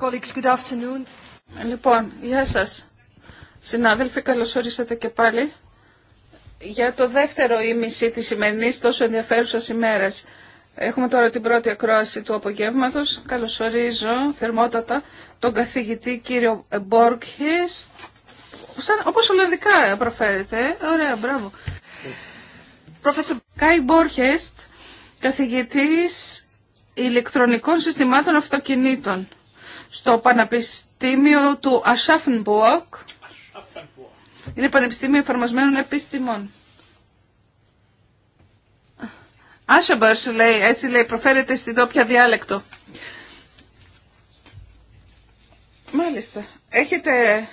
Colleagues, good afternoon. Λοιπόν, γεια σας. Συνάδελφοι, καλώς και πάλι για το δεύτερο ήμιση της σημερινής τόσο ενδιαφέρουσας ημέρας. Έχουμε τώρα την πρώτη ακρόαση του απογεύματος. Καλωσορίζω θερμότατα τον καθηγητή κύριο Μπόρχεστ, όπως Ολλανδικά προφέρεται. Ωραία, μπράβο. Προφέσορ Κάι Μπόρχεστ, καθηγητής ηλεκτρονικών συστημάτων αυτοκινήτων στο Πανεπιστήμιο του Ασάφενμπουργκ. Είναι Πανεπιστήμιο Εφαρμοσμένων Επιστημών. Άσεμπερς λέει, έτσι λέει, προφέρεται στην τόπια διάλεκτο. Μάλιστα. Έχετε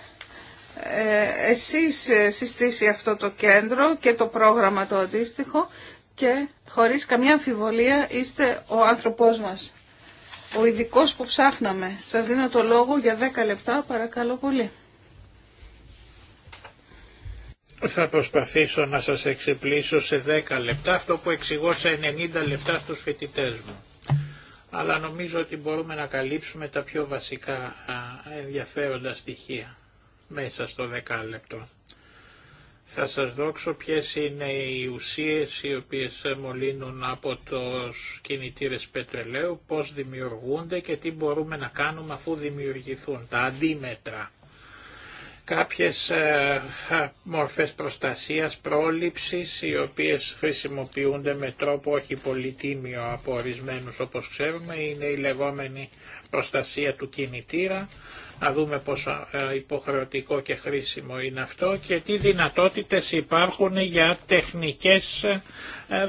ε, εσείς ε, συστήσει αυτό το κέντρο και το πρόγραμμα το αντίστοιχο και χωρίς καμιά αμφιβολία είστε ο άνθρωπός μας ο ειδικό που ψάχναμε. Σας δίνω το λόγο για 10 λεπτά, παρακαλώ πολύ. Θα προσπαθήσω να σας εξεπλήσω σε 10 λεπτά αυτό που εξηγώ σε 90 λεπτά στους φοιτητές μου. Αλλά νομίζω ότι μπορούμε να καλύψουμε τα πιο βασικά ενδιαφέροντα στοιχεία μέσα στο 10 λεπτό. Θα σας δώσω ποιες είναι οι ουσίες οι οποίες μολύνουν από τους κινητήρες πετρελαίου, πώς δημιουργούνται και τι μπορούμε να κάνουμε αφού δημιουργηθούν, τα αντίμετρα. Κάποιες ε, μορφές προστασίας, πρόληψης, οι οποίες χρησιμοποιούνται με τρόπο όχι πολυτίμιο από ορισμένου όπως ξέρουμε, είναι η λεγόμενη προστασία του κινητήρα να δούμε πόσο ε, υποχρεωτικό και χρήσιμο είναι αυτό και τι δυνατότητες υπάρχουν για τεχνικές ε,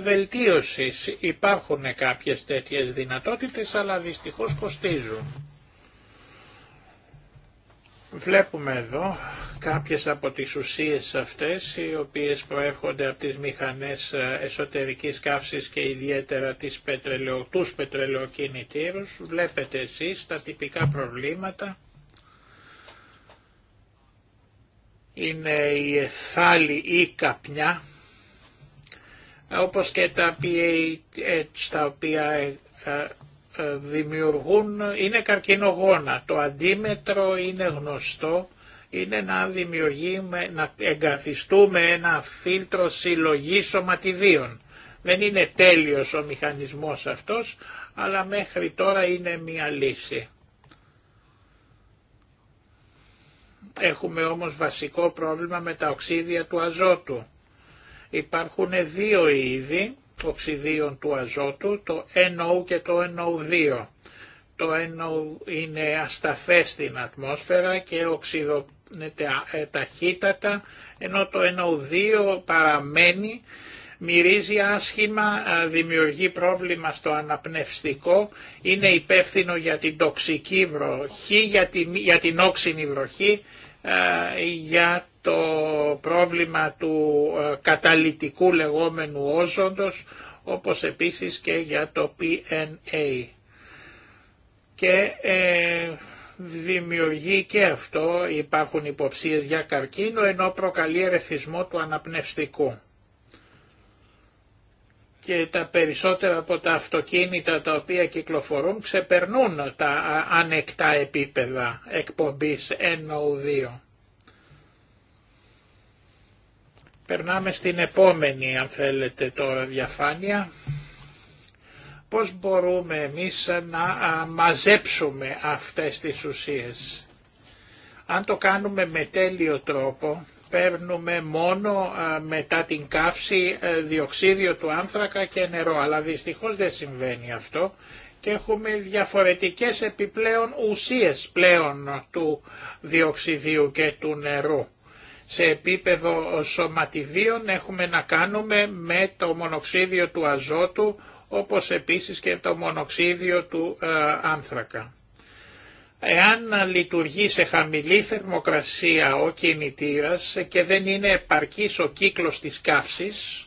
βελτίωσεις. Υπάρχουν κάποιες τέτοιες δυνατότητες αλλά δυστυχώς κοστίζουν. Βλέπουμε εδώ κάποιες από τις ουσίες αυτές οι οποίες προέρχονται από τις μηχανές ε, εσωτερικής καύσης και ιδιαίτερα τις πετρελαιο, τους πετρελαιοκινητήρους. Βλέπετε εσείς τα τυπικά προβλήματα είναι η εθάλη ή καπνιά, όπως και τα PAH τα οποία ε, ε, ε, δημιουργούν, είναι καρκινογόνα. Το αντίμετρο είναι γνωστό, είναι να να εγκαθιστούμε ένα φίλτρο συλλογή σωματιδίων. Δεν είναι τέλειος ο μηχανισμός αυτός, αλλά μέχρι τώρα είναι μια λύση. Έχουμε όμως βασικό πρόβλημα με τα οξύδια του αζότου. Υπάρχουν δύο είδη οξυδίων του αζότου, το NO και το NO2. Το NO είναι ασταθές στην ατμόσφαιρα και οξυδώνεται ε, ταχύτατα, ενώ το NO2 παραμένει, μυρίζει άσχημα, δημιουργεί πρόβλημα στο αναπνευστικό, είναι υπεύθυνο για την τοξική βροχή, για την, για την όξινη βροχή ε, για το πρόβλημα του ε, καταλυτικού λεγόμενου όζοντος, όπως επίσης και για το PNA. Και ε, δημιουργεί και αυτό, υπάρχουν υποψίες για καρκίνο, ενώ προκαλεί ερεθισμό του αναπνευστικού και τα περισσότερα από τα αυτοκίνητα τα οποία κυκλοφορούν ξεπερνούν τα ανεκτά επίπεδα εκπομπής NO2. Περνάμε στην επόμενη αν θέλετε τώρα διαφάνεια. Πώς μπορούμε εμείς να μαζέψουμε αυτές τις ουσίες. Αν το κάνουμε με τέλειο τρόπο παίρνουμε μόνο μετά την καύση ε, διοξίδιο του άνθρακα και νερό, αλλά δυστυχώς δεν συμβαίνει αυτό και έχουμε διαφορετικές επιπλέον ουσίες πλέον του διοξιδίου και του νερού. Σε επίπεδο σωματιδίων έχουμε να κάνουμε με το μονοξίδιο του αζότου όπως επίσης και το μονοξίδιο του ε, άνθρακα. Εάν λειτουργεί σε χαμηλή θερμοκρασία ο κινητήρας και δεν είναι επαρκής ο κύκλος της καύσης,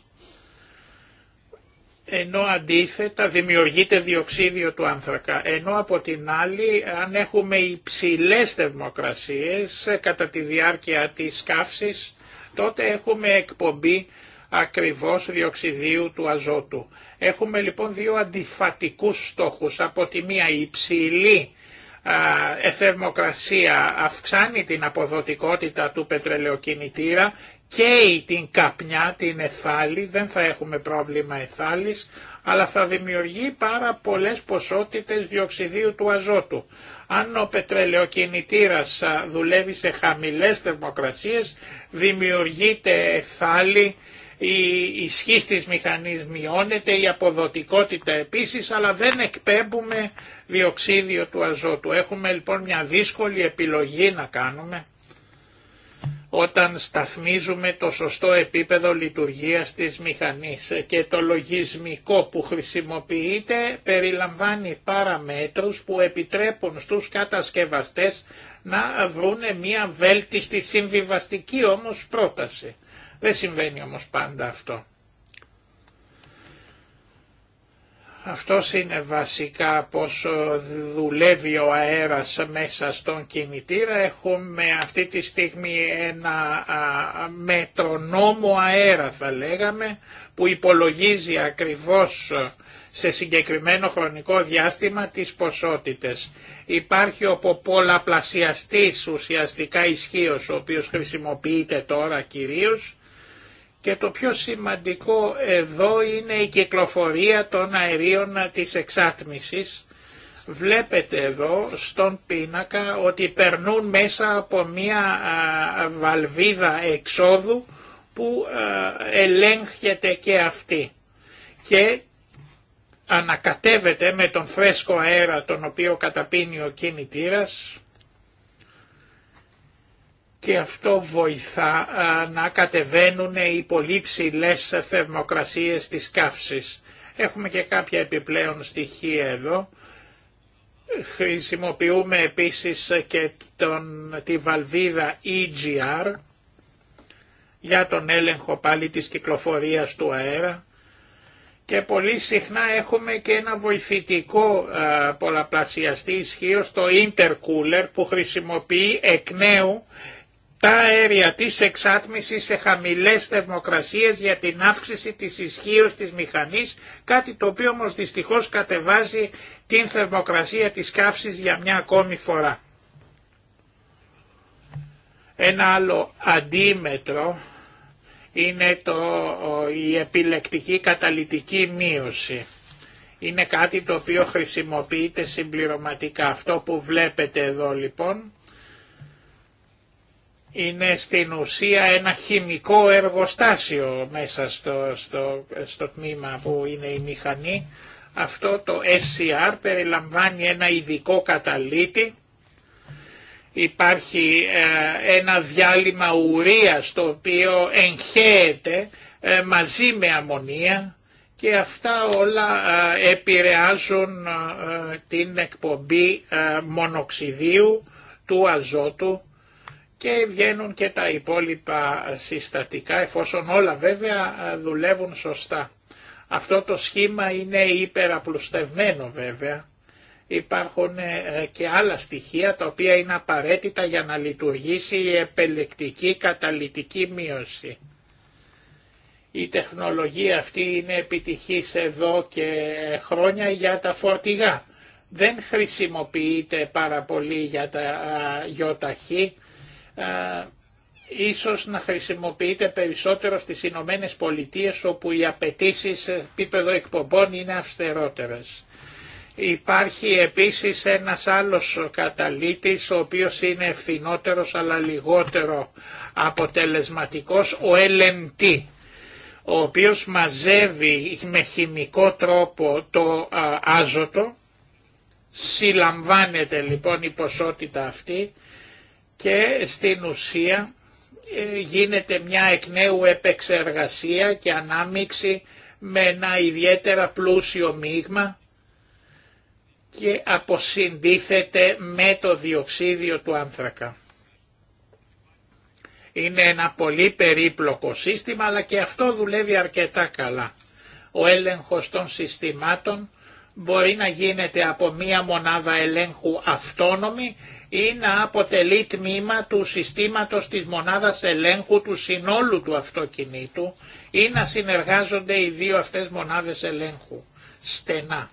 ενώ αντίθετα δημιουργείται διοξίδιο του άνθρακα. Ενώ από την άλλη αν έχουμε υψηλές θερμοκρασίες κατά τη διάρκεια της καύσης, τότε έχουμε εκπομπή ακριβώς διοξιδίου του αζότου. Έχουμε λοιπόν δύο αντιφατικούς στόχους. Από τη μία υψηλή εθερμοκρασία αυξάνει την αποδοτικότητα του πετρελαιοκινητήρα, καίει την καπνιά, την εθάλη, δεν θα έχουμε πρόβλημα εθάλης, αλλά θα δημιουργεί πάρα πολλές ποσότητες διοξιδίου του αζότου. Αν ο πετρελαιοκινητήρας δουλεύει σε χαμηλές θερμοκρασίες, δημιουργείται εθάλη, η ισχύ της μηχανής μειώνεται, η αποδοτικότητα επίσης, αλλά δεν εκπέμπουμε διοξίδιο του αζότου. Έχουμε λοιπόν μια δύσκολη επιλογή να κάνουμε όταν σταθμίζουμε το σωστό επίπεδο λειτουργίας της μηχανής και το λογισμικό που χρησιμοποιείται περιλαμβάνει παραμέτρους που επιτρέπουν στους κατασκευαστές να βρουνε μια βέλτιστη συμβιβαστική όμως πρόταση. Δεν συμβαίνει όμως πάντα αυτό. Αυτό είναι βασικά πως ε, δουλεύει ο αέρας μέσα στον κινητήρα. Έχουμε αυτή τη στιγμή ένα μετρονόμο αέρα θα λέγαμε που υπολογίζει ακριβώς ε, σε συγκεκριμένο χρονικό διάστημα τις ποσότητες. Υπάρχει ο πολλαπλασιαστής ουσιαστικά ισχύος ο οποίος χρησιμοποιείται τώρα κυρίως και το πιο σημαντικό εδώ είναι η κυκλοφορία των αερίων της εξάτμισης. Βλέπετε εδώ στον πίνακα ότι περνούν μέσα από μια βαλβίδα εξόδου που ελέγχεται και αυτή και ανακατεύεται με τον φρέσκο αέρα τον οποίο καταπίνει ο κινητήρας και αυτό βοηθά να κατεβαίνουν οι πολύ ψηλέ θερμοκρασίες της καύσης. Έχουμε και κάποια επιπλέον στοιχεία εδώ. Χρησιμοποιούμε επίσης και τον, τη βαλβίδα EGR για τον έλεγχο πάλι της κυκλοφορίας του αέρα και πολύ συχνά έχουμε και ένα βοηθητικό πολλαπλασιαστή ισχύω το intercooler που χρησιμοποιεί εκ νέου τα αέρια της εξάτμισης σε χαμηλές θερμοκρασίες για την αύξηση της ισχύω της μηχανής, κάτι το οποίο όμως δυστυχώς κατεβάζει την θερμοκρασία της καύσης για μια ακόμη φορά. Ένα άλλο αντίμετρο είναι το, η επιλεκτική καταλυτική μείωση. Είναι κάτι το οποίο χρησιμοποιείται συμπληρωματικά. Αυτό που βλέπετε εδώ λοιπόν είναι στην ουσία ένα χημικό εργοστάσιο μέσα στο, στο, στο τμήμα που είναι η μηχανή. Αυτό το SCR περιλαμβάνει ένα ειδικό καταλήτη. Υπάρχει ε, ένα διάλειμμα ουρίας το οποίο εγχέεται ε, μαζί με αμμονία και αυτά όλα ε, επηρεάζουν την εκπομπή μονοξιδίου του αζότου και βγαίνουν και τα υπόλοιπα συστατικά εφόσον όλα βέβαια δουλεύουν σωστά. Αυτό το σχήμα είναι υπεραπλουστευμένο βέβαια. Υπάρχουν ε, και άλλα στοιχεία τα οποία είναι απαραίτητα για να λειτουργήσει η επελεκτική καταλυτική μείωση. Η τεχνολογία αυτή είναι επιτυχής εδώ και χρόνια για τα φορτηγά. Δεν χρησιμοποιείται πάρα πολύ για τα γιοταχή ε, ίσως να χρησιμοποιείται περισσότερο στις Ηνωμένε Πολιτείες όπου οι απαιτήσει επίπεδο εκπομπών είναι αυστερότερες. Υπάρχει επίσης ένας άλλος καταλήτης ο οποίος είναι φινότερος αλλά λιγότερο αποτελεσματικός, ο LMT ο οποίος μαζεύει με χημικό τρόπο το άζωτο, συλλαμβάνεται λοιπόν η ποσότητα αυτή και στην ουσία ε, γίνεται μια εκ νέου επεξεργασία και ανάμιξη με ένα ιδιαίτερα πλούσιο μείγμα και αποσυντίθεται με το διοξίδιο του άνθρακα. Είναι ένα πολύ περίπλοκο σύστημα αλλά και αυτό δουλεύει αρκετά καλά. Ο έλεγχος των συστημάτων μπορεί να γίνεται από μία μονάδα ελέγχου αυτόνομη ή να αποτελεί τμήμα του συστήματος της μονάδας ελέγχου του συνόλου του αυτοκινήτου ή να συνεργάζονται οι δύο αυτές μονάδες ελέγχου στενά.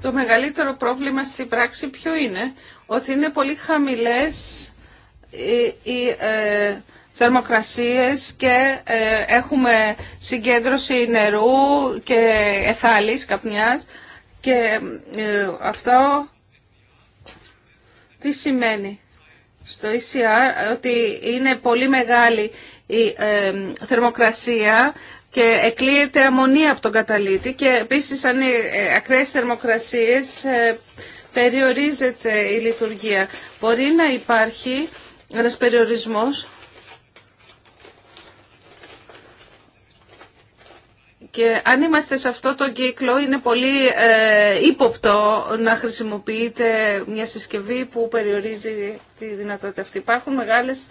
Το μεγαλύτερο πρόβλημα στην πράξη ποιο είναι, ότι είναι πολύ χαμηλές οι, ε, θερμοκρασίες και ε, έχουμε συγκέντρωση νερού και εθάλης καπνιάς και ε, αυτό τι σημαίνει στο ECR ότι είναι πολύ μεγάλη η ε, θερμοκρασία και εκλείεται αμμονία από τον καταλήτη και επίσης αν οι ακραίες θερμοκρασίες περιορίζεται η λειτουργία. Μπορεί να υπάρχει ένας περιορισμός Και αν είμαστε σε αυτό το κύκλο είναι πολύ ε, ύποπτο να χρησιμοποιείτε μια συσκευή που περιορίζει τη δυνατότητα αυτή. Υπάρχουν μεγάλες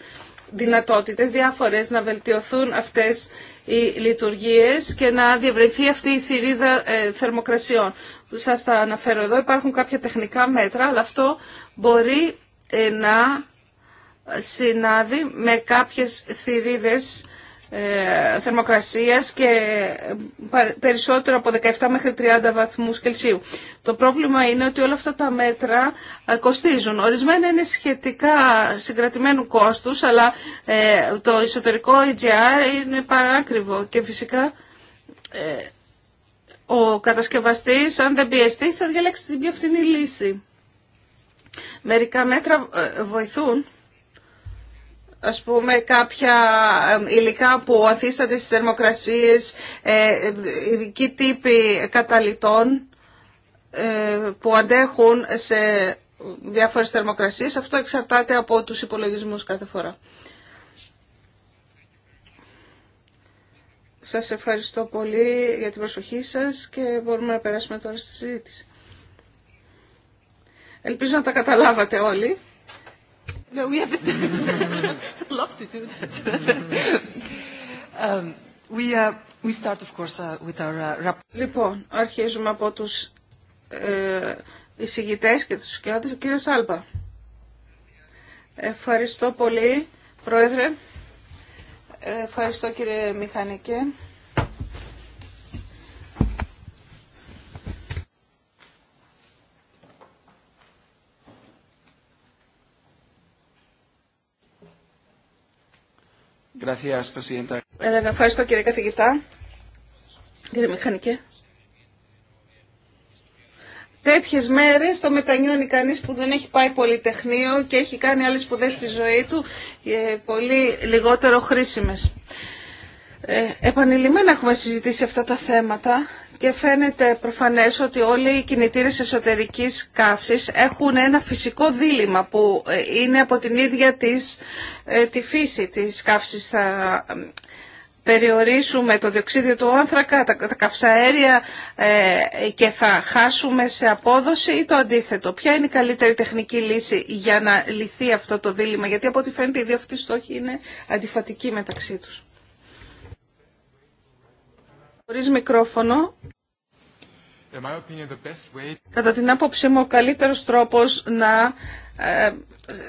δυνατότητες διάφορες να βελτιωθούν αυτές οι λειτουργίες και να διαβρεθεί αυτή η θηρίδα ε, θερμοκρασιών. Σας τα αναφέρω εδώ, υπάρχουν κάποια τεχνικά μέτρα, αλλά αυτό μπορεί ε, να συνάδει με κάποιες θηρίδες ε, θερμοκρασίας και περισσότερο από 17 μέχρι 30 βαθμούς Κελσίου. Το πρόβλημα είναι ότι όλα αυτά τα μέτρα ε, κοστίζουν. Ορισμένα είναι σχετικά συγκρατημένου κόστους, αλλά ε, το εσωτερικό EGR είναι παράκριβο και φυσικά ο κατασκευαστής, αν δεν πιεστεί, θα διαλέξει την πιο φθηνή λύση. Μερικά μέτρα βοηθούν ας πούμε κάποια υλικά που αθίστανται στις θερμοκρασίες, ε, ειδικοί τύποι καταλυτών ε, που αντέχουν σε διάφορες θερμοκρασίες. Αυτό εξαρτάται από τους υπολογισμούς κάθε φορά. Σας ευχαριστώ πολύ για την προσοχή σας και μπορούμε να περάσουμε τώρα στη συζήτηση. Ελπίζω να τα καταλάβατε όλοι. Λοιπόν, αρχίζουμε από τους ε, εισηγητές και τους σκιάδες. Ο κύριος Άλπα. Ευχαριστώ πολύ, Πρόεδρε. Ε, ευχαριστώ, κύριε Μηχανικέ. Ε, ευχαριστώ κύριε καθηγητά. Κύριε Μηχανικέ. Τέτοιε μέρε το μετανιώνει κανεί που δεν έχει πάει πολυτεχνείο και έχει κάνει άλλε σπουδέ στη ζωή του ε, πολύ λιγότερο χρήσιμε. Ε, επανειλημμένα έχουμε συζητήσει αυτά τα θέματα και φαίνεται προφανές ότι όλοι οι κινητήρες εσωτερικής καύσης έχουν ένα φυσικό δίλημα που ε, είναι από την ίδια της, ε, τη φύση της καύσης. Θα περιορίσουμε το διοξίδιο του άνθρακα, τα, καυσαέρια ε, και θα χάσουμε σε απόδοση ή το αντίθετο. Ποια είναι η καλύτερη τεχνική λύση για να λυθεί αυτό το δίλημα, γιατί από ό,τι φαίνεται οι δύο αυτοί στόχοι είναι αντιφατικοί μεταξύ τους. Χωρίς μικρόφωνο. Κατά την άποψή μου, ο καλύτερος τρόπος να ε,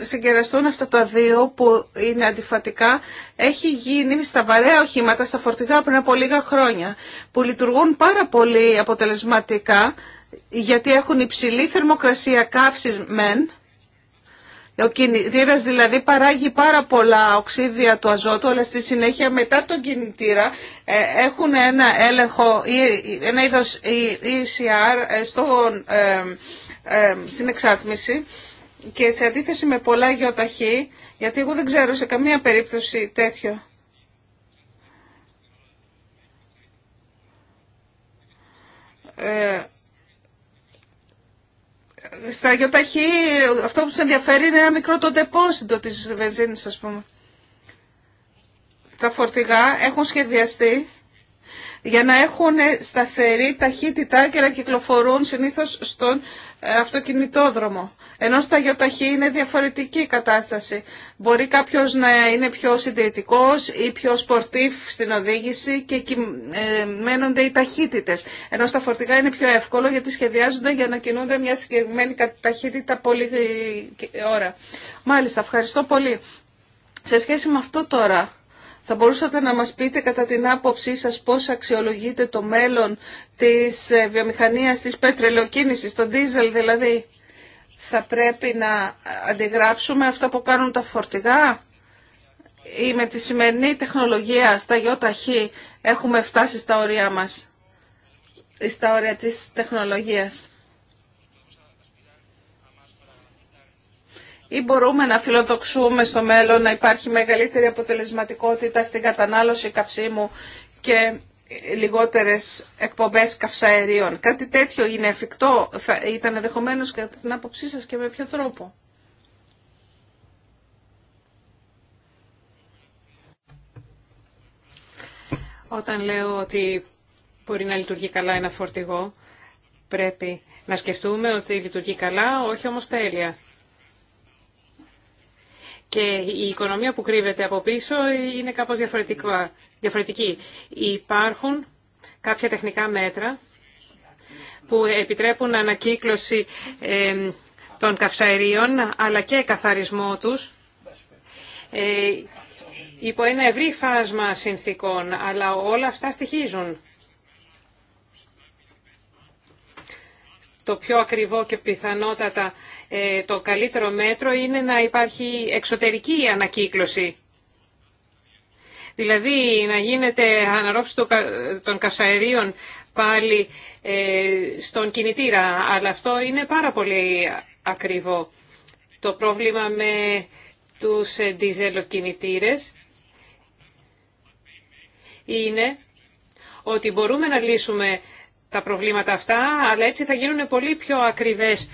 συγκεραστούν αυτά τα δύο που είναι αντιφατικά έχει γίνει στα βαρέα οχήματα, στα φορτηγά πριν από λίγα χρόνια, που λειτουργούν πάρα πολύ αποτελεσματικά γιατί έχουν υψηλή θερμοκρασία καύσης μεν, ο κινητήρα δηλαδή παράγει πάρα πολλά οξύδια του αζότου, αλλά στη συνέχεια μετά τον κινητήρα ε, έχουν ένα έλεγχο ή ένα είδο ECR ε, στον, ε, στην εξάτμιση και σε αντίθεση με πολλά γεωταχή, γιατί εγώ δεν ξέρω σε καμία περίπτωση τέτοιο. Ε, στα γιοταχή αυτό που σε ενδιαφέρει είναι ένα μικρό το τεπόσιντο της βενζίνης ας πούμε. Τα φορτηγά έχουν σχεδιαστεί για να έχουν σταθερή ταχύτητα και να κυκλοφορούν συνήθως στον ε, αυτοκινητόδρομο. Ενώ στα γιοταχή είναι διαφορετική η κατάσταση. Μπορεί κάποιο να είναι πιο συντηρητικό ή πιο σπορτίφ στην οδήγηση και εκεί μένονται οι ταχύτητες. Ενώ στα φορτηγά είναι πιο εύκολο γιατί σχεδιάζονται για να κινούνται μια συγκεκριμένη ταχύτητα πολύ ε, ώρα. Μάλιστα, ευχαριστώ πολύ. Σε σχέση με αυτό τώρα, θα μπορούσατε να μας πείτε κατά την άποψή σας πώς αξιολογείτε το μέλλον της ε, βιομηχανίας της πετρελαιοκίνησης, τον δίζελ δηλαδή θα πρέπει να αντιγράψουμε αυτό που κάνουν τα φορτηγά ή με τη σημερινή τεχνολογία στα ΙΟΤΑΧΗ έχουμε φτάσει στα όρια μας, στα όρια της τεχνολογίας. Ή μπορούμε να φιλοδοξούμε στο μέλλον να υπάρχει μεγαλύτερη αποτελεσματικότητα στην κατανάλωση καυσίμου και λιγότερες εκπομπές καυσαερίων. Κάτι τέτοιο είναι εφικτό, ήταν ενδεχομένω κατά την άποψή σας και με ποιο τρόπο. Όταν λέω ότι μπορεί να λειτουργεί καλά ένα φορτηγό, πρέπει να σκεφτούμε ότι λειτουργεί καλά, όχι όμως τέλεια και η οικονομία που κρύβεται από πίσω είναι κάπως διαφορετική. Υπάρχουν κάποια τεχνικά μέτρα που επιτρέπουν ανακύκλωση των καυσαερίων αλλά και καθαρισμό τους ε, υπό ένα ευρύ φάσμα συνθήκων, αλλά όλα αυτά στοιχίζουν. το πιο ακριβό και πιθανότατα ε, το καλύτερο μέτρο είναι να υπάρχει εξωτερική ανακύκλωση. Δηλαδή να γίνεται αναρρόφηση των καυσαερίων πάλι ε, στον κινητήρα. Αλλά αυτό είναι πάρα πολύ ακριβό. Το πρόβλημα με τους ε, διζελοκινητήρες είναι ότι μπορούμε να λύσουμε τα προβλήματα αυτά, αλλά έτσι θα γίνουν πολύ πιο ακριβές,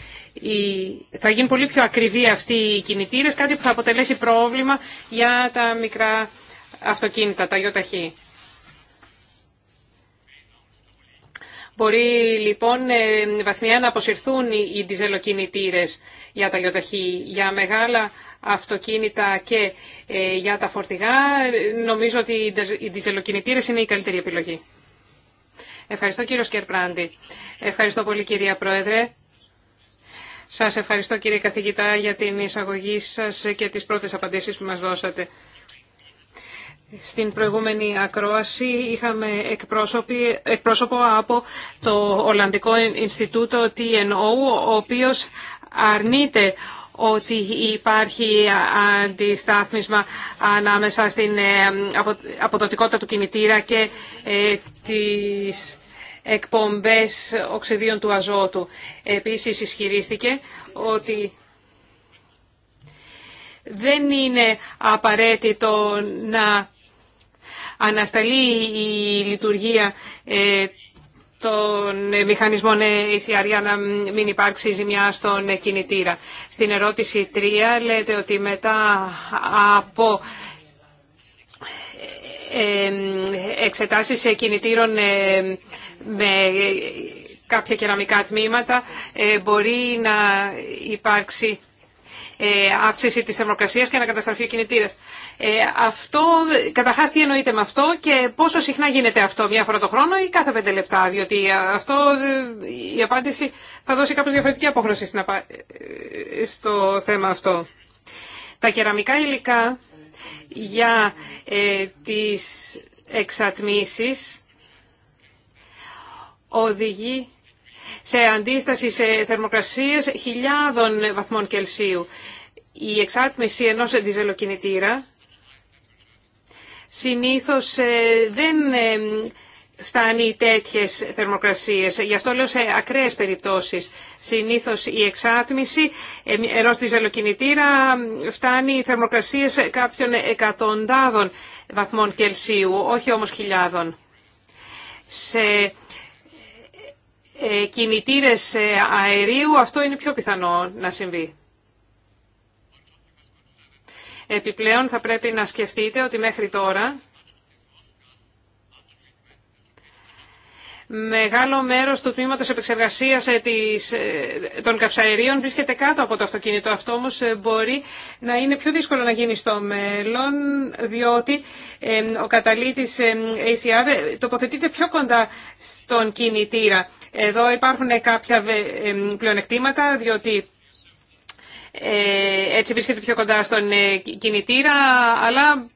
θα γίνουν πολύ πιο ακριβή αυτοί οι κινητήρες, κάτι που θα αποτελέσει πρόβλημα για τα μικρά αυτοκίνητα, τα ΙΟΤΑΧΗ. Μπορεί λοιπόν ε, βαθμιά να αποσυρθούν οι διζελοκινητήρες για τα γιοταχή, για μεγάλα αυτοκίνητα και ε, για τα φορτηγά. Ε, νομίζω ότι οι διζελοκινητήρες είναι η καλύτερη επιλογή. Ευχαριστώ κύριο Σκερπράντη. Ευχαριστώ πολύ κυρία Πρόεδρε. Σας ευχαριστώ κύριε καθηγητά για την εισαγωγή σας και τις πρώτες απαντήσεις που μας δώσατε. Στην προηγούμενη ακρόαση είχαμε εκπρόσωπο από το Ολλανδικό Ινστιτούτο TNO, ο οποίος αρνείται ότι υπάρχει αντιστάθμισμα ανάμεσα στην ε, αποδοτικότητα του κινητήρα και ε, τις εκπομπές οξυδίων του αζότου. Επίσης ισχυρίστηκε ότι δεν είναι απαραίτητο να ανασταλεί η λειτουργία ε, των μηχανισμών ναι, η να μην υπάρξει ζημιά στον κινητήρα. Στην ερώτηση 3 λέτε ότι μετά από ε, ε, εξετάσεις κινητήρων ε, με κάποια κεραμικά τμήματα μπορεί να υπάρξει ε, αύξηση της θερμοκρασίας και να καταστραφεί ο κινητήρας. Ε, αυτό, καταρχάς τι εννοείται με αυτό και πόσο συχνά γίνεται αυτό, μία φορά το χρόνο ή κάθε πέντε λεπτά, διότι αυτό ε, η απάντηση θα δώσει κάπως διαφορετική απόχρωση στο θέμα αυτό. Τα κεραμικά υλικά για ε, τις εξατμίσεις οδηγεί σε αντίσταση σε θερμοκρασίες χιλιάδων βαθμών Κελσίου. Η εξάτμιση ενός διζελοκινητήρα συνήθως ε, δεν ε, φτάνει τέτοιες θερμοκρασίες. Γι' αυτό λέω σε ακραίες περιπτώσεις. Συνήθως η εξάτμιση ε, ενός διζελοκινητήρα φτάνει θερμοκρασίες κάποιων εκατοντάδων βαθμών Κελσίου, όχι όμως χιλιάδων. Σε ε, κινητήρες ε, αερίου, αυτό είναι πιο πιθανό να συμβεί. Επιπλέον θα πρέπει να σκεφτείτε ότι μέχρι τώρα μεγάλο μέρος του τμήματος επεξεργασίας ε, των καυσαερίων βρίσκεται κάτω από το αυτοκίνητο. Αυτό όμως μπορεί να είναι πιο δύσκολο να γίνει στο μέλλον, διότι ο καταλήτης ACR τοποθετείται πιο κοντά στον κινητήρα. Εδώ υπάρχουν κάποια ε, πλεονεκτήματα, διότι ε, έτσι βρίσκεται πιο κοντά στον ε, κινητήρα, αλλά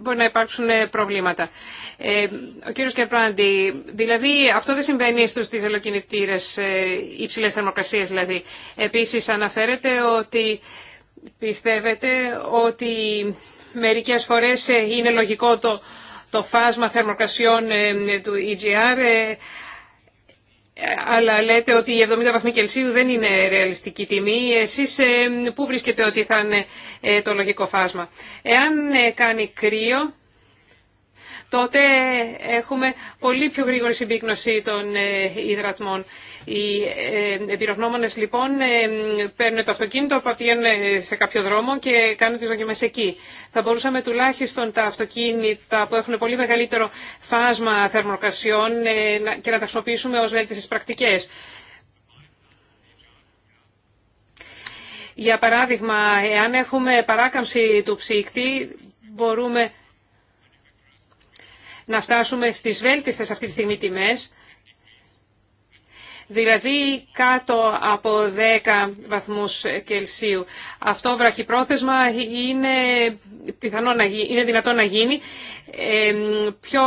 μπορεί να υπάρξουν προβλήματα. ο κύριος Κερπράντη, δηλαδή αυτό δεν συμβαίνει στους διζελοκινητήρες, υψηλές θερμοκρασίες δηλαδή. Επίσης αναφέρεται ότι πιστεύετε ότι μερικές φορές είναι λογικό το, το φάσμα θερμοκρασιών του EGR αλλά λέτε ότι η 70 βαθμοί Κελσίου δεν είναι ρεαλιστική τιμή. Εσείς ε, πού βρίσκετε ότι θα είναι ε, το λογικό φάσμα. Εάν ε, κάνει κρύο, τότε έχουμε πολύ πιο γρήγορη συμπίκνωση των υδρατμών. Οι ε, εμπειρογνώμονες λοιπόν ε, παίρνουν το αυτοκίνητο, πηγαίνουν ε, σε κάποιο δρόμο και κάνουν τις δοκιμές εκεί. Θα μπορούσαμε τουλάχιστον τα αυτοκίνητα που έχουν πολύ μεγαλύτερο φάσμα θερμοκρασιών και να τα χρησιμοποιήσουμε ως βέλτιστες πρακτικές. Για παράδειγμα, εάν έχουμε παράκαμψη του ψύκτη, μπορούμε να φτάσουμε στις βέλτιστες αυτή τη στιγμή τιμές δηλαδή κάτω από 10 βαθμούς Κελσίου. Αυτό βραχυπρόθεσμα είναι, πιθανό να, είναι δυνατό να γίνει. πιο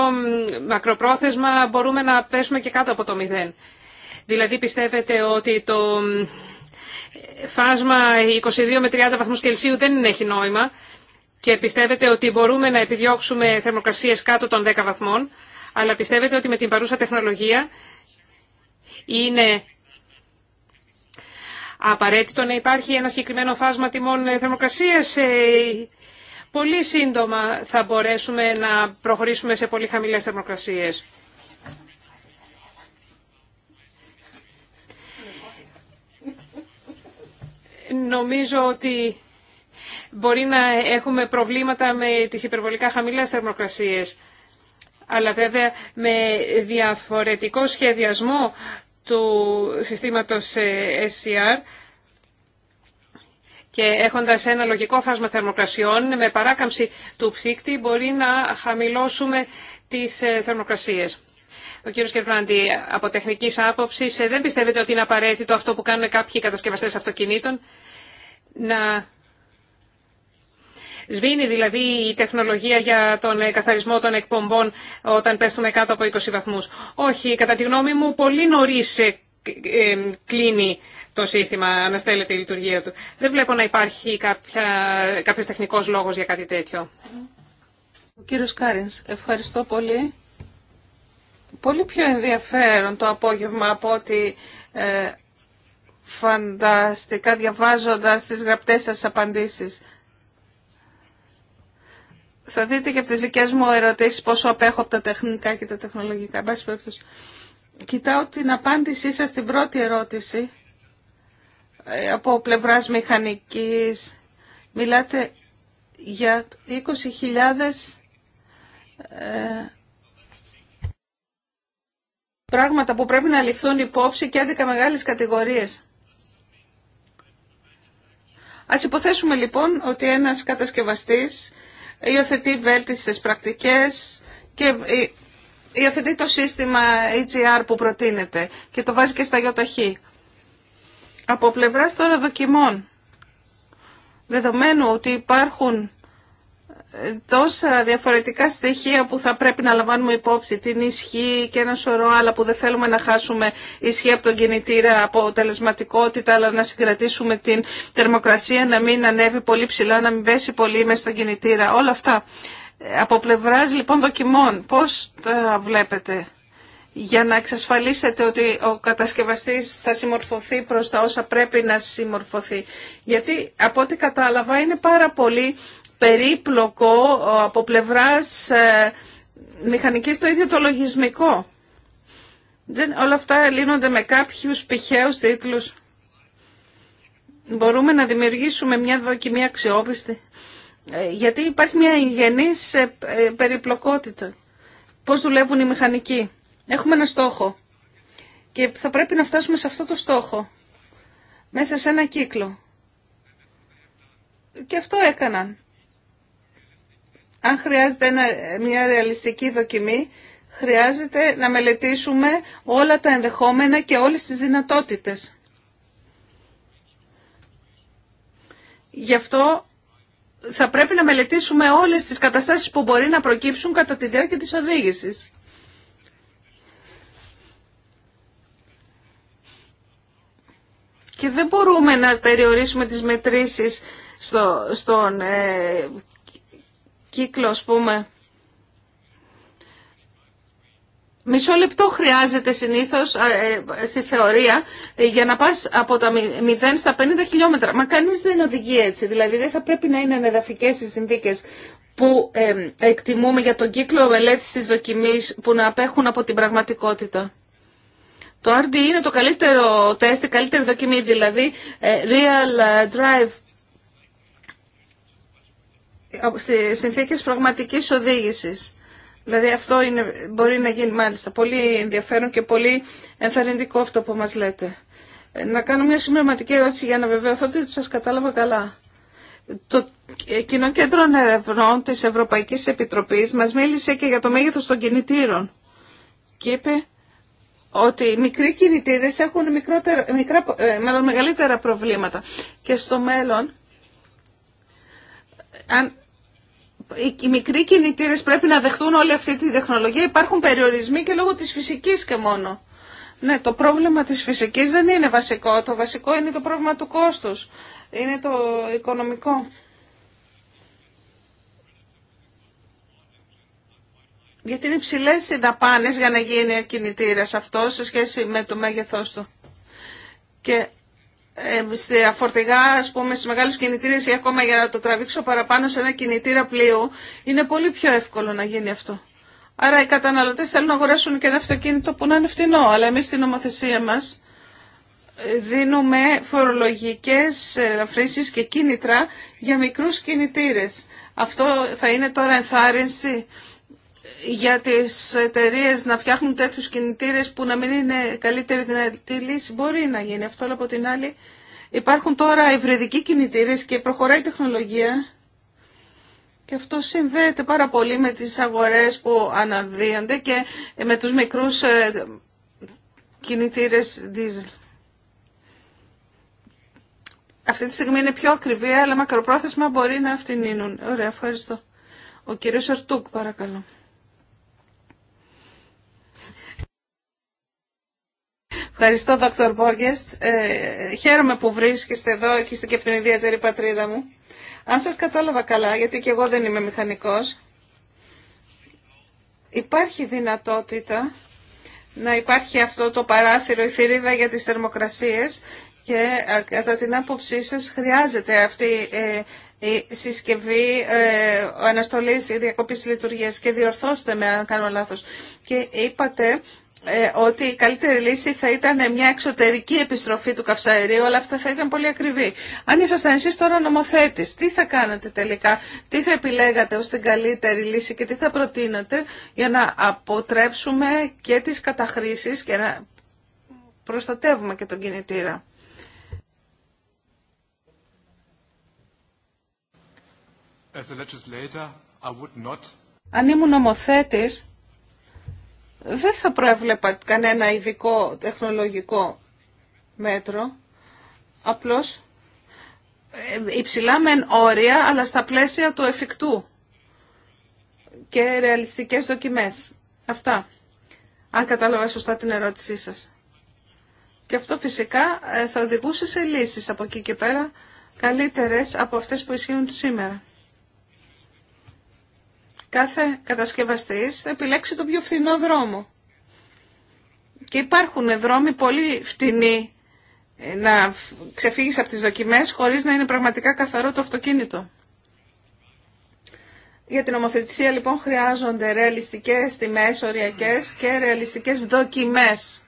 μακροπρόθεσμα μπορούμε να πέσουμε και κάτω από το 0. Δηλαδή πιστεύετε ότι το φάσμα 22 με 30 βαθμούς Κελσίου δεν έχει νόημα και πιστεύετε ότι μπορούμε να επιδιώξουμε θερμοκρασίες κάτω των 10 βαθμών, αλλά πιστεύετε ότι με την παρούσα τεχνολογία είναι απαραίτητο να υπάρχει ένα συγκεκριμένο φάσμα τιμών ε, θερμοκρασίας. Ε, πολύ σύντομα θα μπορέσουμε να προχωρήσουμε σε πολύ χαμηλές θερμοκρασίες. Νομίζω ότι μπορεί να έχουμε προβλήματα με τις υπερβολικά χαμηλές θερμοκρασίες αλλά βέβαια με διαφορετικό σχεδιασμό του συστήματος ε, SCR και έχοντας ένα λογικό φάσμα θερμοκρασιών με παράκαμψη του ψύκτη μπορεί να χαμηλώσουμε τις ε, θερμοκρασίες. Ο κύριος Κερπλάντη, από τεχνικής άποψης, ε, δεν πιστεύετε ότι είναι απαραίτητο αυτό που κάνουν κάποιοι κατασκευαστές αυτοκινήτων να Σβήνει δηλαδή η τεχνολογία για τον ε, καθαρισμό των εκπομπών όταν πέφτουμε κάτω από 20 βαθμούς. Όχι, κατά τη γνώμη μου πολύ νωρίς ε, ε, κλείνει το σύστημα, αναστέλλεται η λειτουργία του. Δεν βλέπω να υπάρχει κάποια, κάποιος τεχνικός λόγος για κάτι τέτοιο. Ο κύριος Κάρινς, ευχαριστώ πολύ. Πολύ πιο ενδιαφέρον το απόγευμα από ότι φανταστικά διαβάζοντας τις γραπτές σας απαντήσεις. Θα δείτε και από τις δικές μου ερωτήσεις πόσο απέχω από τα τεχνικά και τα τεχνολογικά. Κοιτάω την απάντησή σας στην πρώτη ερώτηση ε, από πλευράς μηχανικής. Μιλάτε για 20.000 ε, πράγματα που πρέπει να ληφθούν υπόψη και 11 μεγάλες κατηγορίες. Ας υποθέσουμε λοιπόν ότι ένας κατασκευαστής υιοθετεί βέλτιστες πρακτικές και υιοθετεί το σύστημα EGR που προτείνεται και το βάζει και στα ΙΟΤΑΧΗ. Από πλευράς τώρα δοκιμών, δεδομένου ότι υπάρχουν τόσα διαφορετικά στοιχεία που θα πρέπει να λαμβάνουμε υπόψη, την ισχύ και ένα σωρό άλλα που δεν θέλουμε να χάσουμε ισχύ από τον κινητήρα, από τελεσματικότητα, αλλά να συγκρατήσουμε την θερμοκρασία, να μην ανέβει πολύ ψηλά, να μην πέσει πολύ μέσα στον κινητήρα, όλα αυτά. Από πλευράς λοιπόν δοκιμών, πώς τα βλέπετε για να εξασφαλίσετε ότι ο κατασκευαστής θα συμμορφωθεί προς τα όσα πρέπει να συμμορφωθεί. Γιατί από ό,τι κατάλαβα είναι πάρα πολύ περίπλοκο ε, από πλευράς ε, μηχανικής το ίδιο το λογισμικό. Δεν, όλα αυτά λύνονται με κάποιους πηχαίους τίτλους. Μπορούμε να δημιουργήσουμε μια δοκιμή αξιόπιστη. Ε, γιατί υπάρχει μια γενής περιπλοκότητα. Πώς δουλεύουν οι μηχανικοί. Έχουμε ένα στόχο. Και θα πρέπει να φτάσουμε σε αυτό το στόχο. Μέσα σε ένα κύκλο. Και αυτό έκαναν αν χρειάζεται μια ρεαλιστική δοκιμή, χρειάζεται να μελετήσουμε όλα τα ενδεχόμενα και όλες τις δυνατότητες. Γι' αυτό θα πρέπει να μελετήσουμε όλες τις καταστάσεις που μπορεί να προκύψουν κατά τη διάρκεια της οδήγησης. Και δεν μπορούμε να περιορίσουμε τις μετρήσεις στο, στον ε, κύκλο, ας πούμε. Μισό λεπτό χρειάζεται συνήθως ε, στη θεωρία ε, για να πας από τα 0 στα 50 χιλιόμετρα. Μα κανείς δεν οδηγεί έτσι, δηλαδή δεν θα πρέπει να είναι ανεδαφικές οι συνθήκες που εκτιμούμε για τον κύκλο μελέτης της δοκιμής που να απέχουν από την πραγματικότητα. Το RD είναι το καλύτερο τεστ, η καλύτερη δοκιμή, δηλαδή ε, real drive Στι συνθήκες πραγματικής οδήγησης. Δηλαδή αυτό μπορεί να γίνει μάλιστα πολύ ενδιαφέρον και πολύ ενθαρρυντικό αυτό που μας λέτε. Ε, να κάνω μια συμπληρωματική ερώτηση για να βεβαιωθώ ότι σας κατάλαβα καλά. Το ε, Κοινό Κέντρο Ερευνών της Ευρωπαϊκής Επιτροπής μας μίλησε και για το μέγεθος των κινητήρων και είπε ότι οι μικροί κινητήρες έχουν ε, μεγαλύτερα προβλήματα και στο μέλλον οι μικροί κινητήρες πρέπει να δεχτούν όλη αυτή τη τεχνολογία. Υπάρχουν περιορισμοί και λόγω της φυσικής και μόνο. Ναι, το πρόβλημα της φυσικής δεν είναι βασικό. Το βασικό είναι το πρόβλημα του κόστους. Είναι το οικονομικό. Γιατί είναι υψηλέ οι δαπάνε για να γίνει ο κινητήρα αυτό σε σχέση με το μέγεθό του. Και ε, στη αφορτηγά, α πούμε, στι μεγάλους κινητήρες ή ακόμα για να το τραβήξω παραπάνω σε ένα κινητήρα πλοίου, είναι πολύ πιο εύκολο να γίνει αυτό. Άρα οι καταναλωτέ θέλουν να αγοράσουν και ένα αυτοκίνητο που να είναι φτηνό, αλλά εμείς στην νομοθεσία μας ε, δίνουμε φορολογικές ελαφρύνσεις και κίνητρα για μικρούς κινητήρες. Αυτό θα είναι τώρα ενθάρρυνση για τις εταιρείε να φτιάχνουν τέτοιους κινητήρες που να μην είναι καλύτερη δυνατή λύση μπορεί να γίνει αυτό, αλλά από την άλλη υπάρχουν τώρα υβριδικοί κινητήρες και προχωράει η τεχνολογία και αυτό συνδέεται πάρα πολύ με τις αγορές που αναδύονται και με τους μικρούς ε, κινητήρες diesel. Αυτή τη στιγμή είναι πιο ακριβή, αλλά μακροπρόθεσμα μπορεί να αυτηνίνουν. Ωραία, ευχαριστώ. Ο κύριος Αρτούκ, παρακαλώ. Ευχαριστώ, Δόκτωρ Μπόργκεστ. Ε, χαίρομαι που βρίσκεστε εδώ και είστε και από την ιδιαίτερη πατρίδα μου. Αν σας κατάλαβα καλά, γιατί και εγώ δεν είμαι μηχανικός, υπάρχει δυνατότητα να υπάρχει αυτό το παράθυρο, η θηρίδα για τις θερμοκρασίες και κατά την άποψή σας χρειάζεται αυτή ε, η συσκευή ε, ο αναστολής ή διακοπής λειτουργίας και διορθώστε με αν κάνω λάθος. Και είπατε ε, ότι η καλύτερη λύση θα ήταν μια εξωτερική επιστροφή του καυσαερίου, αλλά αυτά θα ήταν πολύ ακριβή. Αν ήσασταν εσεί τώρα νομοθέτης, τι θα κάνατε τελικά, τι θα επιλέγατε ω την καλύτερη λύση και τι θα προτείνατε για να αποτρέψουμε και τις καταχρήσει και να προστατεύουμε και τον κινητήρα. Αν ήμουν νομοθέτης, δεν θα προέβλεπα κανένα ειδικό τεχνολογικό μέτρο, απλώς ε, υψηλά μεν όρια, αλλά στα πλαίσια του εφικτού και ρεαλιστικές δοκιμές. Αυτά, αν κατάλαβα σωστά την ερώτησή σας. Και αυτό φυσικά ε, θα οδηγούσε σε λύσεις από εκεί και πέρα καλύτερες από αυτές που ισχύουν σήμερα κάθε κατασκευαστής θα επιλέξει τον πιο φθηνό δρόμο. Και υπάρχουν δρόμοι πολύ φτηνοί ε, να ξεφύγεις από τις δοκιμές χωρίς να είναι πραγματικά καθαρό το αυτοκίνητο. Για την ομοθετησία λοιπόν χρειάζονται ρεαλιστικές τιμές οριακές και ρεαλιστικές δοκιμές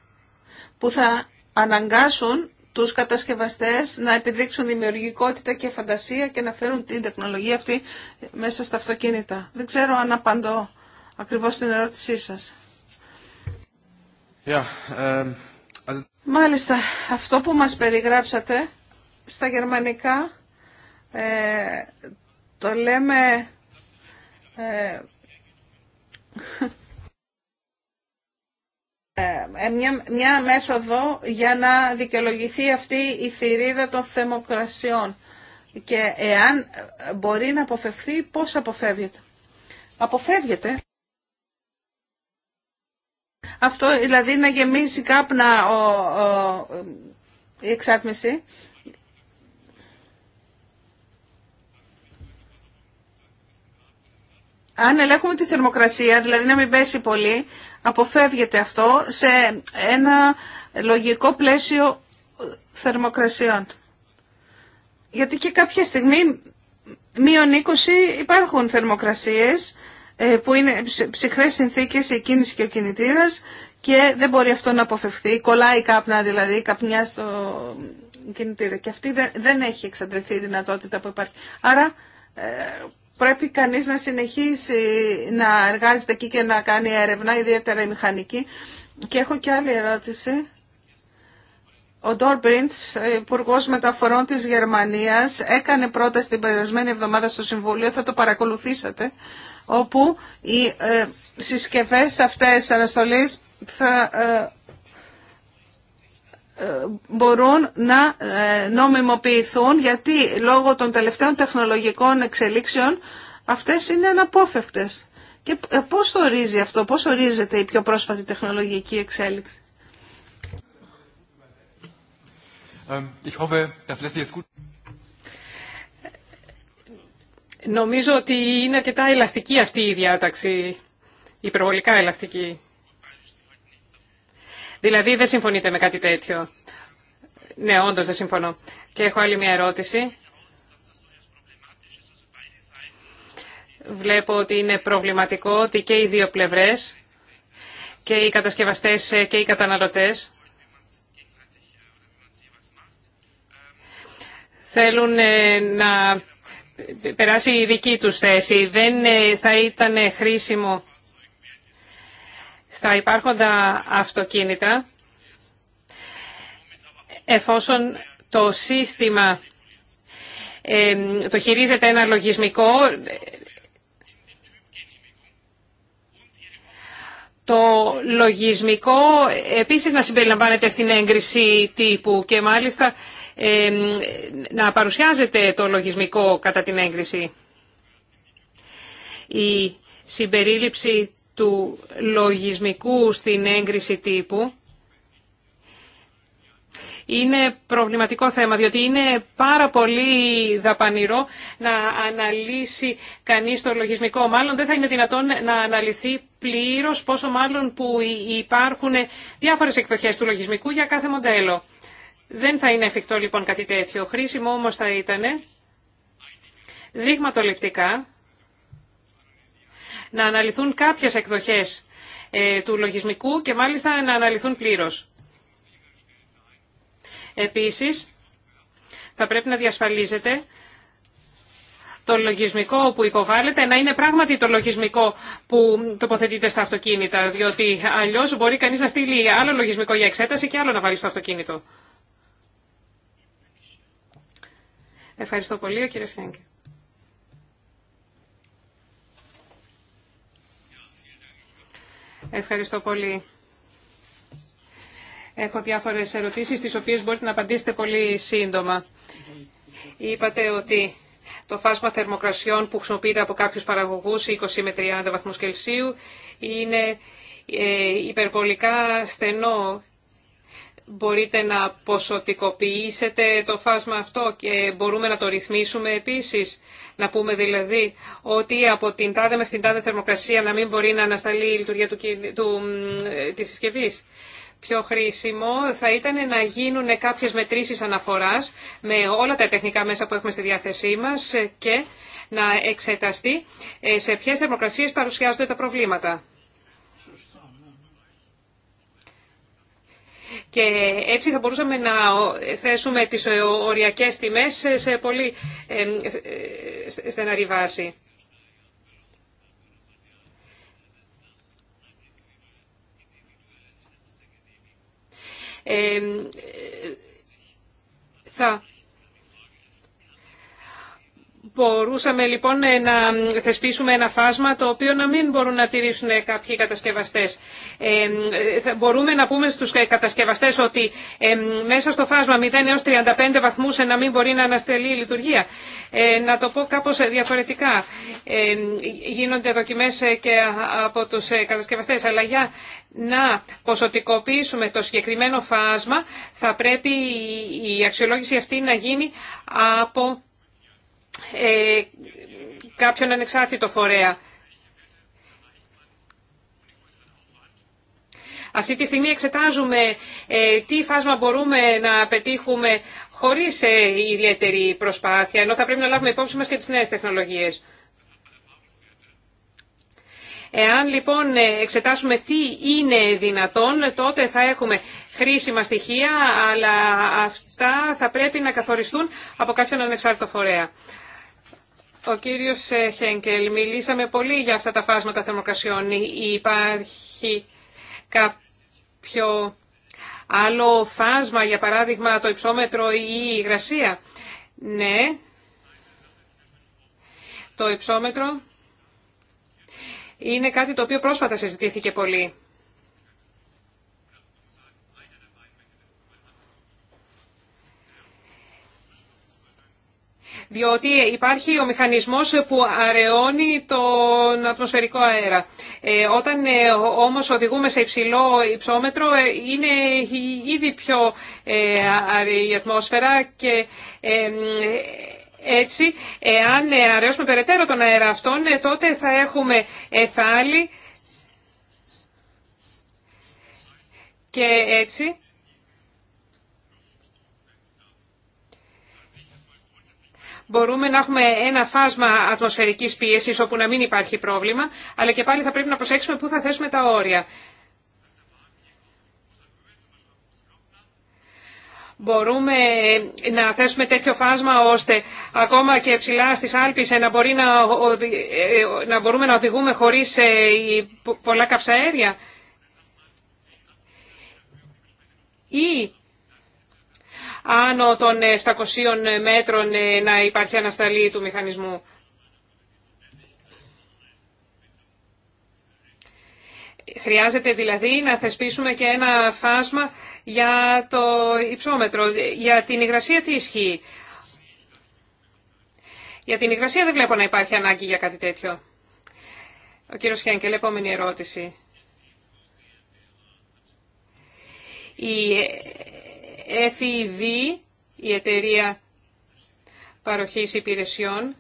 που θα αναγκάσουν τους κατασκευαστές να επιδείξουν δημιουργικότητα και φαντασία και να φέρουν την τεχνολογία αυτή μέσα στα αυτοκίνητα. Δεν ξέρω αν απαντώ ακριβώς την ερώτησή σας. Um, Μάλιστα, αυτό που μας περιγράψατε στα γερμανικά ε, το λέμε... Ε, ε, ε, μια, μια μέθοδο για να δικαιολογηθεί αυτή η θηρίδα των θεμοκρασιών και εάν μπορεί να αποφευθεί πώς αποφεύγεται. Αποφεύγεται. Αυτό δηλαδή να γεμίζει κάπνα ο, η εξάτμιση. Αν ελέγχουμε τη θερμοκρασία, δηλαδή να μην πέσει πολύ, αποφεύγεται αυτό σε ένα λογικό πλαίσιο θερμοκρασιών. Γιατί και κάποια στιγμή μείον 20 υπάρχουν θερμοκρασίες ε, που είναι ψυχρές συνθήκες η κίνηση και ο κινητήρας και δεν μπορεί αυτό να αποφευθεί. Κολλάει κάπνα δηλαδή, καπνιά στο κινητήρα και αυτή δεν έχει εξαντληθεί η δυνατότητα που υπάρχει. Άρα ε, πρέπει κανείς να συνεχίσει να εργάζεται εκεί και να κάνει έρευνα, ιδιαίτερα η μηχανική. Και έχω και άλλη ερώτηση. Ο Ντόρμπριντ, υπουργό μεταφορών της Γερμανίας, έκανε πρόταση την περασμένη εβδομάδα στο Συμβούλιο, θα το παρακολουθήσατε, όπου οι ε, συσκευές αυτές αναστολής θα ε, ε, μπορούν να ε, νομιμοποιηθούν γιατί λόγω των τελευταίων τεχνολογικών εξελίξεων αυτές είναι αναπόφευκτες. Και ε, πώς το ορίζει αυτό, πώς ορίζεται η πιο πρόσφατη τεχνολογική εξέλιξη. Νομίζω ότι είναι αρκετά ελαστική αυτή η διάταξη, υπερβολικά ελαστική. Δηλαδή δεν συμφωνείτε με κάτι τέτοιο. Ναι, όντω δεν συμφωνώ. Και έχω άλλη μια ερώτηση. Βλέπω ότι είναι προβληματικό ότι και οι δύο πλευρές, και οι κατασκευαστές ε, και οι καταναλωτές, θέλουν ε, να περάσει η δική τους θέση. Δεν ε, θα ήταν χρήσιμο στα υπάρχοντα αυτοκίνητα εφόσον το σύστημα το χειρίζεται ένα λογισμικό Το λογισμικό επίσης να συμπεριλαμβάνεται στην έγκριση τύπου και μάλιστα να παρουσιάζεται το λογισμικό κατά την έγκριση. Η συμπερίληψη του λογισμικού στην έγκριση τύπου είναι προβληματικό θέμα, διότι είναι πάρα πολύ δαπανηρό να αναλύσει κανείς το λογισμικό. Μάλλον δεν θα είναι δυνατόν να αναλυθεί πλήρως, πόσο μάλλον που υπάρχουν διάφορες εκδοχές του λογισμικού για κάθε μοντέλο. Δεν θα είναι εφικτό λοιπόν κάτι τέτοιο. Χρήσιμο όμως θα ήταν δείγματοληπτικά να αναλυθούν κάποιες εκδοχές ε, του λογισμικού και μάλιστα να αναλυθούν πλήρως. Επίσης, θα πρέπει να διασφαλίζεται το λογισμικό που υποβάλλεται να είναι πράγματι το λογισμικό που τοποθετείται στα αυτοκίνητα, διότι αλλιώς μπορεί κανείς να στείλει άλλο λογισμικό για εξέταση και άλλο να βάλει στο αυτοκίνητο. Ευχαριστώ πολύ, κύριε Σχένκε. Ευχαριστώ πολύ. Έχω διάφορες ερωτήσεις, τις οποίες μπορείτε να απαντήσετε πολύ σύντομα. Είπατε ότι το φάσμα θερμοκρασιών που χρησιμοποιείται από κάποιους παραγωγούς, 20 με 30 βαθμούς Κελσίου, είναι ε, υπερβολικά στενό Μπορείτε να ποσοτικοποιήσετε το φάσμα αυτό και μπορούμε να το ρυθμίσουμε επίσης. Να πούμε δηλαδή ότι από την τάδε μέχρι την θερμοκρασία να μην μπορεί να ανασταλεί η λειτουργία του, του, ε, της συσκευή. Πιο χρήσιμο θα ήταν να γίνουν κάποιες μετρήσεις αναφοράς με όλα τα τεχνικά μέσα που έχουμε στη διάθεσή μας και να εξεταστεί ε, σε ποιες θερμοκρασίες παρουσιάζονται τα προβλήματα. και έτσι θα μπορούσαμε να θέσουμε τις οριακές τιμές σε πολύ ε, στεναρή βάση. Ε, θα μπορούσαμε λοιπόν ε, να θεσπίσουμε ένα φάσμα το οποίο να μην μπορούν να τηρήσουν κάποιοι κατασκευαστές. Ε, ε, μπορούμε να πούμε στους κατασκευαστές ότι μέσα στο φάσμα 0 έως 35 βαθμούς να μην μπορεί να αναστελεί η λειτουργία. να το πω κάπως διαφορετικά. γίνονται δοκιμές και από τους κατασκευαστές, αλλά για να ποσοτικοποιήσουμε το συγκεκριμένο φάσμα θα πρέπει η αξιολόγηση αυτή να γίνει από ε, κάποιον ανεξάρτητο φορέα. Αυτή τη στιγμή εξετάζουμε ε, τι φάσμα μπορούμε να πετύχουμε χωρίς ε, ιδιαίτερη προσπάθεια, ενώ θα πρέπει να λάβουμε υπόψη μας και τις νέες τεχνολογίες. Εάν λοιπόν ε, εξετάσουμε τι είναι δυνατόν, τότε θα έχουμε χρήσιμα στοιχεία, αλλά αυτά θα πρέπει να καθοριστούν από κάποιον ανεξάρτητο φορέα. Ο κύριος ε, Χένκελ, μιλήσαμε πολύ για αυτά τα φάσματα θερμοκρασιών. Υπάρχει κάποιο άλλο φάσμα, για παράδειγμα το υψόμετρο ή η υγρασία. Ναι, το υψόμετρο είναι κάτι το οποίο πρόσφατα συζητήθηκε πολύ. διότι υπάρχει ο μηχανισμός που αραιώνει τον ατμοσφαιρικό αέρα. Ε, όταν ε, όμως οδηγούμε σε υψηλό υψόμετρο ε, είναι ήδη πιο αραιή η ατμόσφαιρα και έτσι εάν αραιώσουμε περαιτέρω τον αέρα αυτόν τότε θα έχουμε εθάλη και έτσι μπορούμε να έχουμε ένα φάσμα ατμοσφαιρικής πίεσης όπου να μην υπάρχει πρόβλημα, αλλά και πάλι θα πρέπει να προσέξουμε πού θα θέσουμε τα όρια. Μπορούμε να θέσουμε τέτοιο φάσμα ώστε ακόμα και ψηλά στις Άλπεις ε, να, μπορεί να, ε, να μπορούμε να οδηγούμε χωρίς ε, πολλά καψαέρια. Ή άνω των 700 ε, ε, μέτρων ε, να υπάρχει ανασταλή του μηχανισμού. Χρειάζεται δηλαδή να θεσπίσουμε και ένα φάσμα για το υψόμετρο, για την υγρασία τι ισχύει. Για την υγρασία δεν βλέπω να υπάρχει ανάγκη για κάτι τέτοιο. Ο κύριος Χένκελ, επόμενη ερώτηση. Η FEV, η εταιρεία παροχής υπηρεσιών,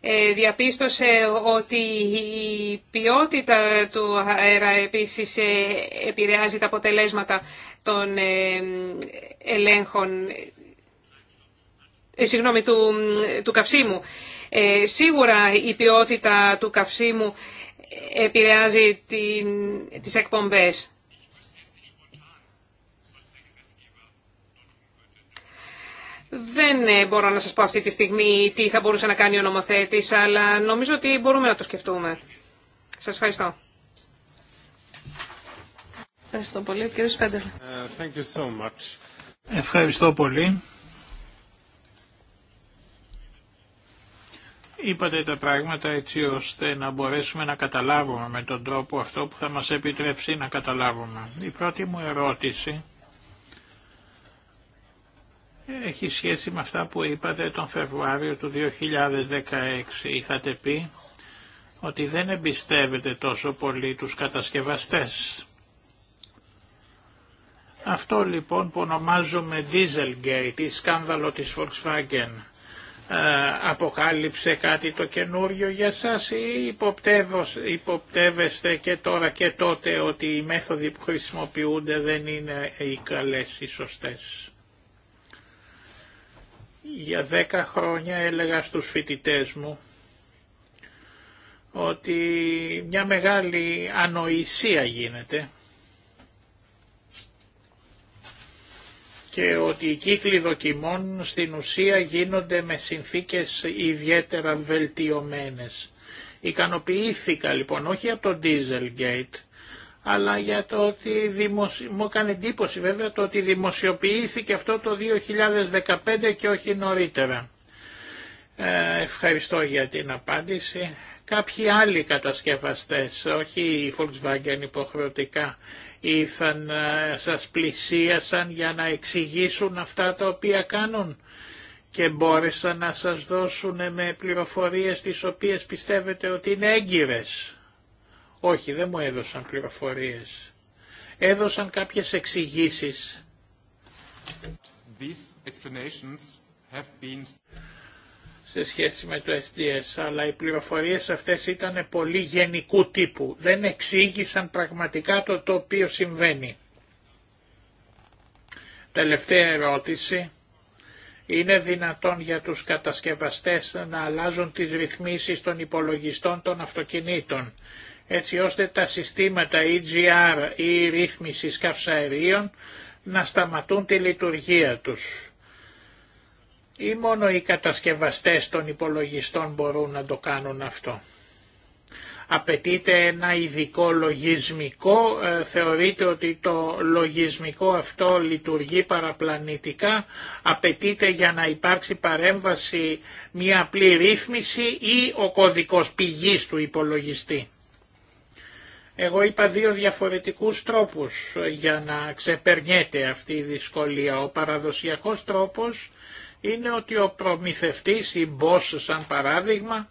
ε, διαπίστωσε ότι η ποιότητα του αέρα επίσης ε, επηρεάζει τα αποτελέσματα των ε, ελέγχων, του, του καυσίμου. Ε, σίγουρα η ποιότητα του καυσίμου επηρεάζει την, τις εκπομπές. Δεν ε, μπορώ να σας πω αυτή τη στιγμή τι θα μπορούσε να κάνει ο νομοθέτης, αλλά νομίζω ότι μπορούμε να το σκεφτούμε. Σας ευχαριστώ. Ευχαριστώ πολύ, κύριε Ευχαριστώ πολύ. Είπατε τα πράγματα έτσι ώστε να μπορέσουμε να καταλάβουμε με τον τρόπο αυτό που θα μας επιτρέψει να καταλάβουμε. Η πρώτη μου ερώτηση έχει σχέση με αυτά που είπατε τον Φεβρουάριο του 2016. Είχατε πει ότι δεν εμπιστεύετε τόσο πολύ τους κατασκευαστές. Αυτό λοιπόν που ονομάζουμε Dieselgate ή σκάνδαλο της Volkswagen ε, αποκάλυψε κάτι το καινούριο για σας ή υποπτεύεστε και τώρα και τότε ότι οι μέθοδοι που χρησιμοποιούνται δεν είναι οι καλές, οι σωστές. Για δέκα χρόνια έλεγα στους φοιτητές μου ότι μια μεγάλη ανοησία γίνεται και ότι οι κύκλοι δοκιμών στην ουσία γίνονται με συνθήκες ιδιαίτερα βελτιωμένες. Ικανοποιήθηκα λοιπόν όχι από το Dieselgate αλλά για το ότι δημοσι... μου έκανε εντύπωση βέβαια το ότι δημοσιοποιήθηκε αυτό το 2015 και όχι νωρίτερα. Ε, ευχαριστώ για την απάντηση. Κάποιοι άλλοι κατασκευαστές, όχι η Volkswagen υποχρεωτικά, ήρθαν, ε, σας πλησίασαν για να εξηγήσουν αυτά τα οποία κάνουν και μπόρεσαν να σας δώσουν ε, με πληροφορίες τις οποίες πιστεύετε ότι είναι έγκυρες. Όχι, δεν μου έδωσαν πληροφορίες. Έδωσαν κάποιες εξηγήσει. Been... σε σχέση με το SDS, αλλά οι πληροφορίες αυτές ήταν πολύ γενικού τύπου. Δεν εξήγησαν πραγματικά το το οποίο συμβαίνει. Τελευταία ερώτηση. Είναι δυνατόν για τους κατασκευαστές να αλλάζουν τις ρυθμίσεις των υπολογιστών των αυτοκινήτων έτσι ώστε τα συστήματα EGR ή ρύθμισης καυσαερίων να σταματούν τη λειτουργία τους. Ή μόνο οι κατασκευαστές των υπολογιστών μπορούν να το κάνουν αυτό. Απαιτείται ένα ειδικό λογισμικό, ε, θεωρείται ότι το λογισμικό αυτό λειτουργεί παραπλανητικά, απαιτείται για να υπάρξει παρέμβαση μια απλή ρύθμιση ή ο κωδικός πηγής του υπολογιστή. Εγώ είπα δύο διαφορετικούς τρόπους για να ξεπερνιέται αυτή η δυσκολία. Ο παραδοσιακός τρόπος είναι ότι ο προμηθευτής ή boss σαν παράδειγμα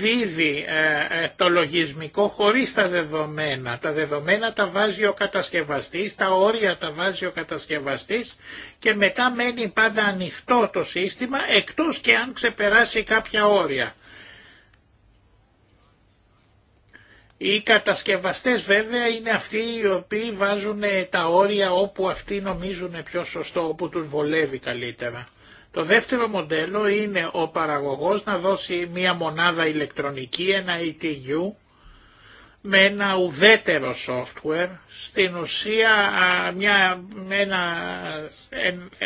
δίδει ε, ε, το λογισμικό χωρίς τα δεδομένα. Τα δεδομένα τα βάζει ο κατασκευαστής, τα όρια τα βάζει ο κατασκευαστής και μετά μένει πάντα ανοιχτό το σύστημα εκτός και αν ξεπεράσει κάποια όρια. Οι κατασκευαστές βέβαια είναι αυτοί οι οποίοι βάζουν τα όρια όπου αυτοί νομίζουν πιο σωστό, όπου τους βολεύει καλύτερα. Το δεύτερο μοντέλο είναι ο παραγωγός να δώσει μία μονάδα ηλεκτρονική, ένα ETU, με ένα ουδέτερο software, στην ουσία μια, ένα,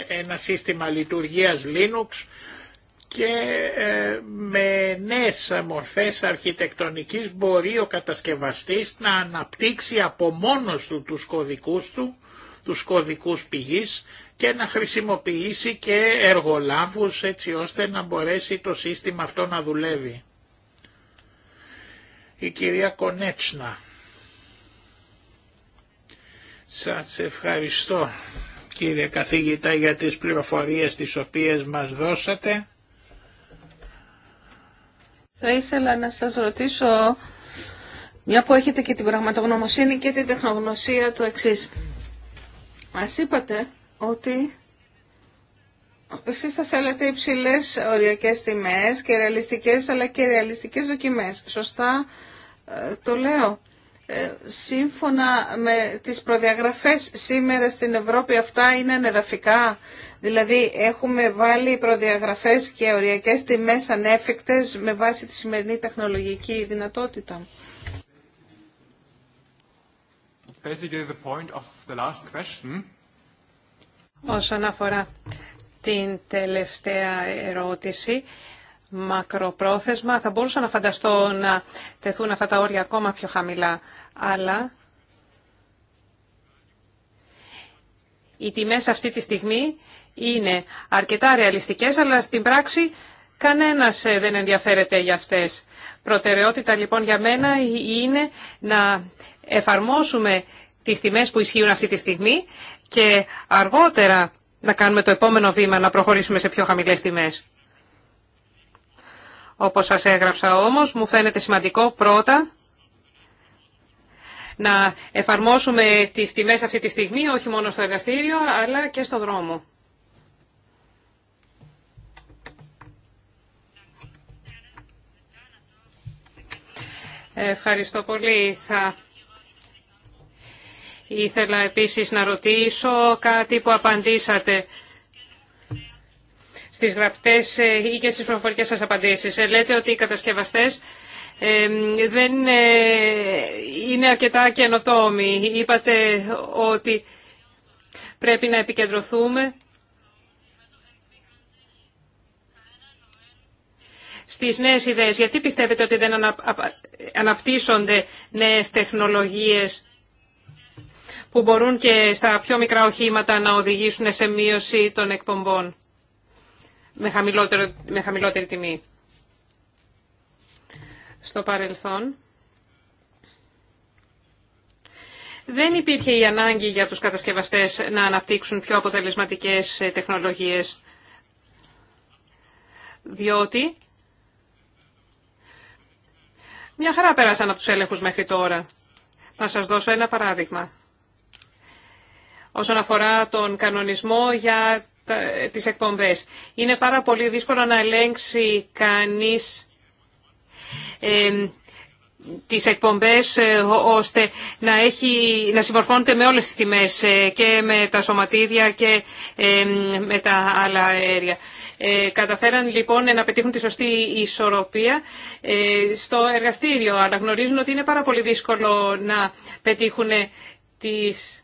ένα σύστημα λειτουργίας Linux, και ε, με νέες μορφές αρχιτεκτονικής μπορεί ο κατασκευαστής να αναπτύξει από μόνος του τους κωδικούς του, τους κωδικούς πηγής και να χρησιμοποιήσει και εργολάβους έτσι ώστε να μπορέσει το σύστημα αυτό να δουλεύει. Η κυρία Κονέτσνα. Σας ευχαριστώ κύριε καθηγητά για τις πληροφορίες τις οποίες μας δώσατε θα ήθελα να σας ρωτήσω, μια που έχετε και την πραγματογνωμοσύνη και την τεχνογνωσία, του εξή. Μας είπατε ότι εσείς θα θέλετε υψηλές οριακές τιμές και ρεαλιστικές αλλά και ρεαλιστικές δοκιμές. Σωστά ε, το λέω. Ε, σύμφωνα με τις προδιαγραφές σήμερα στην Ευρώπη αυτά είναι ανεδαφικά. Δηλαδή έχουμε βάλει προδιαγραφές και οριακές τιμές ανέφικτες με βάση τη σημερινή τεχνολογική δυνατότητα. Όσον αφορά την τελευταία ερώτηση, μακροπρόθεσμα θα μπορούσα να φανταστώ να τεθούν αυτά τα όρια ακόμα πιο χαμηλά, αλλά οι τιμές αυτή τη στιγμή είναι αρκετά ρεαλιστικές, αλλά στην πράξη κανένας ε, δεν ενδιαφέρεται για αυτές. Προτεραιότητα λοιπόν για μένα είναι να εφαρμόσουμε τις τιμές που ισχύουν αυτή τη στιγμή και αργότερα να κάνουμε το επόμενο βήμα να προχωρήσουμε σε πιο χαμηλές τιμές. Όπως σας έγραψα όμως, μου φαίνεται σημαντικό πρώτα να εφαρμόσουμε τις τιμές αυτή τη στιγμή, όχι μόνο στο εργαστήριο, αλλά και στο δρόμο. Ευχαριστώ πολύ. Θα... Ήθελα επίσης να ρωτήσω κάτι που απαντήσατε στις γραπτές ε, ή και στις προφορικές σας απαντήσεις. Ε, λέτε ότι οι κατασκευαστές ε, δεν είναι αρκετά καινοτόμοι. Είπατε ότι πρέπει να επικεντρωθούμε στις νέες ιδέες. Γιατί πιστεύετε ότι δεν αναπτύσσονται νέες τεχνολογίες που μπορούν και στα πιο μικρά οχήματα να οδηγήσουν σε μείωση των εκπομπών με, χαμηλότερο, με χαμηλότερη τιμή. Στο παρελθόν δεν υπήρχε η ανάγκη για τους κατασκευαστές να αναπτύξουν πιο αποτελεσματικές ε, τεχνολογίες, διότι μια χαρά πέρασαν από τους έλεγχους μέχρι τώρα. Να σας δώσω ένα παράδειγμα. Όσον αφορά τον κανονισμό για τις Είναι πάρα πολύ δύσκολο να ελέγξει κανείς ε, τις ώστε να, έχει, να συμμορφώνεται με όλες τις τιμές ε, και με τα σωματίδια και με τα άλλα αέρια. Ε, καταφέραν λοιπόν να πετύχουν τη σωστή ισορροπία ε, στο εργαστήριο, αλλά γνωρίζουν ότι είναι πάρα πολύ δύσκολο να πετύχουν τις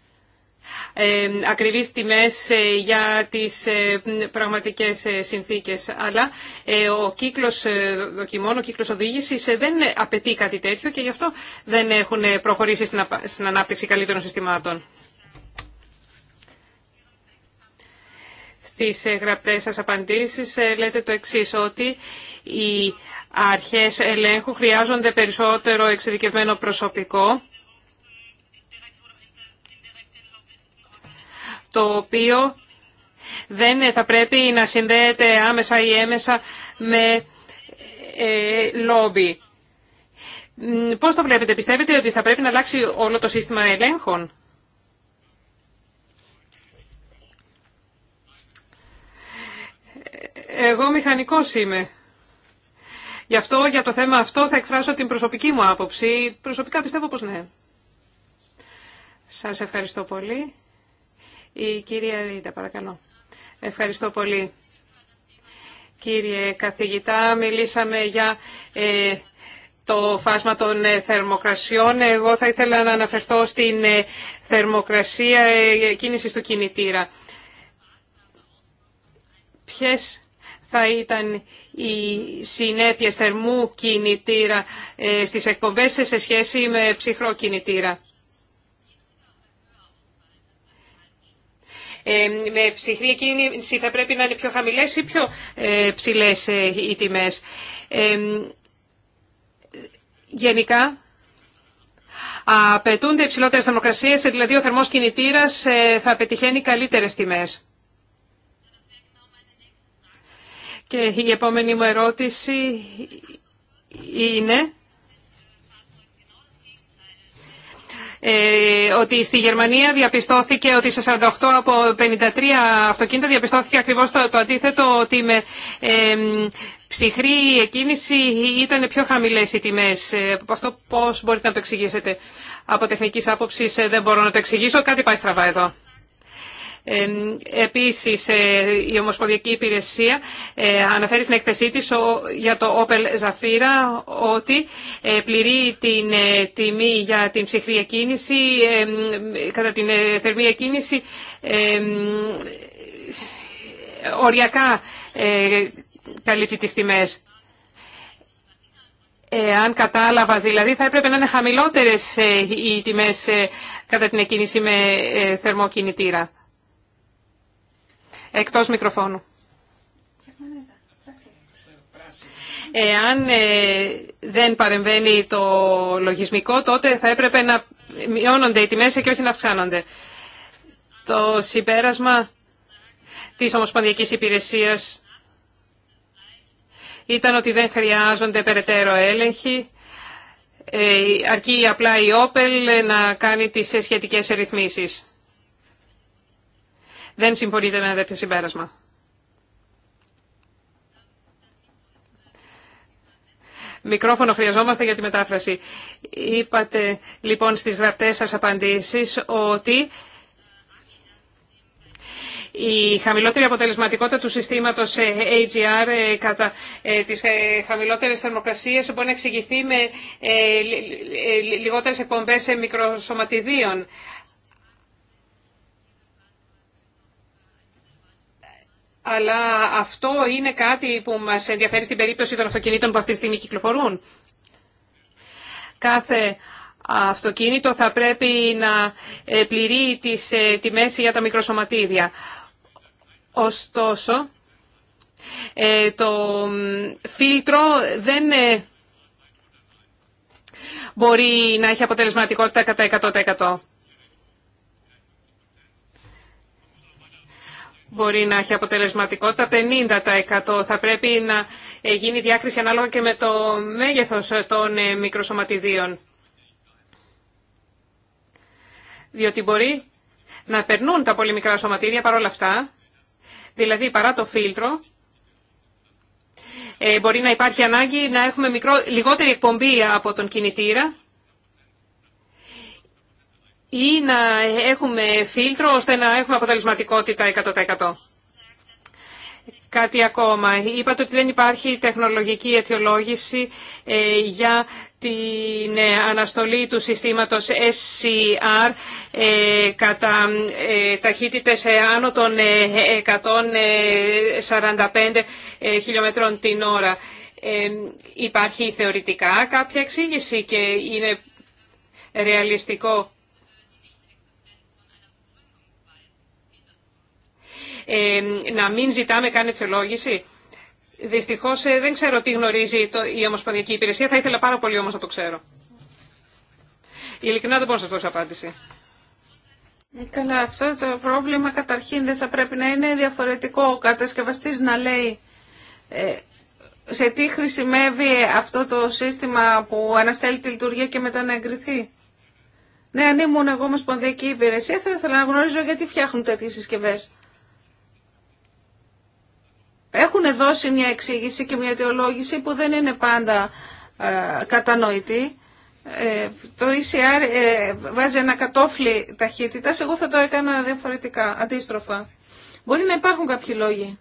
ε, ακριβείς τιμές ε, για τις ε, πραγματικές συνθήκες. Αλλά ο κύκλος δοκιμών, ο κύκλος οδήγησης δεν απαιτεί κάτι τέτοιο και γι' αυτό δεν έχουν προχωρήσει στην ανάπτυξη καλύτερων συστημάτων. Στις γραπτές σας απαντήσεις λέτε το εξής, ότι οι αρχές ελέγχου χρειάζονται περισσότερο εξειδικευμένο προσωπικό το οποίο δεν θα πρέπει να συνδέεται άμεσα ή έμεσα με ε, λόμπι. Πώς το βλέπετε, πιστεύετε ότι θα πρέπει να αλλάξει όλο το σύστημα ελέγχων. Εγώ μηχανικός είμαι. Γι' αυτό, για το θέμα αυτό, θα εκφράσω την προσωπική μου άποψη. Προσωπικά πιστεύω πως ναι. Σας ευχαριστώ πολύ. Η κυρία Ρίντα, παρακαλώ. Ευχαριστώ πολύ. Κύριε καθηγητά, μιλήσαμε για ε, το φάσμα των ε, θερμοκρασιών. Εγώ θα ήθελα να αναφερθώ στην ε, θερμοκρασία κίνησης του κινητήρα. Ποιες θα ήταν οι συνέπειες θερμού κινητήρα στις εκπομπές σε σχέση με ψυχρό κινητήρα. Ε, με ψυχρή κίνηση θα πρέπει να είναι πιο χαμηλές ή πιο ε, ψηλές ε, οι τιμές. Γενικά, απαιτούνται υψηλότερε θερμοκρασίε, δηλαδή ο θερμό κινητήρα θα πετυχαίνει καλύτερε τιμέ. Και η επόμενη μου ερώτηση είναι Ε, ότι στη Γερμανία διαπιστώθηκε ότι σε 48 από 53 αυτοκίνητα διαπιστώθηκε ακριβώς το, το αντίθετο ότι με ψυχρή εκκίνηση ήταν πιο χαμηλές οι τιμές. Ε, αυτό πώς μπορείτε να το εξηγήσετε. Από τεχνικής άποψης ε, δεν μπορώ να το εξηγήσω. Κάτι πάει στραβά εδώ. Επίσης, ε, η Ομοσπονδιακή Υπηρεσία ε, αναφέρει στην έκθεσή της για το Όπελ Zafira ότι ε, πληρεί την τιμή για την ψυχρή κίνηση, κατά την θερμία κίνηση, οριακά καλύπτει τις τιμές. Αν κατάλαβα, δηλαδή θα έπρεπε να είναι χαμηλότερες οι τιμές κατά την εκκίνηση με θερμοκινητήρα. Εκτός μικροφώνου. Εάν ε, δεν παρεμβαίνει το λογισμικό, τότε θα έπρεπε να μειώνονται οι τιμές και όχι να αυξάνονται. Το συμπέρασμα της Ομοσπονδιακής Υπηρεσίας ήταν ότι δεν χρειάζονται περαιτέρω έλεγχοι, ε, αρκεί απλά η Όπελ να κάνει τις σχετικές ρυθμίσεις δεν συμφωνείτε με ένα τέτοιο συμπέρασμα. Μικρόφωνο χρειαζόμαστε για τη μετάφραση. Είπατε λοιπόν στις γραπτές σας απαντήσεις ότι η χαμηλότερη αποτελεσματικότητα του συστήματος AGR κατά τις χαμηλότερες θερμοκρασίες μπορεί να εξηγηθεί με λιγότερες εκπομπές μικροσωματιδίων. αλλά αυτό είναι κάτι που μας ενδιαφέρει στην περίπτωση των αυτοκινήτων που αυτή τη στιγμή κυκλοφορούν. Κάθε αυτοκίνητο θα πρέπει να ε, πληρεί τις ε, τιμές για τα μικροσωματίδια. Ωστόσο, ε, το φίλτρο δεν μπορεί να έχει αποτελεσματικότητα κατά 100%. μπορεί να έχει αποτελεσματικότητα. 50% θα πρέπει να ε, γίνει διάκριση ανάλογα και με το μέγεθος ε, των ε, μικροσωματιδίων. Διότι μπορεί να περνούν τα πολύ μικρά σωματίδια παρόλα αυτά, δηλαδή παρά το φίλτρο, μπορεί να υπάρχει ανάγκη να έχουμε μικρό, λιγότερη εκπομπή από τον κινητήρα ή να έχουμε φίλτρο ώστε να έχουμε αποτελεσματικότητα 100%. Κάτι ακόμα. Είπατε ότι δεν υπάρχει τεχνολογική αιτιολόγηση ε, για την ε, αναστολή του συστήματος SCR ε, κατά ταχύτητες άνω των 145 χιλιόμετρων την ώρα. Υπάρχει θεωρητικά κάποια εξήγηση και είναι ρεαλιστικό Ε, να μην ζητάμε καν Δυστυχώ Δυστυχώς ε, δεν ξέρω τι γνωρίζει η Ομοσπονδιακή Υπηρεσία, θα ήθελα πάρα πολύ όμω να το ξέρω. Ειλικρινά δεν μπορώ να σα δώσω απάντηση. Ε, καλά, αυτό το πρόβλημα καταρχήν δεν θα πρέπει να είναι διαφορετικό. Ο κατασκευαστή να λέει σε τι χρησιμεύει αυτό το σύστημα που αναστέλει τη λειτουργία και μετά να εγκριθεί. Ναι, αν ήμουν εγώ ομοσπονδιακή υπηρεσία θα ήθελα να γνωρίζω γιατί φτιάχνουν τέτοιες συσκευέ έχουν δώσει μια εξήγηση και μια αιτιολόγηση που δεν είναι πάντα ε, κατανοητή. Ε, το ECR ε, βάζει ένα κατόφλι ταχύτητας, εγώ θα το έκανα διαφορετικά, αντίστροφα. Μπορεί να υπάρχουν κάποιοι λόγοι.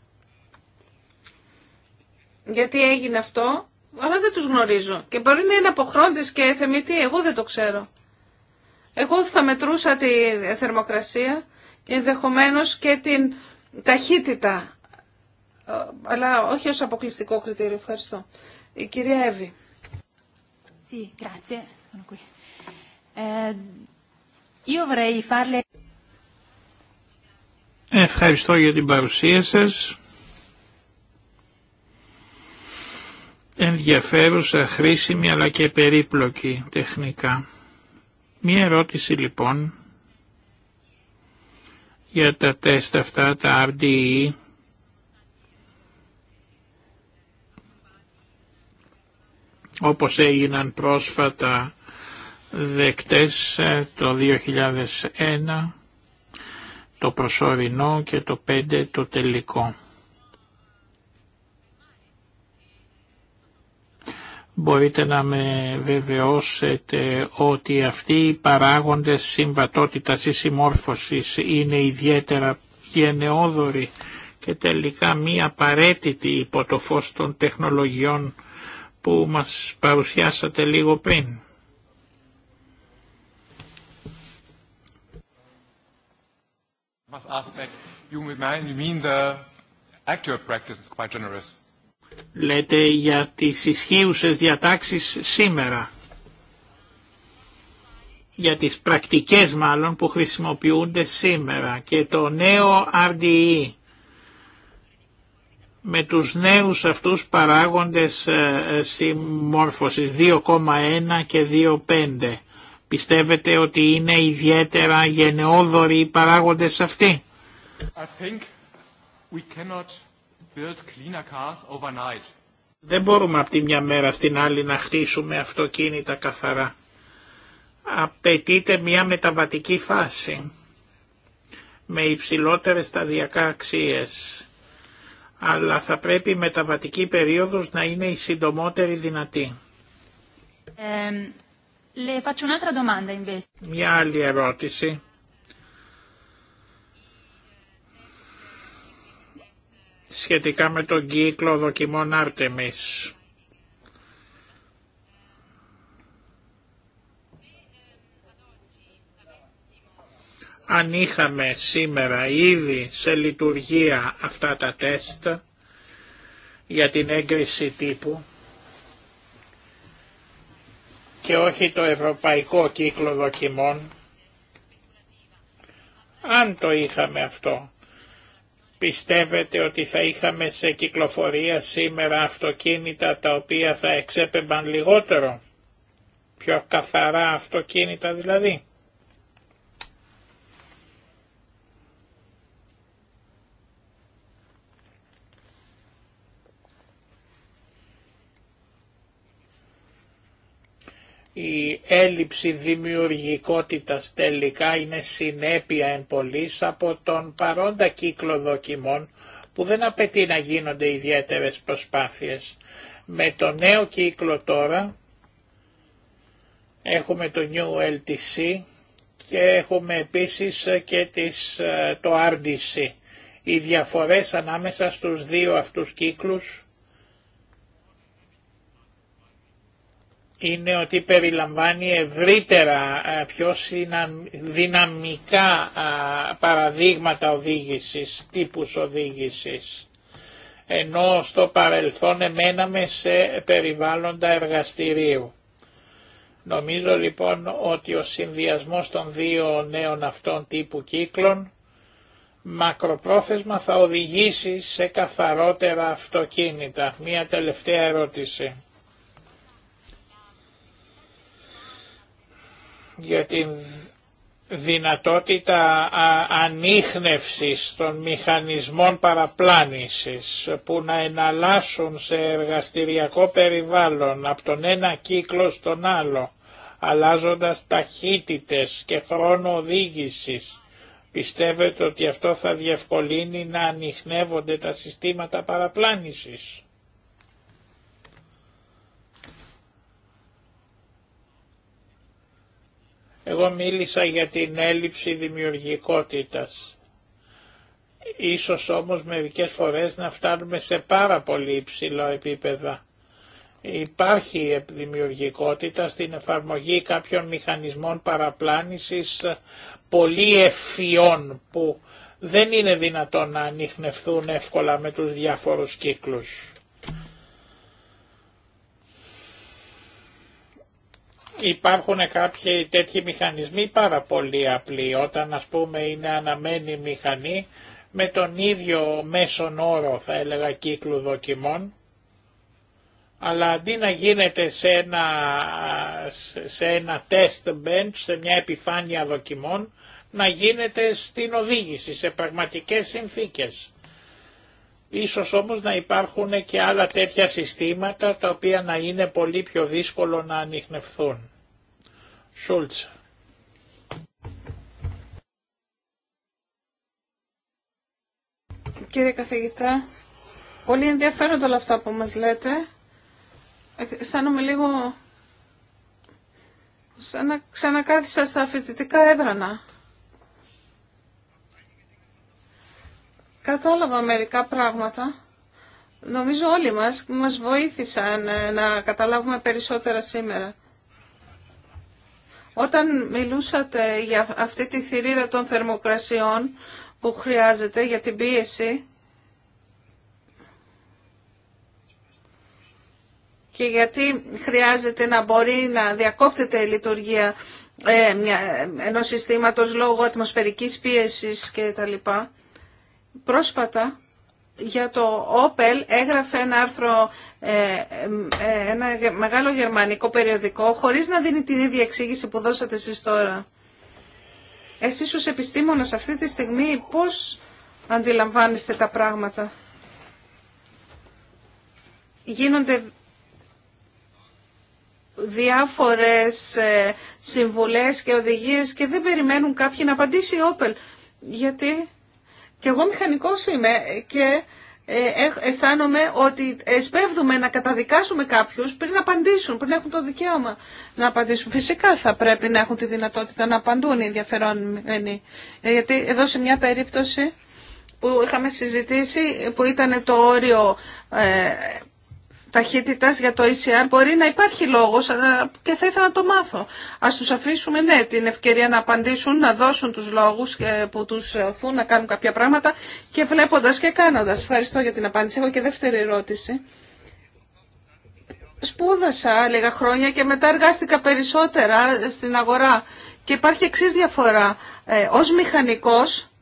Γιατί έγινε αυτό, αλλά δεν τους γνωρίζω. Και μπορεί να είναι αποχρόντες και θεμητοί, εγώ δεν το ξέρω. Εγώ θα μετρούσα τη θερμοκρασία και ενδεχομένως και την ταχύτητα ε, αλλά όχι ως αποκλειστικό κριτήριο. Ευχαριστώ. Η κυρία Εύη. Ε, Ευχαριστώ για την παρουσία σας. Ενδιαφέρουσα, χρήσιμη αλλά και περίπλοκη τεχνικά. Μία ερώτηση λοιπόν για τα τεστ αυτά, τα RDE, όπως έγιναν πρόσφατα δεκτές ε, το 2001, το προσωρινό και το 5 το τελικό. Μπορείτε να με βεβαιώσετε ότι αυτοί οι παράγοντες συμβατότητας ή συμμόρφωσης είναι ιδιαίτερα γενναιόδοροι και τελικά μη απαραίτητοι υπό το φως των τεχνολογιών που μας παρουσιάσατε λίγο πριν. Λέτε για τις ισχύουσες διατάξεις σήμερα. Για τις πρακτικές μάλλον που χρησιμοποιούνται σήμερα και το νέο RDE με τους νέους αυτούς παράγοντες ε, ε, συμμόρφωσης 2,1 και 2,5. Πιστεύετε ότι είναι ιδιαίτερα γενναιόδοροι οι παράγοντες αυτοί. I think we cannot build cleaner cars Δεν μπορούμε από τη μια μέρα στην άλλη να χτίσουμε αυτοκίνητα καθαρά. Απαιτείται μια μεταβατική φάση με υψηλότερες σταδιακά αξίες αλλά θα πρέπει η μεταβατική περίοδος να είναι η συντομότερη δυνατή. Ε, Μια άλλη ερώτηση. σχετικά με τον κύκλο δοκιμών Άρτεμις. αν είχαμε σήμερα ήδη σε λειτουργία αυτά τα τεστ για την έγκριση τύπου και όχι το ευρωπαϊκό κύκλο δοκιμών, αν το είχαμε αυτό, πιστεύετε ότι θα είχαμε σε κυκλοφορία σήμερα αυτοκίνητα τα οποία θα εξέπεμπαν λιγότερο, πιο καθαρά αυτοκίνητα δηλαδή. η έλλειψη δημιουργικότητας τελικά είναι συνέπεια εν πολλής από τον παρόντα κύκλο δοκιμών που δεν απαιτεί να γίνονται ιδιαίτερες προσπάθειες. Με το νέο κύκλο τώρα έχουμε το New LTC και έχουμε επίσης και τις, ε, το RDC. Οι διαφορές ανάμεσα στους δύο αυτούς κύκλους είναι ότι περιλαμβάνει ευρύτερα ε, πιο δυναμικά παραδείγματα οδήγησης, τύπους οδήγησης. Ενώ στο παρελθόν εμέναμε σε περιβάλλοντα εργαστηρίου. Νομίζω λοιπόν ότι ο συνδυασμός των δύο νέων αυτών τύπου κύκλων μακροπρόθεσμα θα οδηγήσει σε καθαρότερα αυτοκίνητα. Μία τελευταία ερώτηση για την δυνατότητα ανείχνευσης των μηχανισμών παραπλάνησης που να εναλλάσσουν σε εργαστηριακό περιβάλλον από τον ένα κύκλο στον άλλο αλλάζοντας ταχύτητες και χρόνο οδήγησης. Πιστεύετε ότι αυτό θα διευκολύνει να ανοιχνεύονται τα συστήματα παραπλάνησης. Εγώ μίλησα για την έλλειψη δημιουργικότητας. Ίσως όμως μερικές φορές να φτάνουμε σε πάρα πολύ υψηλό επίπεδα. Υπάρχει δημιουργικότητα στην εφαρμογή κάποιων μηχανισμών παραπλάνησης πολύ ευφυών που δεν είναι δυνατόν να ανοιχνευθούν εύκολα με τους διάφορους κύκλους. Υπάρχουν κάποιοι τέτοιοι μηχανισμοί πάρα πολύ απλοί. Όταν ας πούμε είναι αναμένη μηχανή με τον ίδιο μέσον όρο θα έλεγα κύκλου δοκιμών αλλά αντί να γίνεται σε ένα, σε ένα test bench, σε μια επιφάνεια δοκιμών, να γίνεται στην οδήγηση, σε πραγματικές συνθήκες. Ίσως όμως να υπάρχουν και άλλα τέτοια συστήματα τα οποία να είναι πολύ πιο δύσκολο να ανοιχνευθούν. Κύριε καθηγητά, πολύ ενδιαφέροντα όλα αυτά που μας λέτε. Ε, αισθάνομαι λίγο σαν να ξανακάθισα στα φοιτητικά έδρανα. Κατάλαβα μερικά πράγματα. Νομίζω όλοι μας μας βοήθησαν ε, να καταλάβουμε περισσότερα σήμερα. Όταν μιλούσατε για αυτή τη θηρίδα των θερμοκρασιών που χρειάζεται για την πίεση και γιατί χρειάζεται να μπορεί να διακόπτεται η λειτουργία ε, ενός συστήματος λόγω ατμοσφαιρικής πίεσης και τα λοιπά. Πρόσφατα για το Opel έγραφε ένα άρθρο, ε, ε, ένα μεγάλο γερμανικό περιοδικό, χωρίς να δίνει την ίδια εξήγηση που δώσατε εσείς τώρα. Εσείς ως επιστήμονας αυτή τη στιγμή πώς αντιλαμβάνεστε τα πράγματα. Γίνονται διάφορες ε, συμβουλές και οδηγίες και δεν περιμένουν κάποιοι να απαντήσει η Opel. Γιατί και εγώ μηχανικός είμαι και ε, αισθάνομαι ότι ε, σπέβδουμε να καταδικάσουμε κάποιους πριν να απαντήσουν, πριν έχουν το δικαίωμα να απαντήσουν. Φυσικά θα πρέπει να έχουν τη δυνατότητα να απαντούν οι ενδιαφερόμενοι. Ε, γιατί εδώ σε μια περίπτωση που είχαμε συζητήσει, που ήταν το όριο Ταχύτητα για το ECR μπορεί να υπάρχει λόγος και θα ήθελα να το μάθω. Ας του αφήσουμε ναι, την ευκαιρία να απαντήσουν, να δώσουν τους λόγους που του οθούν να κάνουν κάποια πράγματα και βλέποντα και κάνοντας. Ευχαριστώ για την απάντηση. Έχω και δεύτερη ερώτηση. Σπούδασα λίγα χρόνια και μετά εργάστηκα περισσότερα στην αγορά και υπάρχει εξή διαφορά. Ε, ως μηχανικός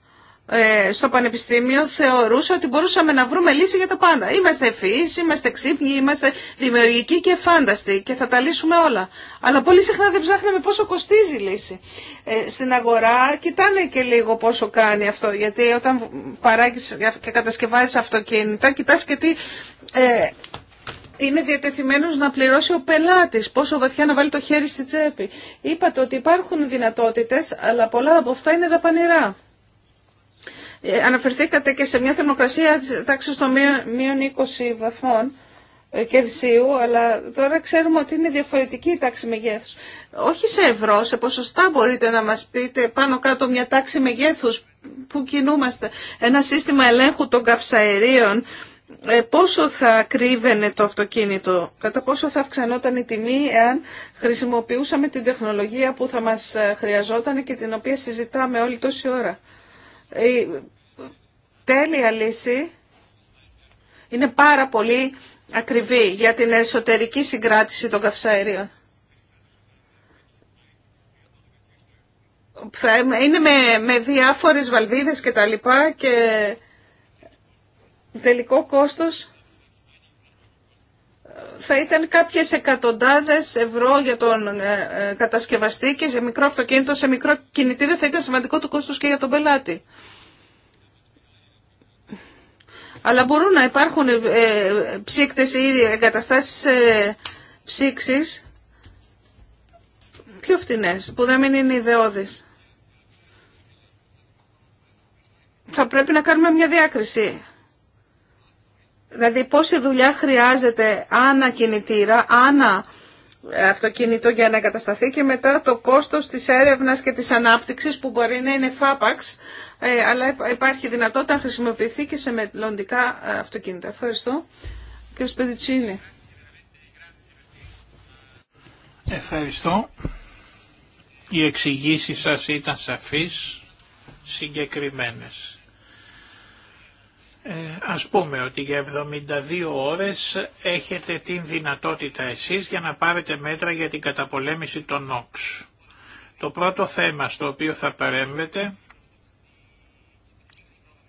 ε, στο Πανεπιστήμιο θεωρούσα ότι μπορούσαμε να βρούμε λύση για τα πάντα. Είμαστε ευφυείς, είμαστε ξύπνοι, είμαστε δημιουργικοί και φάνταστοι και θα τα λύσουμε όλα. Αλλά πολύ συχνά δεν ψάχναμε πόσο κοστίζει η λύση. Ε, στην αγορά κοιτάνε και λίγο πόσο κάνει αυτό, γιατί όταν παράγεις και κατασκευάζεις αυτοκίνητα, κοιτάς και τι... Ε, είναι διατεθειμένος να πληρώσει ο πελάτης, πόσο βαθιά να βάλει το χέρι στη τσέπη. Είπατε ότι υπάρχουν δυνατότητε, αλλά πολλά από αυτά είναι δαπανηρά. Ε, αναφερθήκατε και σε μια θερμοκρασία τάξη των μείων 20 βαθμών ε, Κελσίου, αλλά τώρα ξέρουμε ότι είναι διαφορετική η τάξη μεγέθους. Όχι σε ευρώ, σε ποσοστά μπορείτε να μας πείτε πάνω κάτω μια τάξη μεγέθους που κινούμαστε. Ένα σύστημα ελέγχου των καυσαερίων, ε, πόσο θα κρύβαινε το αυτοκίνητο, κατά πόσο θα αυξανόταν η τιμή εάν χρησιμοποιούσαμε την τεχνολογία που θα μας χρειαζόταν και την οποία συζητάμε όλη τόση ώρα η τέλεια λύση είναι πάρα πολύ ακριβή για την εσωτερική συγκράτηση των καυσαερίων. Είναι με, με διάφορες βαλβίδες και τα λοιπά και τελικό κόστος θα ήταν κάποιες εκατοντάδες ευρώ για τον ε, ε, κατασκευαστή και σε μικρό αυτοκίνητο, σε μικρό κινητήριο θα ήταν σημαντικό το κόστος και για τον πελάτη. Αλλά μπορούν να υπάρχουν ε, ε ή εγκαταστάσεις ε, ψήξης πιο φτηνές, που δεν είναι ιδεώδεις. Θα πρέπει να κάνουμε μια διάκριση Δηλαδή πόση δουλειά χρειάζεται άνα κινητήρα, άνα ε, αυτοκίνητο για να εγκατασταθεί και μετά το κόστος της έρευνας και της ανάπτυξης που μπορεί να είναι φάπαξ, ε, αλλά υπάρχει δυνατότητα να χρησιμοποιηθεί και σε μελλοντικά ε, αυτοκίνητα. Ευχαριστώ. Κύριε Σπεντιτσίνη. Ευχαριστώ. Οι εξηγήσει σας ήταν σαφείς, συγκεκριμένες. Ε, ας πούμε ότι για 72 ώρες έχετε την δυνατότητα εσείς για να πάρετε μέτρα για την καταπολέμηση των νόξ. Το πρώτο θέμα στο οποίο θα παρέμβετε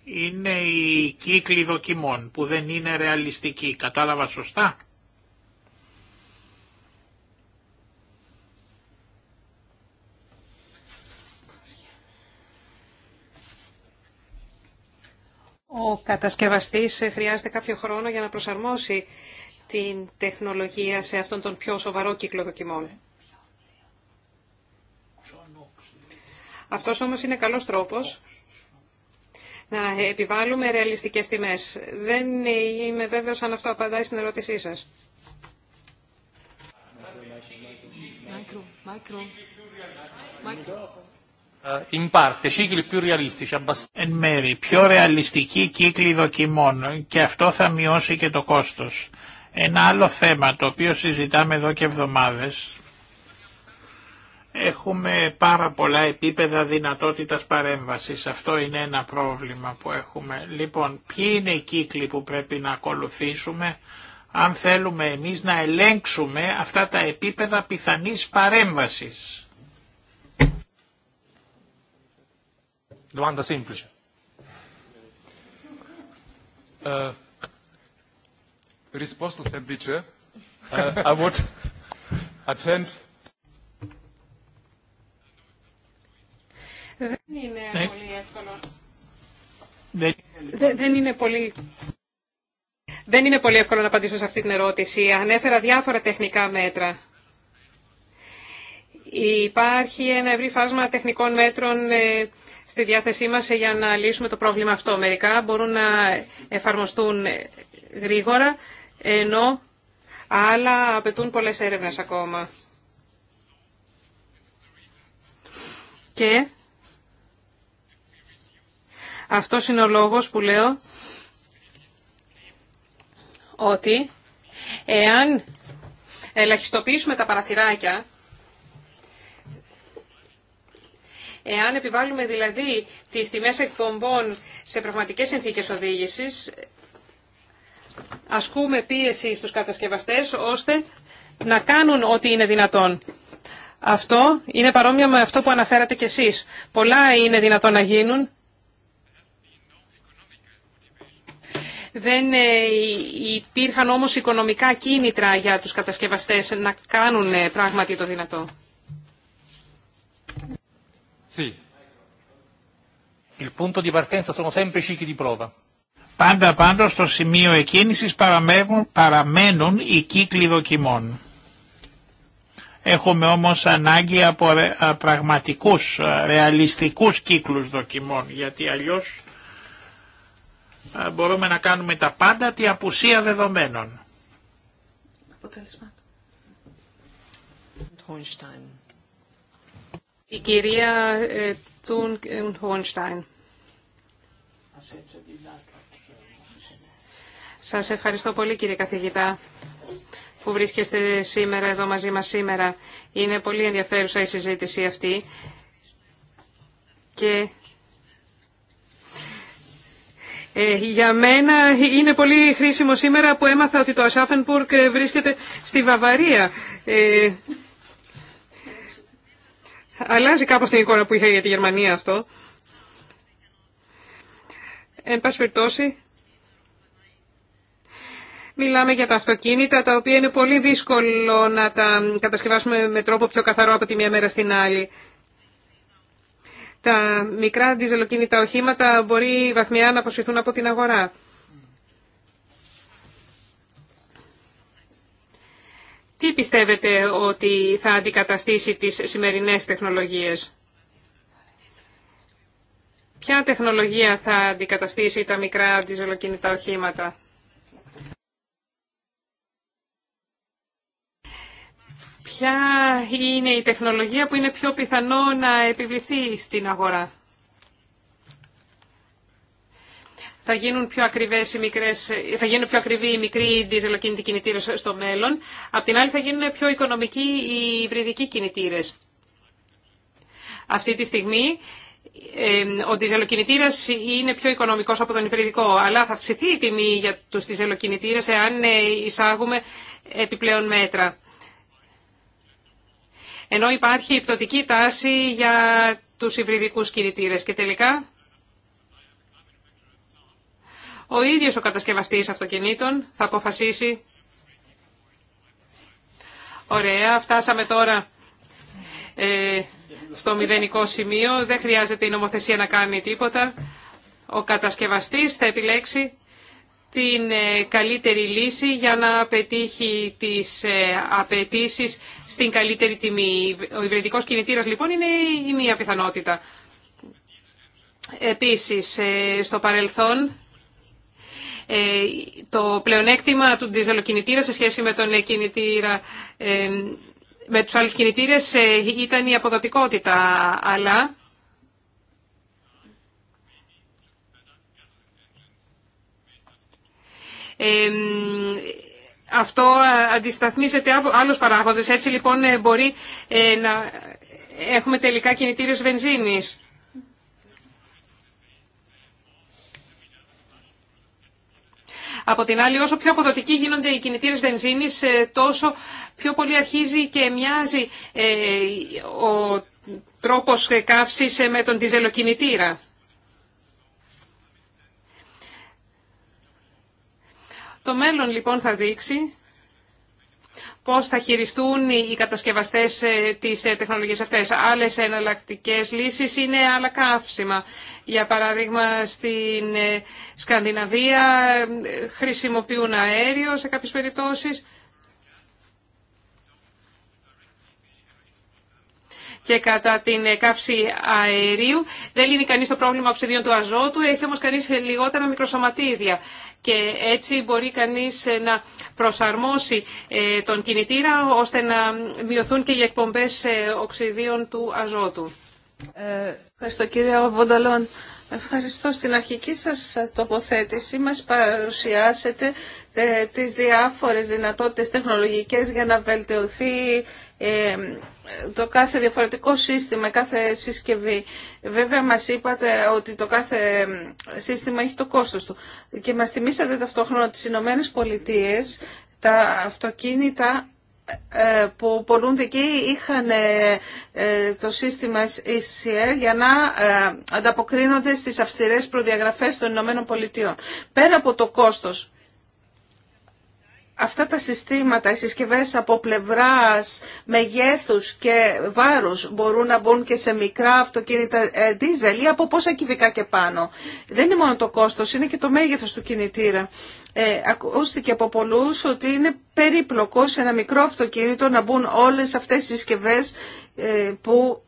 είναι η κύκλη δοκιμών που δεν είναι ρεαλιστική. Κατάλαβα σωστά. Ο κατασκευαστής χρειάζεται κάποιο χρόνο για να προσαρμόσει την τεχνολογία σε αυτόν τον πιο σοβαρό κύκλο δοκιμών. Αυτός όμως είναι καλός τρόπος να επιβάλλουμε ρεαλιστικές τιμές. Δεν είμαι βέβαιος αν αυτό απαντάει στην ερώτησή σας. Μάικρο, μάικρο, μάικρο. Ε, Εν μέρη, πιο ρεαλιστική κύκλη δοκιμών και αυτό θα μειώσει και το κόστος. Ένα άλλο θέμα το οποίο συζητάμε εδώ και εβδομάδες, έχουμε πάρα πολλά επίπεδα δυνατότητας παρέμβασης. Αυτό είναι ένα πρόβλημα που έχουμε. Λοιπόν, ποιοι είναι οι κύκλοι που πρέπει να ακολουθήσουμε αν θέλουμε εμείς να ελέγξουμε αυτά τα επίπεδα πιθανής παρέμβασης. Domanda uh, semplice. semplice. Uh, I would attend. Δεν είναι ναι. πολύ εύκολο. Ναι. Δεν είναι πολύ... Δεν είναι πολύ εύκολο να απαντήσω σε αυτή την ερώτηση. Ανέφερα διάφορα τεχνικά μέτρα. Υπάρχει ένα ευρύ φάσμα τεχνικών μέτρων ε, στη διάθεσή μας για να λύσουμε το πρόβλημα αυτό. Μερικά μπορούν να εφαρμοστούν γρήγορα, ενώ άλλα απαιτούν πολλές έρευνες ακόμα. Και αυτό είναι ο λόγος που λέω ότι εάν ελαχιστοποιήσουμε τα παραθυράκια Εάν επιβάλλουμε δηλαδή τις τιμές εκπομπών σε πραγματικές συνθήκες οδήγησης, ασκούμε πίεση στους κατασκευαστές ώστε να κάνουν ό,τι είναι δυνατόν. Αυτό είναι παρόμοιο με αυτό που αναφέρατε κι εσείς. Πολλά είναι δυνατόν να γίνουν. Δεν ε, υπήρχαν όμως οικονομικά κίνητρα για τους κατασκευαστές να κάνουν ε, πράγματι το δυνατό. Sì. Il punto di partenza sono sempre i cicli Πάντα πάντως στο σημείο εκκίνησης παραμένουν, παραμένουν οι κύκλοι δοκιμών. Έχουμε όμως ανάγκη από πραγματικούς, ρεαλιστικούς κύκλους δοκιμών, γιατί αλλιώς μπορούμε να κάνουμε τα πάντα τη απουσία δεδομένων. Αποτέλεσμα. Η κυρία Τούν ε, Χόνστάιν. Ε, Σας ευχαριστώ πολύ κύριε καθηγητά που βρίσκεστε σήμερα εδώ μαζί μας σήμερα. Είναι πολύ ενδιαφέρουσα η συζήτηση αυτή και ε, για μένα είναι πολύ χρήσιμο σήμερα που έμαθα ότι το Ασάφενπουργκ βρίσκεται στη Βαβαρία. Αλλάζει κάπως την εικόνα που είχα για τη Γερμανία αυτό. Εν πάση περιπτώσει, μιλάμε για τα αυτοκίνητα, τα οποία είναι πολύ δύσκολο να τα κατασκευάσουμε με τρόπο πιο καθαρό από τη μία μέρα στην άλλη. Τα μικρά διζελοκίνητα οχήματα μπορεί βαθμιά να αποσυρθούν από την αγορά. τι πιστεύετε ότι θα αντικαταστήσει τις σημερινές τεχνολογίες. Ποια τεχνολογία θα αντικαταστήσει τα μικρά διζελοκίνητα οχήματα. Ποια είναι η τεχνολογία που είναι πιο πιθανό να επιβληθεί στην αγορά. θα γίνουν πιο, ακριβές οι μικρές, θα γίνουν πιο οι μικροί διζελοκίνητοι κινητήρες στο μέλλον. Απ' την άλλη θα γίνουν πιο οικονομικοί οι υβριδικοί κινητήρε. Αυτή τη στιγμή ο διζελοκινητήρα είναι πιο οικονομικό από τον υβριδικό, αλλά θα αυξηθεί η τιμή για του διζελοκινητήρε εάν ε, εισάγουμε επιπλέον μέτρα. Ενώ υπάρχει η πτωτική τάση για τους υβριδικούς κινητήρες και τελικά ο ίδιος ο κατασκευαστής αυτοκινήτων θα αποφασίσει Ωραία, φτάσαμε τώρα ε, στο μηδενικό σημείο. Δεν χρειάζεται η νομοθεσία να κάνει τίποτα. Ο κατασκευαστής θα επιλέξει την ε, καλύτερη λύση για να πετύχει τις ε, απαιτήσει στην καλύτερη τιμή. Ο υβριδικός κινητήρας λοιπόν είναι η μία πιθανότητα. Επίσης, ε, στο παρελθόν ε, το πλεονέκτημα του διζελοκινητήρα σε σχέση με τον κινητήρα ε, με τους άλλους κινητήρες ε, ήταν η αποδοτικότητα, αλλά αυτό αντισταθμίζεται από άλλους παράγοντες. Έτσι λοιπόν μπορεί να έχουμε τελικά κινητήρες βενζίνης. Από την άλλη, όσο πιο αποδοτικοί γίνονται οι κινητήρες βενζίνης, ε, τόσο πιο πολύ αρχίζει και μοιάζει ε, ο τρόπος ε, καύσης με τον διζελοκινητήρα. Το μέλλον λοιπόν θα δείξει πώς θα χειριστούν οι κατασκευαστές ε, τις ε, τεχνολογίες αυτές. άλλε εναλλακτικές λύσεις είναι άλλα καύσιμα. Για παράδειγμα, στην ε, Σκανδιναβία χρησιμοποιούν αέριο σε κάποιε περιπτώσει. και κατά την καύση αερίου. Δεν λύνει κανεί το πρόβλημα οξυδίων του αζότου, έχει όμω κανεί λιγότερα μικροσωματίδια. Και έτσι μπορεί κανεί ε, να προσαρμόσει ε, τον κινητήρα ώστε να μειωθούν και οι εκπομπέ ε, οξυδίων του αζότου. Ε, ευχαριστώ κύριε Βονταλόν. Ευχαριστώ. Στην αρχική σας τοποθέτηση μας παρουσιάσετε τις διάφορες δυνατότητες τεχνολογικές για να βελτιωθεί το κάθε διαφορετικό σύστημα, κάθε συσκευή. Βέβαια μας είπατε ότι το κάθε σύστημα έχει το κόστος του. Και μας θυμήσατε ταυτόχρονα τις Ηνωμένε Πολιτείες, τα αυτοκίνητα ε, που πολλούνται εκεί είχαν ε, ε, το σύστημα ECR για να ανταποκρίνονται στις αυστηρές προδιαγραφές των Ηνωμένων Πολιτείων. Πέρα από το κόστος αυτά τα συστήματα, οι συσκευές από πλευράς, μεγέθους και βάρους μπορούν να μπουν και σε μικρά αυτοκίνητα δίζελ ε, ή από πόσα κυβικά και πάνω. Δεν είναι μόνο το κόστος, είναι και το μέγεθος του κινητήρα. Ε, ακούστηκε από πολλούς ότι είναι περίπλοκο σε ένα μικρό αυτοκίνητο να μπουν όλες αυτές οι συσκευές ε, που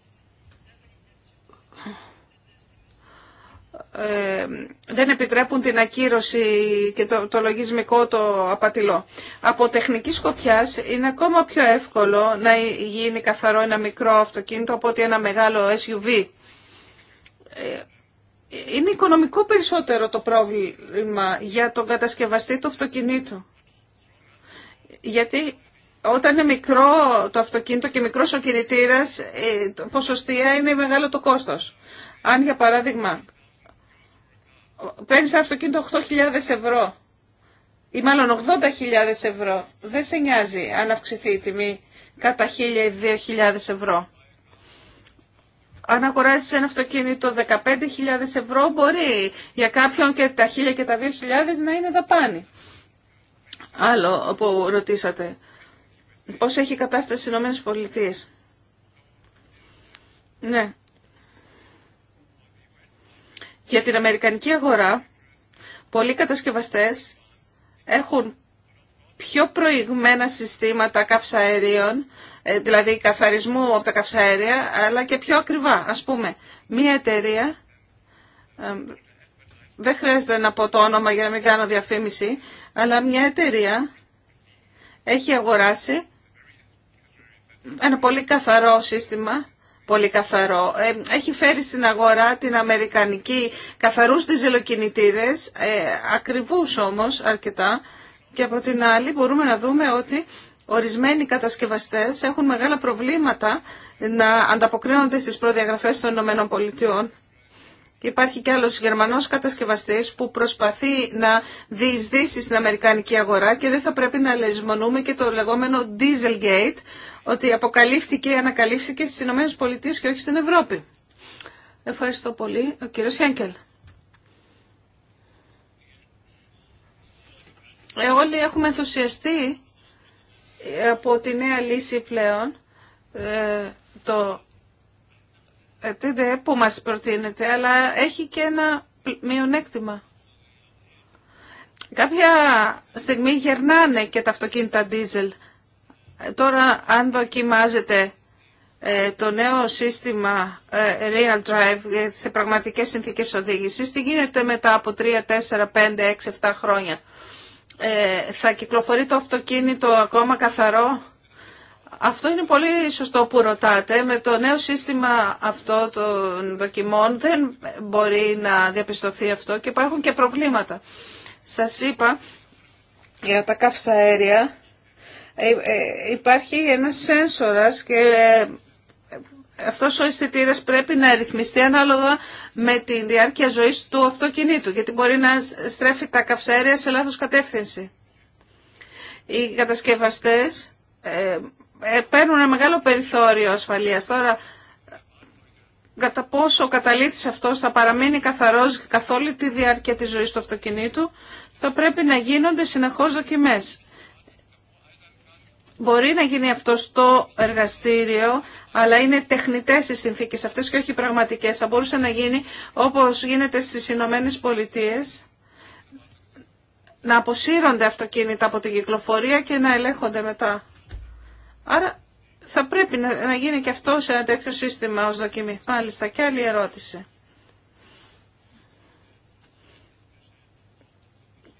Ε, δεν επιτρέπουν την ακύρωση και το, το λογισμικό το απατηλό. Από τεχνική σκοπιά είναι ακόμα πιο εύκολο να γίνει καθαρό ένα μικρό αυτοκίνητο από ότι ένα μεγάλο SUV. Ε, είναι οικονομικό περισσότερο το πρόβλημα για τον κατασκευαστή του αυτοκινήτου. Γιατί όταν είναι μικρό το αυτοκίνητο και μικρός ο κινητήρας, ε, ποσοστία είναι μεγάλο το κόστος. Αν για παράδειγμα παίρνεις ένα αυτοκίνητο 8.000 ευρώ ή μάλλον 80.000 ευρώ, δεν σε νοιάζει αν αυξηθεί η τιμή κατά 1.000 ή 2.000 ευρώ. Αν αγοράσει ένα αυτοκίνητο 15.000 ευρώ μπορεί για κάποιον και τα 1.000 και τα 2.000 να είναι δαπάνη. Άλλο που ρωτήσατε, πώς έχει η κατάσταση στις Ηνωμένες Πολιτείες. Ναι, για την Αμερικανική αγορά, πολλοί κατασκευαστές έχουν πιο προηγμένα συστήματα καυσαερίων, ε, δηλαδή καθαρισμού από τα καυσαέρια, αλλά και πιο ακριβά. Ας πούμε, μία εταιρεία, ε, δεν χρειάζεται να πω το όνομα για να μην κάνω διαφήμιση, αλλά μια εταιρεία έχει αγοράσει ένα πολύ καθαρό σύστημα πολύ καθαρό. Ε, έχει φέρει στην αγορά την αμερικανική καθαρούς διζελοκινητήρες, ε, ακριβούς όμως αρκετά. Και από την άλλη μπορούμε να δούμε ότι ορισμένοι κατασκευαστές έχουν μεγάλα προβλήματα να ανταποκρίνονται στις προδιαγραφές των ΗΠΑ Υπάρχει και άλλος Γερμανός κατασκευαστής που προσπαθεί να διεισδύσει στην Αμερικανική αγορά και δεν θα πρέπει να λεσμονούμε και το λεγόμενο Dieselgate, ότι αποκαλύφθηκε ή ανακαλύφθηκε στις Ηνωμένες Πολιτείες και όχι στην Ευρώπη. Ευχαριστώ πολύ. Ο κύριος Χένκελ. Ε, όλοι έχουμε ενθουσιαστεί ε, από τη νέα λύση πλέον, ε, το ε, δε, που μας προτείνεται, αλλά έχει και ένα μειονέκτημα. Κάποια στιγμή γερνάνε και τα αυτοκίνητα diesel. Ε, τώρα αν δοκιμάζεται ε, το νέο σύστημα Real Drive σε πραγματικές συνθήκες οδήγησης, τι γίνεται μετά από 3, 4, 5, 6, 7 χρόνια. Θα κυκλοφορεί το αυτοκίνητο ακόμα καθαρό αυτό είναι πολύ σωστό που ρωτάτε. Με το νέο σύστημα αυτό των δοκιμών δεν μπορεί να διαπιστωθεί αυτό και υπάρχουν και προβλήματα. Σας είπα για τα καυσαέρια ε, ε, υπάρχει ένας σένσορας και ε, αυτός ο αισθητήρα πρέπει να ρυθμιστεί ανάλογα με τη διάρκεια ζωής του αυτοκινήτου γιατί μπορεί να στρέφει τα αέρια σε λάθος κατεύθυνση. Οι κατασκευαστές ε, παίρνουν ένα μεγάλο περιθώριο ασφαλείας. Τώρα, κατά πόσο ο καταλήτης αυτός θα παραμείνει καθαρός καθ' όλη τη διάρκεια της ζωής του αυτοκινήτου, θα πρέπει να γίνονται συνεχώς δοκιμές. Μπορεί να γίνει αυτό στο εργαστήριο, αλλά είναι τεχνητές οι συνθήκες αυτές και όχι πραγματικές. Θα μπορούσε να γίνει όπως γίνεται στις Ηνωμένε Πολιτείε να αποσύρονται αυτοκίνητα από την κυκλοφορία και να ελέγχονται μετά. Άρα θα πρέπει να, γίνει και αυτό σε ένα τέτοιο σύστημα ως δοκιμή. Μάλιστα και άλλη ερώτηση.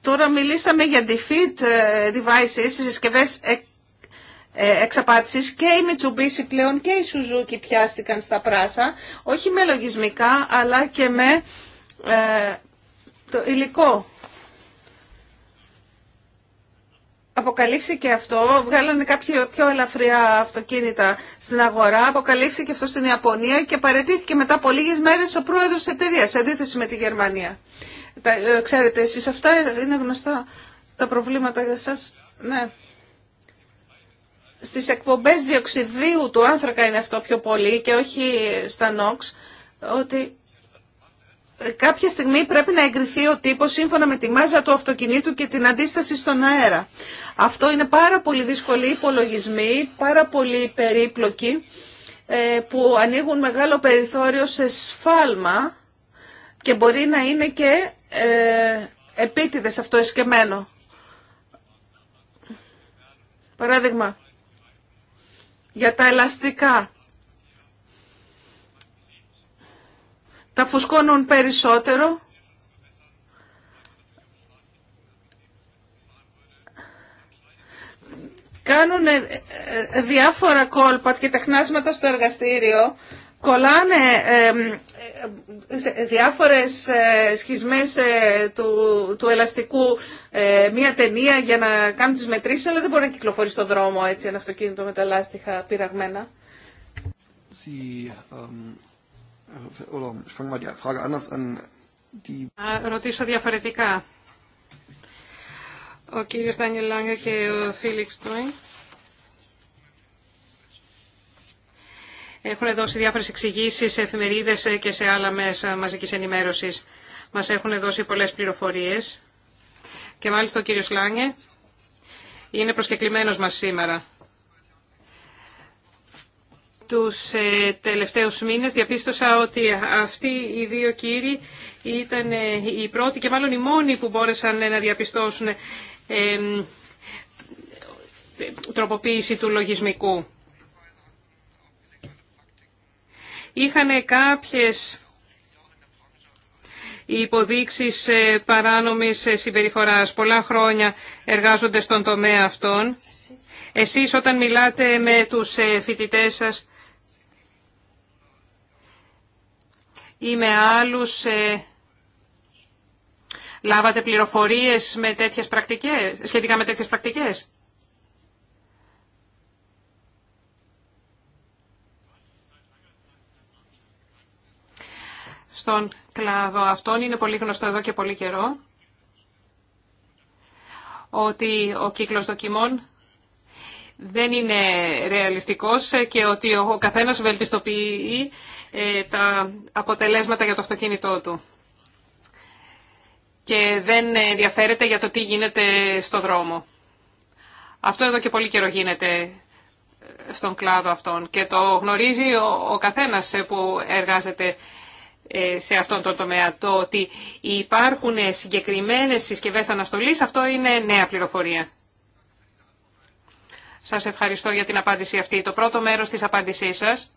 Τώρα μιλήσαμε για defeat ε, devices, συσκευές ε, ε, εξαπάτησης και η Mitsubishi πλέον και η Suzuki πιάστηκαν στα πράσα, όχι με λογισμικά αλλά και με το υλικό. αποκαλύφθηκε αυτό, βγάλανε κάποια πιο ελαφριά αυτοκίνητα στην αγορά, αποκαλύφθηκε αυτό στην Ιαπωνία και παρετήθηκε μετά από λίγες μέρες ο πρόεδρος της εταιρείας, σε αντίθεση με τη Γερμανία. Τα, ε, ξέρετε εσείς αυτά είναι γνωστά τα προβλήματα για σας. Ναι. Στις εκπομπές διοξιδίου του άνθρακα είναι αυτό πιο πολύ και όχι στα νόξ, ότι κάποια στιγμή πρέπει να εγκριθεί ο τύπος σύμφωνα με τη μάζα του αυτοκινήτου και την αντίσταση στον αέρα. Αυτό είναι πάρα πολύ δύσκολοι υπολογισμοί, πάρα πολύ περίπλοκοι ε, που ανοίγουν μεγάλο περιθώριο σε σφάλμα και μπορεί να είναι και ε, επίτηδες αυτό εσκεμμένο. Παράδειγμα, για τα ελαστικά τα φουσκώνουν περισσότερο. Κάνουν ε, ε, διάφορα κόλπα και τεχνάσματα στο εργαστήριο, κολλάνε ε, διάφορες σχισμές του, του ελαστικού μία ταινία για να κάνουν τις μετρήσεις, αλλά δεν μπορεί να κυκλοφορεί στο δρόμο έτσι ένα αυτοκίνητο με τα λάστιχα πειραγμένα. Να ρωτήσω διαφορετικά. Ο κύριος Ντάνιελ Λάγκε και ο Φίλιξ Τουίν έχουν δώσει διάφορες εξηγήσεις σε εφημερίδες και σε άλλα μέσα μαζικής ενημέρωσης. Μας έχουν δώσει πολλές πληροφορίες και μάλιστα ο κύριος Λάγκε είναι προσκεκλημένος μας σήμερα τους ε, τελευταίους μήνες διαπίστωσα ότι αυτοί οι δύο κύριοι ήταν ε, οι πρώτοι και μάλλον οι μόνοι που μπόρεσαν ε, να διαπιστώσουν τροποποίηση του λογισμικού. Είχαν κάποιες υποδείξεις παράνομης συμπεριφοράς. Πολλά χρόνια εργάζονται στον τομέα αυτών. Εσείς όταν μιλάτε με τους φοιτητές σας, ή με άλλους ε, λάβατε πληροφορίες με τέτοιες πρακτικές, σχετικά με τέτοιες πρακτικές. Στον κλάδο αυτόν είναι πολύ γνωστό εδώ και πολύ καιρό ότι ο κύκλος δοκιμών δεν είναι ρεαλιστικός και ότι ο καθένας βελτιστοποιεί ε, τα αποτελέσματα για το αυτοκίνητό του και δεν ενδιαφέρεται για το τι γίνεται στο δρόμο. Αυτό εδώ και πολύ καιρό γίνεται στον κλάδο αυτόν και το γνωρίζει ο, ο καθένας που εργάζεται ε, σε αυτόν τον τομέα. Το ότι υπάρχουν συγκεκριμένες συσκευές αναστολής, αυτό είναι νέα πληροφορία. Σας ευχαριστώ για την απάντηση αυτή. Το πρώτο μέρος της απάντησής σας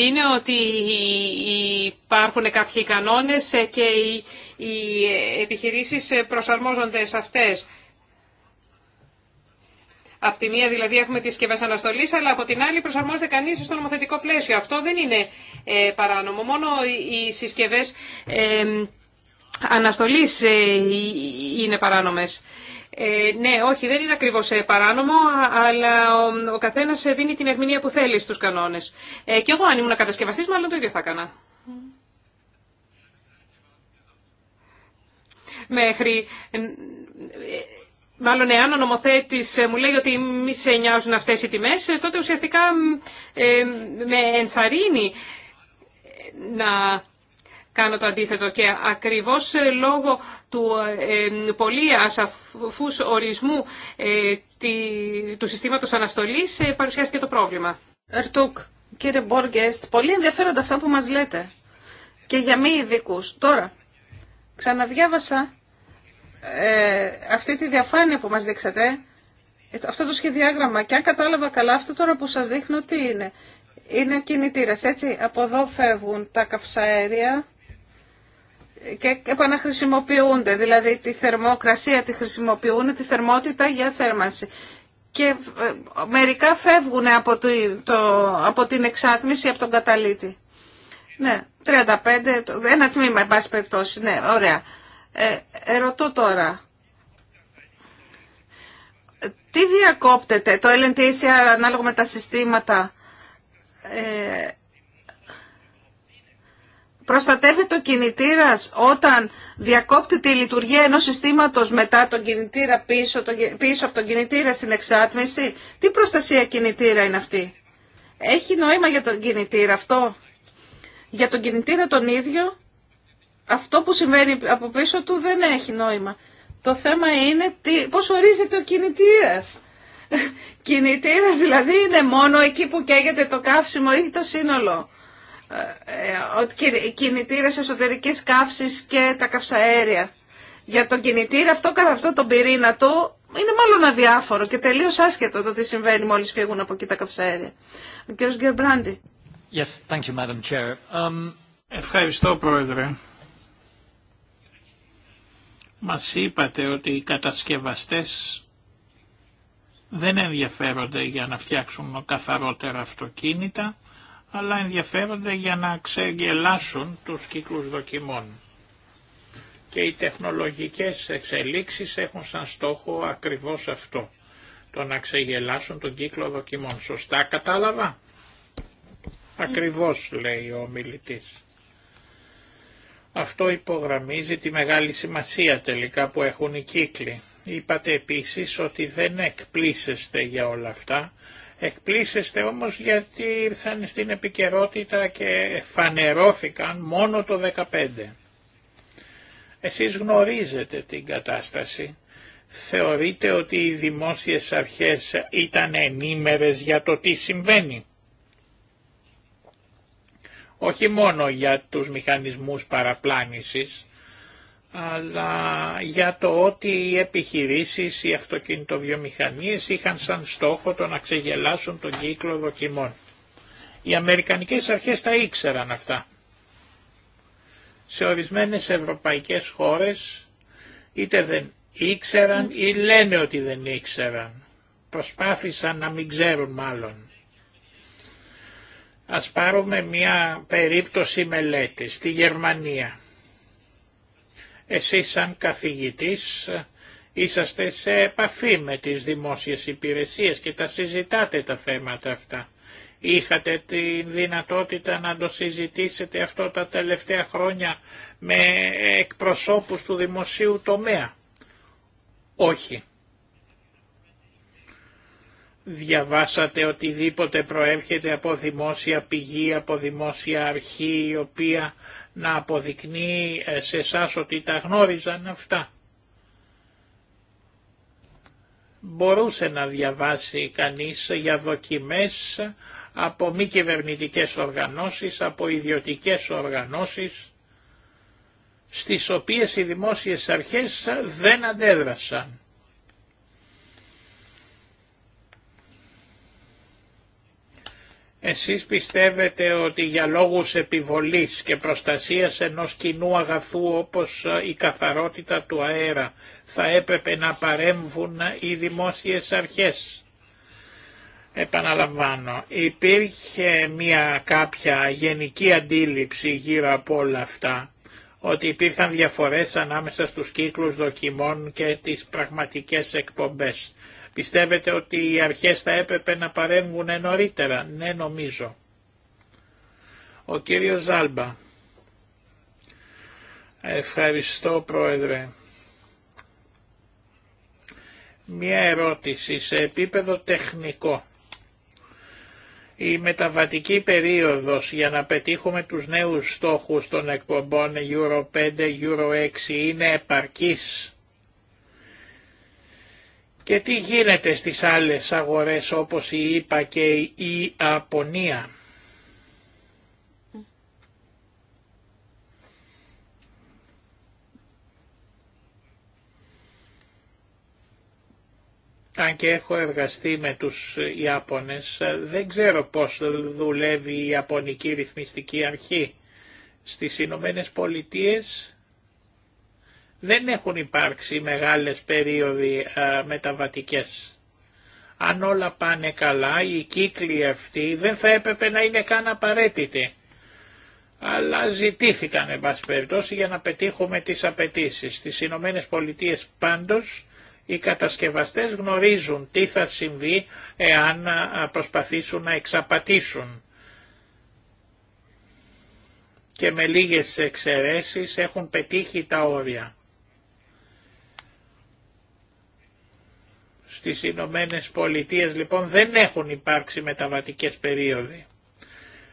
είναι ότι υπάρχουν κάποιοι κανόνες και οι επιχειρήσεις προσαρμόζονται σε αυτές. Από τη μία δηλαδή έχουμε τις συσκευές αναστολή, αλλά από την άλλη προσαρμόζεται κανείς στο νομοθετικό πλαίσιο. Αυτό δεν είναι ε, παράνομο. Μόνο οι συσκευές ε, αναστολή ε, είναι παράνομες. Ε, ναι, όχι, δεν είναι ακριβώς ε, παράνομο, αλλά ο, ο καθένας ε, δίνει την ερμηνεία που θέλει στους κανόνες. Ε, και εγώ αν ήμουν κατασκευαστής, μάλλον το ίδιο θα έκανα. Μέχρι... Ε, μάλλον εάν ο νομοθέτης μου λέει ότι μη σε νοιάζουν αυτές οι τιμές, τότε ουσιαστικά ε, με ενσαρρύνει να κάνω το αντίθετο και ακριβώς ε, λόγω του ε, ε, πολύ ασαφούς ορισμού του συστήματος αναστολής παρουσιάστηκε το πρόβλημα. Ερτούκ, κύριε Μπόργκεστ, πολύ ενδιαφέροντα αυτά που μας λέτε και για μη ειδικού. Τώρα, ξαναδιάβασα αυτή τη διαφάνεια που μας δείξατε, αυτό το σχεδιάγραμμα και αν κατάλαβα καλά αυτό τώρα που σας δείχνω τι είναι. Είναι ο έτσι, από εδώ φεύγουν τα καυσαέρια και επαναχρησιμοποιούνται. Δηλαδή τη θερμοκρασία τη χρησιμοποιούν, τη θερμότητα για θέρμανση. Και ε, μερικά φεύγουν από, το, από την εξάτμιση από τον καταλήτη. Ναι, 35, ένα τμήμα, εν πάση περιπτώσει. Ναι, ωραία. Ε, ερωτώ τώρα. Τι διακόπτεται το LNTCR ανάλογα με τα συστήματα. Ε, προστατεύεται ο κινητήρας όταν διακόπτει τη λειτουργία ενός συστήματος μετά τον κινητήρα πίσω, τον, πίσω από τον κινητήρα στην εξάτμιση. Τι προστασία κινητήρα είναι αυτή. Έχει νόημα για τον κινητήρα αυτό. Για τον κινητήρα τον ίδιο αυτό που συμβαίνει από πίσω του δεν έχει νόημα. Το θέμα είναι τι, πώς ορίζεται ο κινητήρας. κινητήρας δηλαδή είναι μόνο εκεί που καίγεται το καύσιμο ή το σύνολο. Ε, ε, κινητήρε εσωτερικής καύσης και τα καυσαέρια. Για τον κινητήρα αυτό καθ' αυτό τον πυρήνα του είναι μάλλον αδιάφορο και τελείω άσχετο το τι συμβαίνει μόλι φύγουν από εκεί τα καυσαέρια. Ο κ. Γκερμπράντι. Um, Ευχαριστώ, Πρόεδρε. Μας είπατε ότι οι κατασκευαστές δεν ενδιαφέρονται για να φτιάξουν καθαρότερα αυτοκίνητα αλλά ενδιαφέρονται για να ξεγελάσουν τους κύκλους δοκιμών. Και οι τεχνολογικές εξελίξεις έχουν σαν στόχο ακριβώς αυτό, το να ξεγελάσουν τον κύκλο δοκιμών. Σωστά κατάλαβα? Ακριβώς λέει ο μιλητής. Αυτό υπογραμμίζει τη μεγάλη σημασία τελικά που έχουν οι κύκλοι. Είπατε επίσης ότι δεν εκπλήσεστε για όλα αυτά, Εκπλήσεστε όμως γιατί ήρθαν στην επικαιρότητα και φανερώθηκαν μόνο το 15. Εσείς γνωρίζετε την κατάσταση. Θεωρείτε ότι οι δημόσιες αρχές ήταν ενήμερες για το τι συμβαίνει. Όχι μόνο για τους μηχανισμούς παραπλάνησης, αλλά για το ότι οι επιχειρήσεις, οι αυτοκινητοβιομηχανίες είχαν σαν στόχο το να ξεγελάσουν τον κύκλο δοκιμών. Οι Αμερικανικές αρχές τα ήξεραν αυτά. Σε ορισμένες ευρωπαϊκές χώρες είτε δεν ήξεραν ή λένε ότι δεν ήξεραν. Προσπάθησαν να μην ξέρουν μάλλον. Ας πάρουμε μια περίπτωση μελέτης στη Γερμανία εσείς σαν καθηγητής είσαστε σε επαφή με τις δημόσιες υπηρεσίες και τα συζητάτε τα θέματα αυτά. Είχατε τη δυνατότητα να το συζητήσετε αυτό τα τελευταία χρόνια με εκπροσώπους του δημοσίου τομέα. Όχι. Διαβάσατε οτιδήποτε προέρχεται από δημόσια πηγή, από δημόσια αρχή η οποία να αποδεικνύει ε, σε εσά ότι τα γνώριζαν αυτά. Μπορούσε να διαβάσει κανείς για δοκιμές από μη κυβερνητικέ οργανώσεις, από ιδιωτικές οργανώσεις, στις οποίες οι δημόσιες αρχές δεν αντέδρασαν. Εσείς πιστεύετε ότι για λόγους επιβολής και προστασίας ενός κοινού αγαθού όπως ε, η καθαρότητα του αέρα θα έπρεπε να παρέμβουν ε, οι δημόσιες αρχές. Επαναλαμβάνω, υπήρχε μια κάποια γενική αντίληψη γύρω από όλα αυτά ότι υπήρχαν διαφορές ανάμεσα στους κύκλους δοκιμών και τις πραγματικές εκπομπές. Πιστεύετε ότι οι αρχές θα έπρεπε να παρέμβουν νωρίτερα. Ναι νομίζω. Ο κύριος Ζάλμπα. Ευχαριστώ πρόεδρε. Μία ερώτηση σε επίπεδο τεχνικό. Η μεταβατική περίοδος για να πετύχουμε τους νέους στόχους των εκπομπών Euro 5, Euro 6 είναι επαρκής και τι γίνεται στις άλλες αγορές όπως η ΙΠΑ και η Απονία. αν και έχω εργαστεί με τους Ιάπωνες, δεν ξέρω πώς δουλεύει η Ιαπωνική Ρυθμιστική Αρχή. Στις Ηνωμένε Πολιτείες δεν έχουν υπάρξει μεγάλες περίοδοι μεταβατικές. Αν όλα πάνε καλά, οι κύκλοι αυτοί δεν θα έπρεπε να είναι καν απαραίτητοι. Αλλά ζητήθηκαν, εν για να πετύχουμε τις απαιτήσει. Στις Ηνωμένε Πολιτείες πάντως οι κατασκευαστές γνωρίζουν τι θα συμβεί εάν προσπαθήσουν να εξαπατήσουν. Και με λίγες εξαιρέσεις έχουν πετύχει τα όρια. στις Ηνωμένε Πολιτείες λοιπόν δεν έχουν υπάρξει μεταβατικές περίοδοι.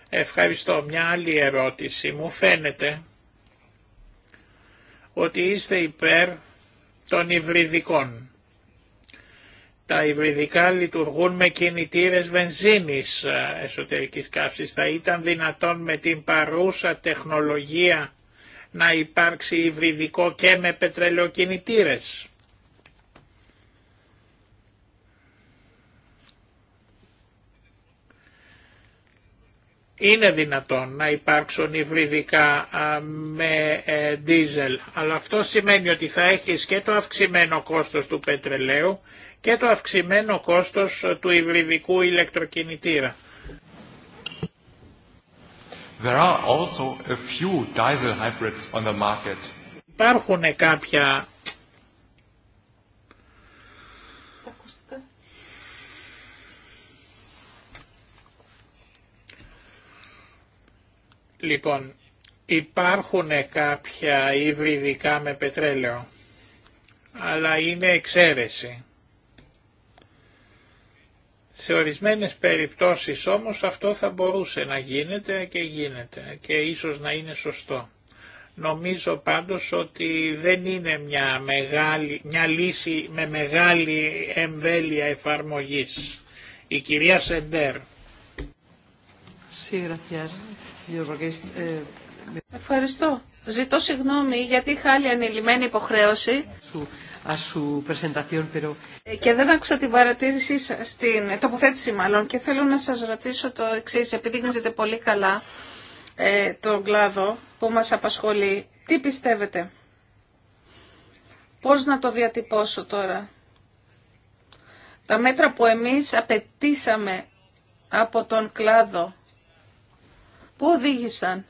Ευχαριστώ. Μια άλλη ερώτηση. Μου φαίνεται ότι είστε υπέρ των υβριδικών. Τα υβριδικά λειτουργούν με κινητήρες βενζίνης ε, εσωτερικής καύσης. Θα ήταν δυνατόν με την παρούσα τεχνολογία να υπάρξει υβριδικό και με πετρελαιοκινητήρες. Είναι δυνατόν να υπάρξουν υβριδικά με ε, δίζελ, αλλά αυτό σημαίνει ότι θα έχεις και το αυξημένο κόστος του πετρελαίου και το αυξημένο κόστος του υβριδικού ηλεκτροκινητήρα. There are Υπάρχουν κάποια Λοιπόν, υπάρχουν κάποια υβριδικά με πετρέλαιο, αλλά είναι εξαίρεση. Σε ορισμένες περιπτώσεις όμως αυτό θα μπορούσε να γίνεται και γίνεται και ίσως να είναι σωστό. Νομίζω πάντως ότι δεν είναι μια, μεγάλη, μια λύση με μεγάλη εμβέλεια εφαρμογής. Η κυρία Σεντέρ. Eh, Ευχαριστώ. Ζητώ συγγνώμη γιατί είχα άλλη ανηλυμένη υποχρέωση ε, και δεν άκουσα την παρατήρησή σας, την τοποθέτηση μάλλον και θέλω να σας ρωτήσω το εξή επειδή γνωρίζετε πολύ καλά ε, τον κλάδο που μας απασχολεί, τι πιστεύετε, πώς να το διατυπώσω τώρα. Τα μέτρα που εμείς απαιτήσαμε από τον κλάδο Πού οδήγησαν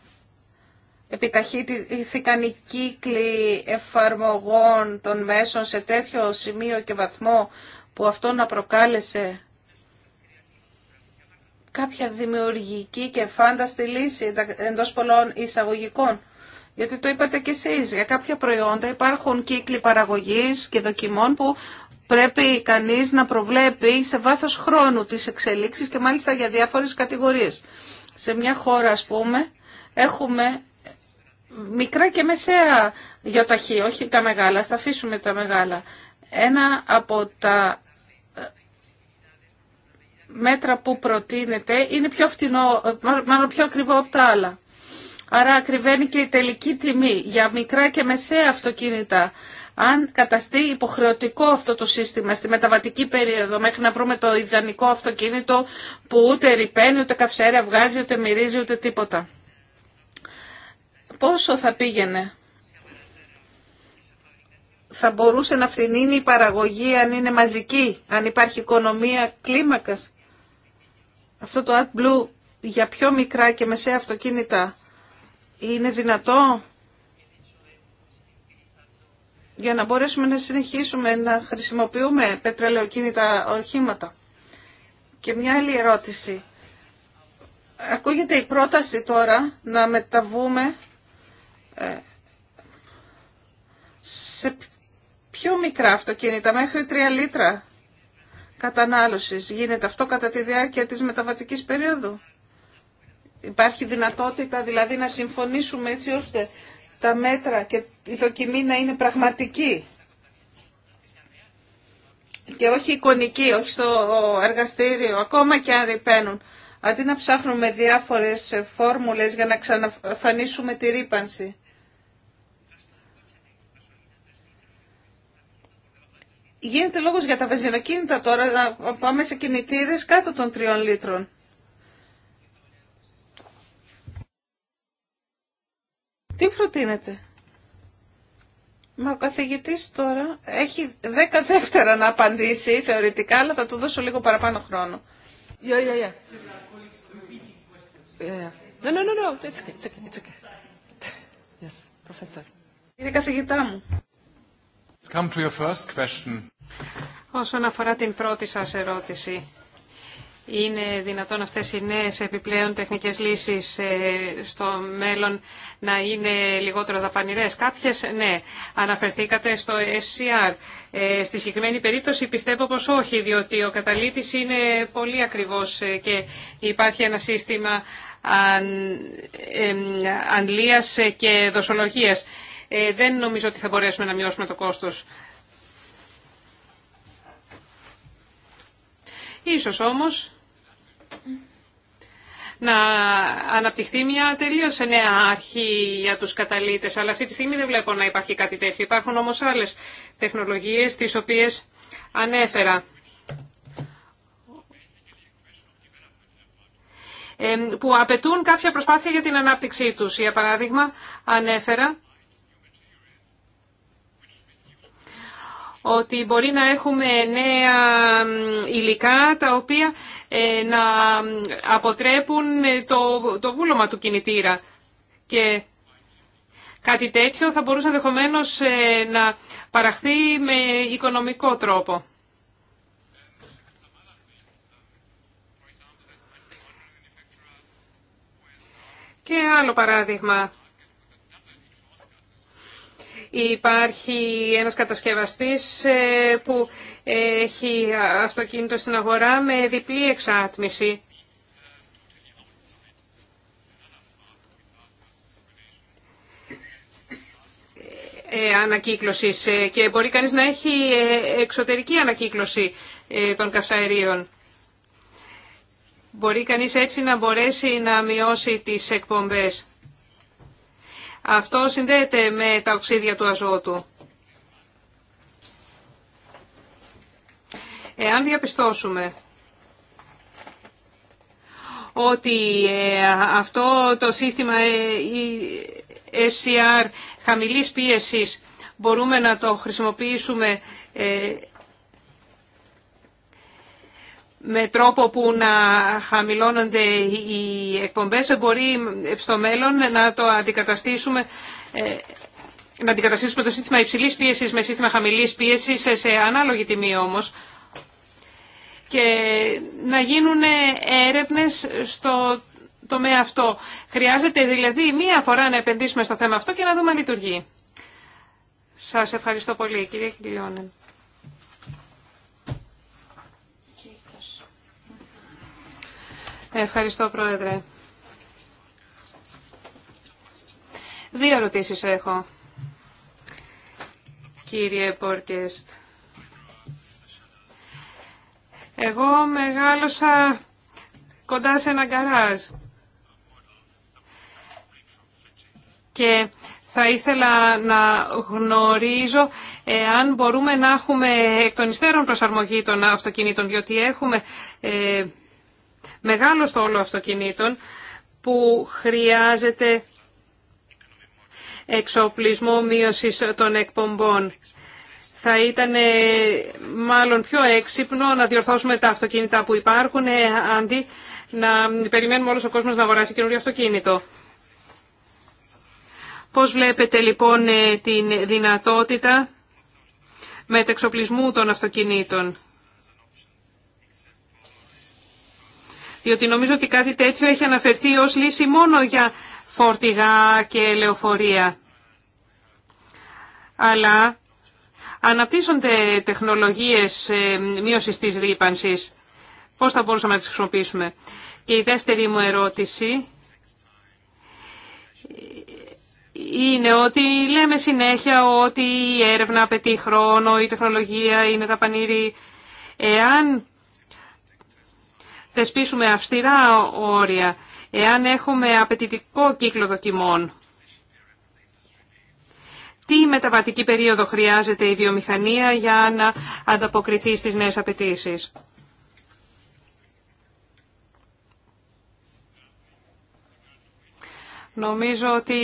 επιταχύθηκαν οι κύκλοι εφαρμογών των μέσων σε τέτοιο σημείο και βαθμό που αυτό να προκάλεσε κάποια δημιουργική και φάνταστη λύση εντός πολλών εισαγωγικών. Γιατί το είπατε κι εσείς, για κάποια προϊόντα υπάρχουν κύκλοι παραγωγής και δοκιμών που πρέπει κανείς να προβλέπει σε βάθος χρόνου τις εξελίξεις και μάλιστα για διάφορες κατηγορίες σε μια χώρα ας πούμε έχουμε μικρά και μεσαία γιοταχή, όχι τα μεγάλα, στα αφήσουμε τα μεγάλα. Ένα από τα ε, μέτρα που προτείνεται είναι πιο φτηνό, μάλλον πιο ακριβό από τα άλλα. Άρα ακριβένει και η τελική τιμή για μικρά και μεσαία αυτοκίνητα αν καταστεί υποχρεωτικό αυτό το σύστημα στη μεταβατική περίοδο μέχρι να βρούμε το ιδανικό αυτοκίνητο που ούτε ρηπαίνει, ούτε καυσαέρα βγάζει, ούτε μυρίζει, ούτε τίποτα. Πόσο θα πήγαινε. Θα μπορούσε να φθηνίνει η παραγωγή αν είναι μαζική, αν υπάρχει οικονομία κλίμακας. Αυτό το AdBlue για πιο μικρά και μεσαία αυτοκίνητα είναι δυνατό για να μπορέσουμε να συνεχίσουμε να χρησιμοποιούμε πετρελαιοκίνητα οχήματα. Και μια άλλη ερώτηση. Ακούγεται η πρόταση τώρα να μεταβούμε ε, σε πιο μικρά αυτοκίνητα, μέχρι τρία λίτρα κατανάλωσης. Γίνεται αυτό κατά τη διάρκεια της μεταβατικής περίοδου. Υπάρχει δυνατότητα δηλαδή να συμφωνήσουμε έτσι ώστε τα μέτρα και η δοκιμή να είναι πραγματική και όχι εικονική, όχι στο εργαστήριο, ακόμα και αν ρηπαίνουν. Αντί να ψάχνουμε διάφορες φόρμουλες για να ξαναφανίσουμε τη ρήπανση. Γίνεται λόγος για τα βεζινοκίνητα τώρα να πάμε σε κινητήρες κάτω των τριών λίτρων. Τι προτείνετε. Μα ο καθηγητής τώρα έχει δέκα δεύτερα να απαντήσει θεωρητικά, αλλά θα του δώσω λίγο παραπάνω χρόνο. ναι, It's It's okay. Yes, Κύριε καθηγητά μου. Come to your first question. Όσον αφορά την πρώτη σας ερώτηση, είναι δυνατόν αυτές οι νέες επιπλέον τεχνικές λύσεις ε, στο μέλλον να είναι λιγότερο δαπανηρές. Κάποιες, ναι, αναφερθήκατε στο SCR. Ε, στη συγκεκριμένη περίπτωση πιστεύω πως όχι, διότι ο καταλήτης είναι πολύ ακριβώς ε, και υπάρχει ένα σύστημα αν, αντλίας ε, και δοσολογίας. δεν νομίζω ότι θα μπορέσουμε να μειώσουμε το κόστος. Ίσως όμως να αναπτυχθεί μια τελείω νέα αρχή για τους καταλήτε. Αλλά αυτή τη στιγμή δεν βλέπω να υπάρχει κάτι τέτοιο. Υπάρχουν όμως άλλες τεχνολογίες τι οποίες ανέφερα. που απαιτούν κάποια προσπάθεια για την ανάπτυξή τους. Για παράδειγμα, ανέφερα ότι μπορεί να έχουμε νέα υλικά τα οποία ε, να αποτρέπουν ε, το, το βούλωμα του κινητήρα. Και κάτι τέτοιο θα μπορούσε ενδεχομένω ε, να παραχθεί με οικονομικό τρόπο. Και άλλο παράδειγμα. Υπάρχει ένας κατασκευαστής ε, που έχει αυτοκίνητο στην αγορά με διπλή εξάτμιση. Ε, ανακύκλωσης ε, και μπορεί κανείς να έχει εξωτερική ανακύκλωση των καυσαερίων. Μπορεί κανείς έτσι να μπορέσει να μειώσει τις εκπομπές. Αυτό συνδέεται με τα οξύδια του αζότου. Εάν διαπιστώσουμε ότι ε, αυτό το σύστημα ε, SCR χαμηλής πίεσης μπορούμε να το χρησιμοποιήσουμε ε, με τρόπο που να χαμηλώνονται οι εκπομπές μπορεί στο μέλλον να το αντικαταστήσουμε ε, να αντικαταστήσουμε το σύστημα υψηλής πίεσης με σύστημα χαμηλής πίεσης σε ανάλογη τιμή όμως και να γίνουν έρευνες στο τομέα αυτό. Χρειάζεται δηλαδή μία φορά να επενδύσουμε στο θέμα αυτό και να δούμε αν λειτουργεί. Σας ευχαριστώ πολύ κύριε Κιλιώνεν. Ευχαριστώ, Πρόεδρε. Δύο ερωτήσεις έχω, κύριε Πόρκεστ. Εγώ μεγάλωσα κοντά σε ένα γκαράζ και θα ήθελα να γνωρίζω εάν μπορούμε να έχουμε εκ των υστέρων προσαρμογή των αυτοκινήτων, διότι έχουμε... Ε, μεγάλο στόλο αυτοκινήτων που χρειάζεται εξοπλισμό μείωσης των εκπομπών. Θα ήταν ε, μάλλον πιο έξυπνο να διορθώσουμε τα αυτοκίνητα που υπάρχουν ε, αντί να περιμένουμε όλος ο κόσμος να αγοράσει καινούριο αυτοκίνητο. Πώς βλέπετε λοιπόν ε, την δυνατότητα με μετεξοπλισμού των αυτοκινήτων. διότι νομίζω ότι κάτι τέτοιο έχει αναφερθεί ως λύση μόνο για φορτηγά και λεωφορεία. Αλλά αναπτύσσονται τεχνολογίες ε, μείωσης της ρήπανσης. Πώς θα μπορούσαμε να τις χρησιμοποιήσουμε. Και η δεύτερη μου ερώτηση είναι ότι λέμε συνέχεια ότι η έρευνα απαιτεί χρόνο, η τεχνολογία είναι δαπανήρη. Εάν θεσπίσουμε αυστηρά όρια, εάν έχουμε απαιτητικό κύκλο δοκιμών, τι μεταβατική περίοδο χρειάζεται η βιομηχανία για να ανταποκριθεί στις νέες απαιτήσει. Νομίζω ότι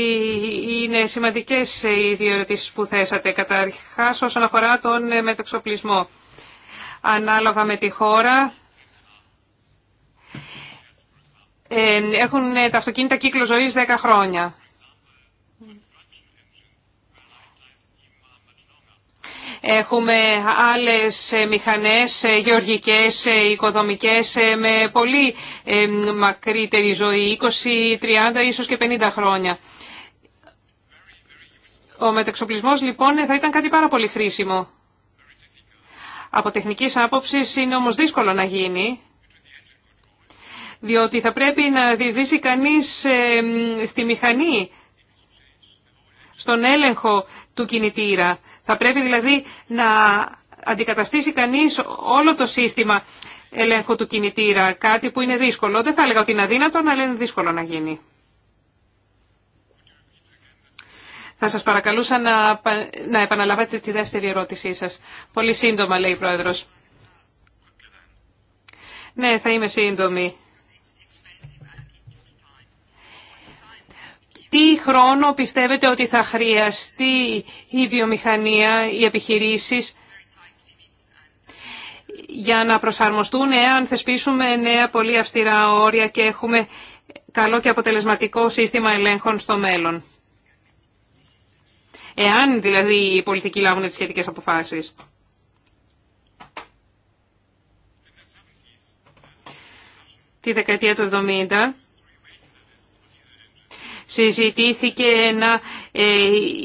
είναι σημαντικές οι δύο που θέσατε. Καταρχάς όσον αφορά τον μεταξοπλισμό. Ανάλογα με τη χώρα, ε, έχουν ε, τα αυτοκίνητα κύκλο ζωή 10 χρόνια. Έχουμε άλλες ε, μηχανές γεωργικές, οικοδομικές με πολύ μακρύτερη ζωή, 20, 30, ίσως και 50 χρόνια. Ο μετεξοπλισμός λοιπόν θα ήταν κάτι πάρα πολύ χρήσιμο. Από τεχνικής άποψης είναι όμως δύσκολο να γίνει διότι θα πρέπει να διεισδύσει κανείς ε, στη μηχανή, στον έλεγχο του κινητήρα. Θα πρέπει δηλαδή να αντικαταστήσει κανείς όλο το σύστημα ελέγχου του κινητήρα, κάτι που είναι δύσκολο. Δεν θα έλεγα ότι είναι αδύνατο, αλλά είναι δύσκολο να γίνει. Θα σας παρακαλούσα να, να επαναλάβετε τη δεύτερη ερώτησή σας. Πολύ σύντομα, λέει η Πρόεδρος. Ναι, θα είμαι σύντομη. Τι χρόνο πιστεύετε ότι θα χρειαστεί η βιομηχανία, οι επιχειρήσεις για να προσαρμοστούν εάν θεσπίσουμε νέα πολύ αυστηρά όρια και έχουμε καλό και αποτελεσματικό σύστημα ελέγχων στο μέλλον. Εάν δηλαδή οι πολιτικοί λάβουν τις σχετικές αποφάσεις. Τη δεκαετία του 70 συζητήθηκε να ε,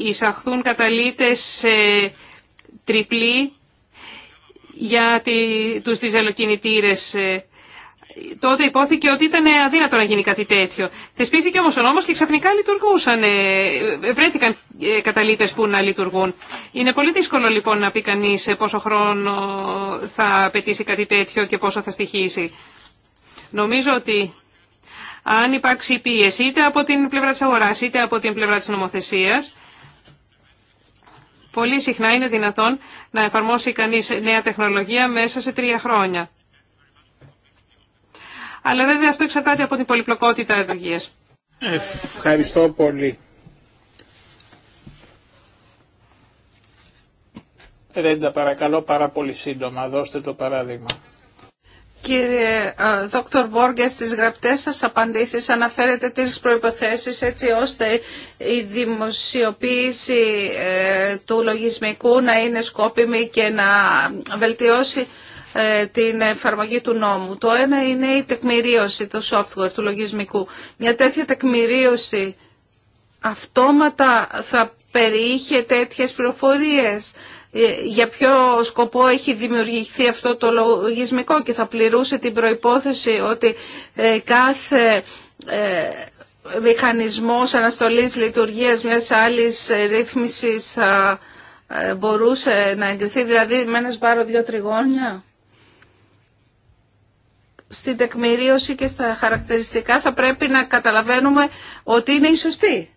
εισαχθούν καταλήτες ε, τριπλή για τους διζελοκινητήρες. Ε, τότε υπόθηκε ότι ήταν αδύνατο να γίνει κάτι τέτοιο. Θεσπίστηκε όμως ο νόμος και ξαφνικά λειτουργούσαν, βρέθηκαν καταλήτες που να λειτουργούν. Είναι πολύ δύσκολο λοιπόν να πει κανείς πόσο χρόνο θα απαιτήσει κάτι τέτοιο και πόσο θα στοιχήσει. Νομίζω ότι αν υπάρξει πίεση είτε από την πλευρά της αγοράς είτε από την πλευρά της νομοθεσίας, πολύ συχνά είναι δυνατόν να εφαρμόσει κανείς νέα τεχνολογία μέσα σε τρία χρόνια. Αλλά βέβαια αυτό εξαρτάται από την πολυπλοκότητα εδογίας. Ευχαριστώ πολύ. Ρέντα παρακαλώ πάρα πολύ σύντομα, δώστε το παράδειγμα. Κύριε ε, Δόκτωρ Μπόργκε, στις γραπτές σας απαντήσεις αναφέρετε τις προϋποθέσεις έτσι ώστε η δημοσιοποίηση ε, του λογισμικού να είναι σκόπιμη και να βελτιώσει ε, την εφαρμογή του νόμου. Το ένα είναι η τεκμηρίωση του software, του λογισμικού. Μια τέτοια τεκμηρίωση αυτόματα θα περιείχε τέτοιες πληροφορίες ε, για ποιο σκοπό έχει δημιουργηθεί αυτό το λογισμικό και θα πληρούσε την προϋπόθεση ότι ε, κάθε ε, μηχανισμός αναστολής λειτουργίας μιας άλλης ρύθμισης θα μπορούσε να εγκριθεί, δηλαδή με ένα σπάρο δύο τριγώνια. Στην τεκμηρίωση και στα χαρακτηριστικά θα πρέπει να καταλαβαίνουμε ότι είναι η σωστή.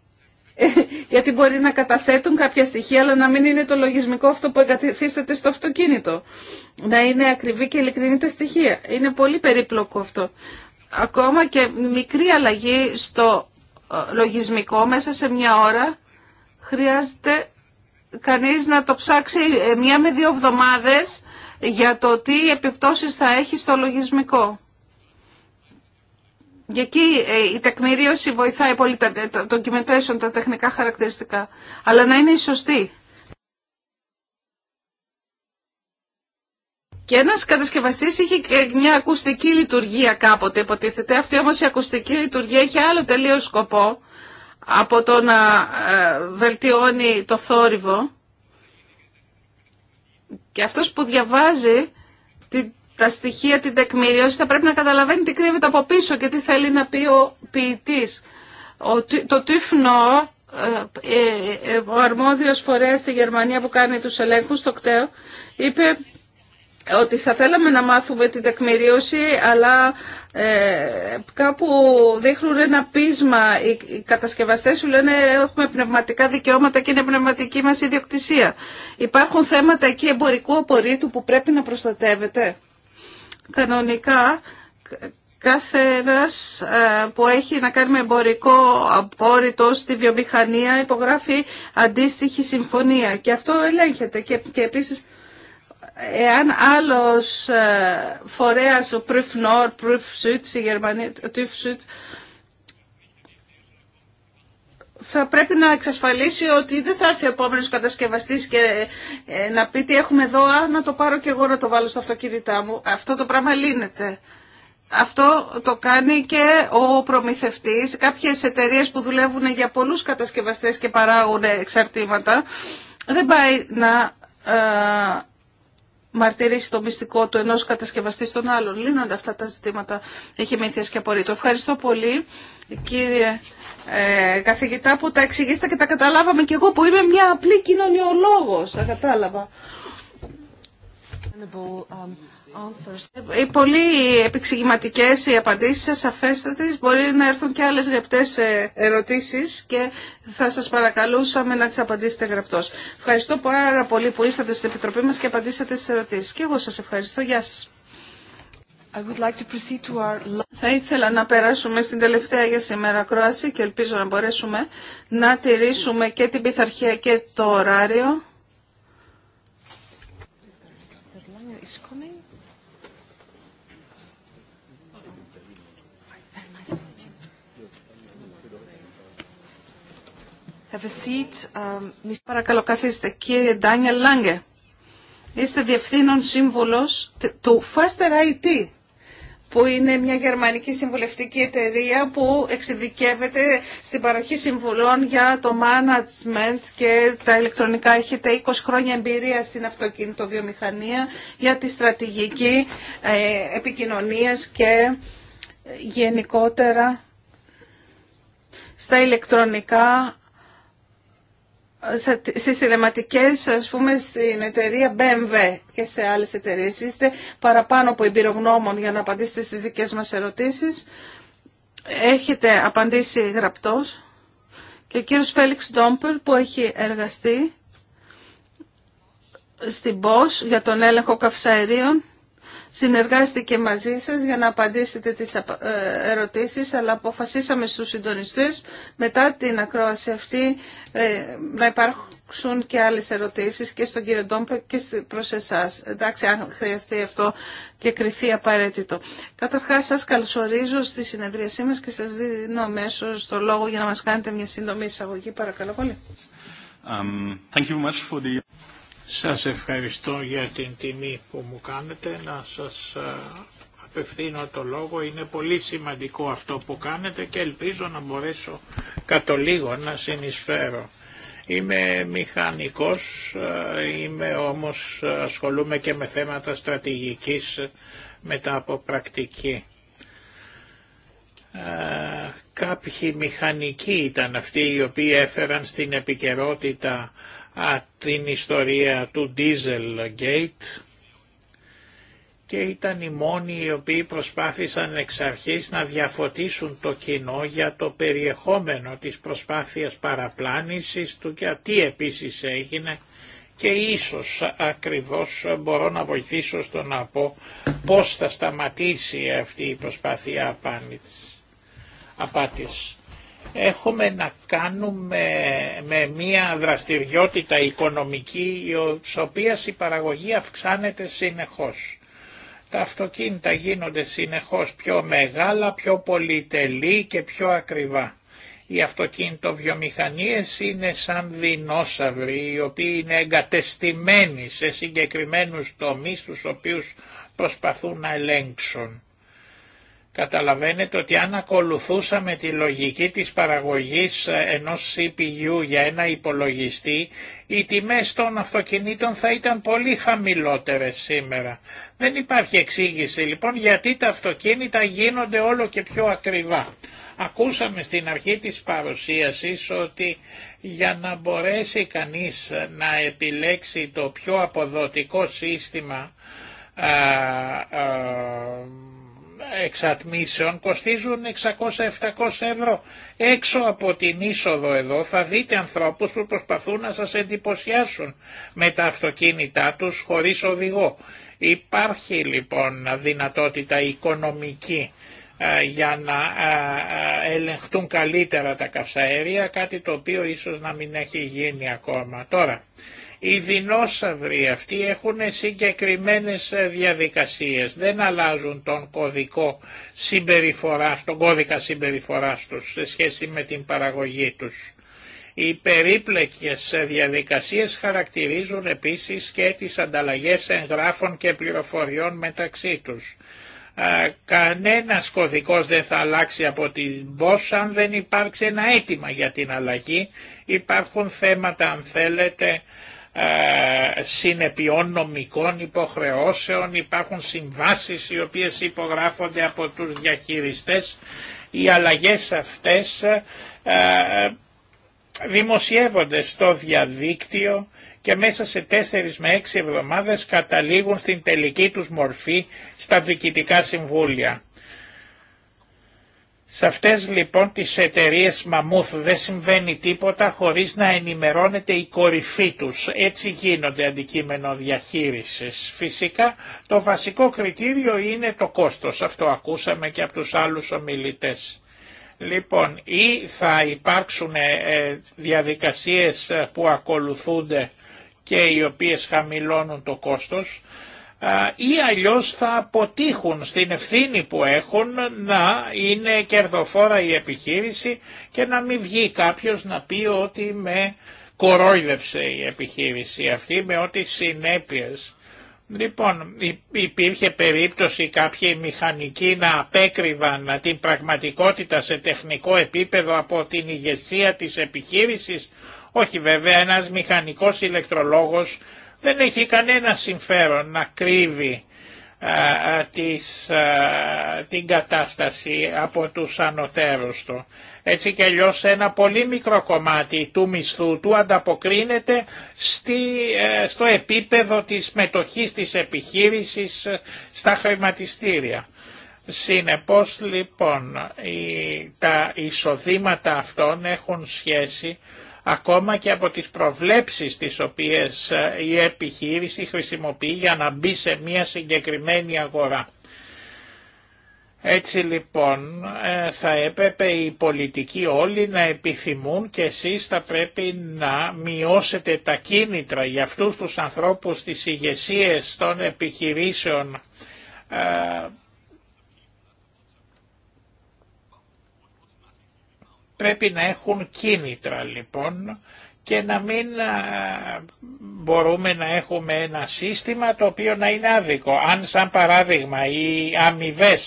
γιατί μπορεί να καταθέτουν κάποια στοιχεία αλλά να μην είναι το λογισμικό αυτό που εγκαθίσταται στο αυτοκίνητο. Να είναι ακριβή και ειλικρινή τα στοιχεία. Είναι πολύ περίπλοκο αυτό. Ακόμα και μικρή αλλαγή στο ε, λογισμικό μέσα σε μια ώρα χρειάζεται κανείς να το ψάξει ε, μία με δύο εβδομάδες για το τι επιπτώσεις θα έχει στο λογισμικό. Και εκεί ε, η τεκμηρίωση βοηθάει πολύ τα documentation, τα τεχνικά χαρακτηριστικά. Αλλά να είναι η σωστή. Και ένας κατασκευαστής είχε και μια ακουστική λειτουργία κάποτε υποτίθεται. Αυτή όμως η ακουστική λειτουργία είχε άλλο τελείω σκοπό από το να ε, βελτιώνει το θόρυβο. Και αυτός που διαβάζει την τα στοιχεία, την τεκμηρίωση, θα πρέπει να καταλαβαίνει τι κρύβεται από πίσω και τι θέλει να πει ο ποιητή. Το τύφνο, ε, ε, ε, ο αρμόδιο φορέας στη Γερμανία που κάνει τους ελέγχου στο ΚΤΕΟ, είπε ότι θα θέλαμε να μάθουμε την τεκμηρίωση, αλλά ε, κάπου δείχνουν ένα πείσμα. Οι, οι κατασκευαστές σου λένε έχουμε πνευματικά δικαιώματα και είναι πνευματική μα ιδιοκτησία. Υπάρχουν θέματα εκεί εμπορικού απορρίτου που πρέπει να προστατεύεται κανονικά κάθε ένας ε, που έχει να κάνει με εμπορικό απόρριτο στη βιομηχανία υπογράφει αντίστοιχη συμφωνία και αυτό ελέγχεται και, και επίσης εάν άλλος ε, φορέας, ο Prüfnor, Prüfsüd στη Γερμανία, θα πρέπει να εξασφαλίσει ότι δεν θα έρθει ο επόμενο κατασκευαστή και ε, να πει τι έχουμε εδώ, να το πάρω και εγώ να το βάλω στα αυτοκίνητά μου. Αυτό το πράγμα λύνεται. Αυτό το κάνει και ο προμηθευτής. Κάποιες εταιρείες που δουλεύουν για πολλούς κατασκευαστές και παράγουν εξαρτήματα δεν πάει να ε, μαρτυρήσει το μυστικό του ενός κατασκευαστή στον άλλον. Λύνονται αυτά τα ζητήματα εχημήθειας και απορρίτω. Ευχαριστώ πολύ κύριε ε, καθηγητά που τα εξηγήσατε και τα καταλάβαμε και εγώ που είμαι μια απλή κοινωνιολόγος. Τα κατάλαβα. Οι πολύ επεξηγηματικέ οι απαντήσεις σας, μπορεί να έρθουν και άλλες γραπτές ε, ερωτήσεις και θα σας παρακαλούσαμε να τι απαντήσετε γραπτός. Ευχαριστώ πάρα πολύ που ήρθατε στην Επιτροπή μας και απαντήσατε στι ερωτήσεις. Και εγώ σας ευχαριστώ. Γεια σα. like our... Θα ήθελα να περάσουμε στην τελευταία για σήμερα κρόαση και ελπίζω να μπορέσουμε να τηρήσουμε και την πειθαρχία και το ωράριο. Um, Παρακαλώ καθίστε. Κύριε Ντάνιελ Λάγκε, είστε διευθύνων σύμβουλος του Faster IT που είναι μια γερμανική συμβουλευτική εταιρεία που εξειδικεύεται στην παροχή συμβουλών για το management και τα ηλεκτρονικά. Έχετε 20 χρόνια εμπειρία στην αυτοκινητοβιομηχανία για τη στρατηγική ε, επικοινωνίας και ε, γενικότερα στα ηλεκτρονικά στις τηλεματικές ας πούμε στην εταιρεία BMW και σε άλλες εταιρείες είστε παραπάνω από εμπειρογνώμων για να απαντήσετε στις δικές μας ερωτήσεις έχετε απαντήσει γραπτός και ο κύριος Φέλιξ Ντόμπελ που έχει εργαστεί στην Bosch για τον έλεγχο καυσαερίων συνεργάστηκε μαζί σας για να απαντήσετε τις ε, ερωτήσεις, αλλά αποφασίσαμε στους συντονιστές μετά την ακρόαση αυτή ε, να υπάρξουν και άλλες ερωτήσεις και στον κύριο Ντόμπερ και προς εσάς. Εντάξει, αν χρειαστεί αυτό και κρυθεί απαραίτητο. Καταρχάς σας καλωσορίζω στη συνεδρίασή μας και σας δίνω αμέσω το λόγο για να μας κάνετε μια σύντομη εισαγωγή. Παρακαλώ πολύ. Um, thank you much for the... Σας ευχαριστώ για την τιμή που μου κάνετε να σας ε, απευθύνω το λόγο. Είναι πολύ σημαντικό αυτό που κάνετε και ελπίζω να μπορέσω κατ' λίγο να συνεισφέρω. Είμαι μηχανικός, ε, είμαι όμως ε, ασχολούμαι και με θέματα στρατηγικής μετά από πρακτική. Κάποιοι μηχανικοί ήταν αυτοί οι οποίοι έφεραν στην επικαιρότητα α, την ιστορία του Dieselgate και ήταν οι μόνοι οι οποίοι προσπάθησαν εξ αρχής να διαφωτίσουν το κοινό για το περιεχόμενο της προσπάθειας παραπλάνησης του και τι επίσης έγινε και ίσως ακριβώς μπορώ να βοηθήσω στο να πω πώς θα σταματήσει αυτή η προσπάθεια απάτη έχουμε να κάνουμε με μία δραστηριότητα οικονομική η οποία η παραγωγή αυξάνεται συνεχώς. Τα αυτοκίνητα γίνονται συνεχώς πιο μεγάλα, πιο πολυτελή και πιο ακριβά. Οι αυτοκίνητοβιομηχανίες είναι σαν δεινόσαυροι οι οποίοι είναι εγκατεστημένοι σε συγκεκριμένους τομείς τους οποίους προσπαθούν να ελέγξουν. Καταλαβαίνετε ότι αν ακολουθούσαμε τη λογική της παραγωγής ε, ενός CPU για ένα υπολογιστή, οι τιμές των αυτοκινήτων θα ήταν πολύ χαμηλότερες σήμερα. Δεν υπάρχει εξήγηση λοιπόν γιατί τα αυτοκίνητα γίνονται όλο και πιο ακριβά. Ακούσαμε στην αρχή της παρουσίασης ότι για να μπορέσει κανείς να επιλέξει το πιο αποδοτικό σύστημα εξατμίσεων κοστίζουν 600-700 ευρώ. Έξω από την είσοδο εδώ θα δείτε ανθρώπους που προσπαθούν να σας εντυπωσιάσουν με τα αυτοκίνητά τους χωρίς οδηγό. Υπάρχει λοιπόν δυνατότητα οικονομική για να ελεγχτούν καλύτερα τα καυσαέρια, κάτι το οποίο ίσως να μην έχει γίνει ακόμα. Τώρα, οι δεινόσαυροι αυτοί έχουν συγκεκριμένες ε, διαδικασίες, δεν αλλάζουν τον κωδικό συμπεριφοράς, τον κώδικα συμπεριφοράς τους σε σχέση με την παραγωγή τους. Οι περίπλεκες ε, διαδικασίες χαρακτηρίζουν επίσης και τις ανταλλαγές εγγράφων και πληροφοριών μεταξύ τους. Ε, κανένας κωδικός δεν θα αλλάξει από την BOS αν δεν υπάρξει ένα αίτημα για την αλλαγή. Υπάρχουν θέματα αν θέλετε ε, συνεπειών νομικών υποχρεώσεων, υπάρχουν συμβάσεις οι οποίες υπογράφονται από τους διαχειριστές. Οι αλλαγές αυτές ε, ε, δημοσιεύονται στο διαδίκτυο και μέσα σε 4 με 6 εβδομάδες καταλήγουν στην τελική τους μορφή στα διοικητικά συμβούλια. Σε αυτές λοιπόν τις εταιρείες μαμούθ δεν συμβαίνει τίποτα χωρίς να ενημερώνεται η κορυφή τους. Έτσι γίνονται αντικείμενο διαχείρισης. Φυσικά το βασικό κριτήριο είναι το κόστος. Αυτό ακούσαμε και από τους άλλους ομιλητές. Λοιπόν, ή θα υπάρξουν ε, ε, διαδικασίες ε, που ακολουθούνται και οι οποίες χαμηλώνουν το κόστος, ή αλλιώς θα αποτύχουν στην ευθύνη που έχουν να είναι κερδοφόρα η επιχείρηση και να μην βγει κάποιος να πει ότι με κορόιδευσε η επιχείρηση αυτή με ό,τι συνέπειες. Λοιπόν, υπήρχε περίπτωση κάποιοι μηχανικοί να απέκρυβαν την πραγματικότητα σε τεχνικό επίπεδο από την ηγεσία της επιχείρησης. Όχι βέβαια, ένας μηχανικός ηλεκτρολόγος δεν έχει κανένα συμφέρον να κρύβει την κατάσταση από τους ανωτέρους του. Έτσι και αλλιώ ένα πολύ μικρό κομμάτι του μισθού του ανταποκρίνεται στη, ε, στο επίπεδο της μετοχής της επιχείρησης ε, στα χρηματιστήρια. Συνεπώς λοιπόν τα εισοδήματα αυτών έχουν σχέση ακόμα και από τις προβλέψεις τις οποίες ε, η επιχείρηση χρησιμοποιεί για να μπει σε μια συγκεκριμένη αγορά. Έτσι λοιπόν ε, θα έπρεπε οι πολιτικοί όλοι να επιθυμούν και εσείς θα πρέπει να μειώσετε τα κίνητρα για αυτούς τους ανθρώπους τις ηγεσίες των επιχειρήσεων ε, Πρέπει να έχουν κίνητρα λοιπόν και να μην μπορούμε να έχουμε ένα σύστημα το οποίο να είναι άδικο. Αν σαν παράδειγμα οι αμοιβέ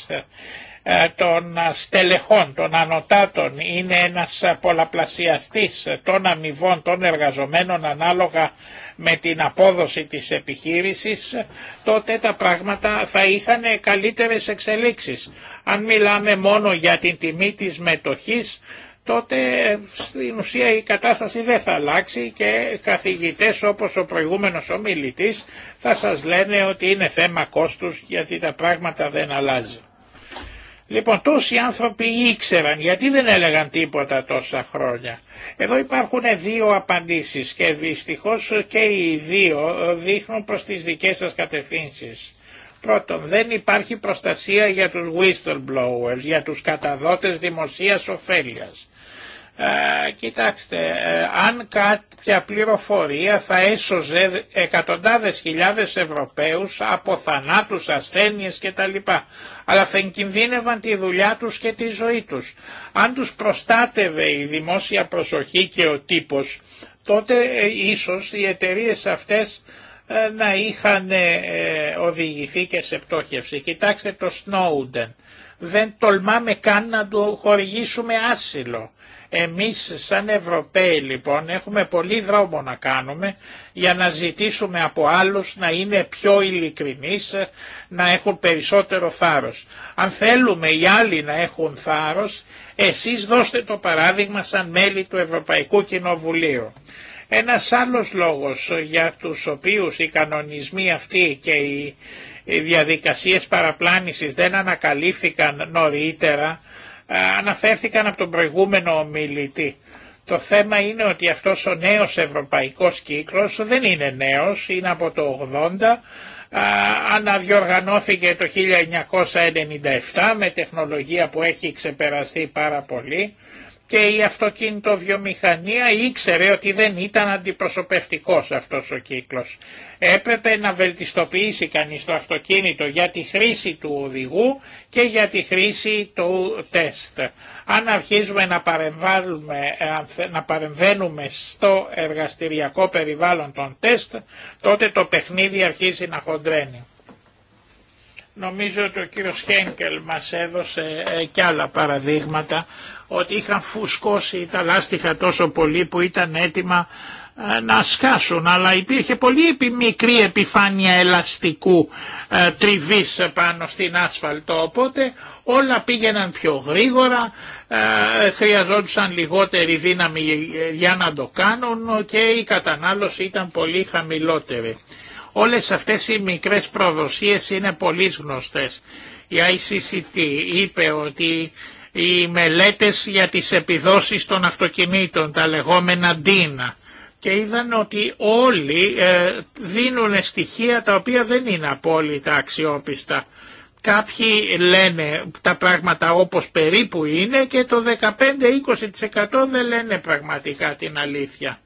των στελεχών, των ανωτάτων είναι ένας πολλαπλασιαστής των αμοιβών των εργαζομένων ανάλογα με την απόδοση της επιχείρησης, τότε τα πράγματα θα είχαν καλύτερες εξελίξεις. Αν μιλάμε μόνο για την τιμή της μετοχής, τότε στην ουσία η κατάσταση δεν θα αλλάξει και καθηγητές όπως ο προηγούμενος ομιλητής θα σας λένε ότι είναι θέμα κόστους γιατί τα πράγματα δεν αλλάζουν. Λοιπόν, τόσοι άνθρωποι ήξεραν, γιατί δεν έλεγαν τίποτα τόσα χρόνια. Εδώ υπάρχουν δύο απαντήσεις και δυστυχώς και οι δύο δείχνουν προς τις δικές σας κατευθύνσεις. Πρώτον, δεν υπάρχει προστασία για τους whistleblowers, για τους καταδότες δημοσίας ωφέλειας. Ε, κοιτάξτε, ε, αν κάποια πληροφορία θα έσωζε εκατοντάδες χιλιάδες Ευρωπαίους από θανάτους, ασθένειες κτλ. Αλλά θα εγκινδύνευαν τη δουλειά τους και τη ζωή τους. Αν τους προστάτευε η δημόσια προσοχή και ο τύπος, τότε ε, ίσως οι εταιρείε αυτές ε, να είχαν ε, οδηγηθεί και σε πτώχευση. Κοιτάξτε το Snowden. Δεν τολμάμε καν να του χορηγήσουμε άσυλο εμείς σαν Ευρωπαίοι λοιπόν έχουμε πολύ δρόμο να κάνουμε για να ζητήσουμε από άλλους να είναι πιο ειλικρινείς, να έχουν περισσότερο θάρρος. Αν θέλουμε οι άλλοι να έχουν θάρρος, εσείς δώστε το παράδειγμα σαν μέλη του Ευρωπαϊκού Κοινοβουλίου. Ένας άλλος λόγος για τους οποίους οι κανονισμοί αυτοί και οι διαδικασίες παραπλάνησης δεν ανακαλύφθηκαν νωρίτερα ε, αναφέρθηκαν από τον προηγούμενο ομιλητή. Το θέμα είναι ότι αυτός ο νέος ευρωπαϊκός κύκλος δεν είναι νέος, είναι από το 80, αναδιοργανώθηκε το 1997 με τεχνολογία που έχει ξεπεραστεί πάρα πολύ και η βιομηχανία ήξερε ότι δεν ήταν αντιπροσωπευτικός αυτός ο κύκλος. Έπρεπε να βελτιστοποιήσει κανείς το αυτοκίνητο για τη χρήση του οδηγού και για τη χρήση του τεστ. Αν αρχίζουμε να, να παρεμβαίνουμε στο εργαστηριακό περιβάλλον των τεστ, τότε το παιχνίδι αρχίζει να χοντρένει. Νομίζω ότι ο κύριος Χένκελ μας έδωσε ε, και άλλα παραδείγματα ότι είχαν φουσκώσει τα λάστιχα τόσο πολύ που ήταν έτοιμα ε, να σκάσουν, αλλά υπήρχε πολύ μικρή επιφάνεια ελαστικού ε, τριβής πάνω στην άσφαλτο, οπότε όλα πήγαιναν πιο γρήγορα, ε, χρειαζόντουσαν λιγότερη δύναμη για να το κάνουν και η κατανάλωση ήταν πολύ χαμηλότερη. Όλες αυτές οι μικρές προδοσίες είναι πολύ γνωστές. Η ICCT είπε ότι οι μελέτες για τις επιδόσεις των αυτοκινήτων, τα λεγόμενα DIN και είδαν ότι όλοι ε, δίνουν στοιχεία τα οποία δεν είναι απόλυτα αξιόπιστα. Κάποιοι λένε τα πράγματα όπως περίπου είναι και το 15-20% δεν λένε πραγματικά την αλήθεια.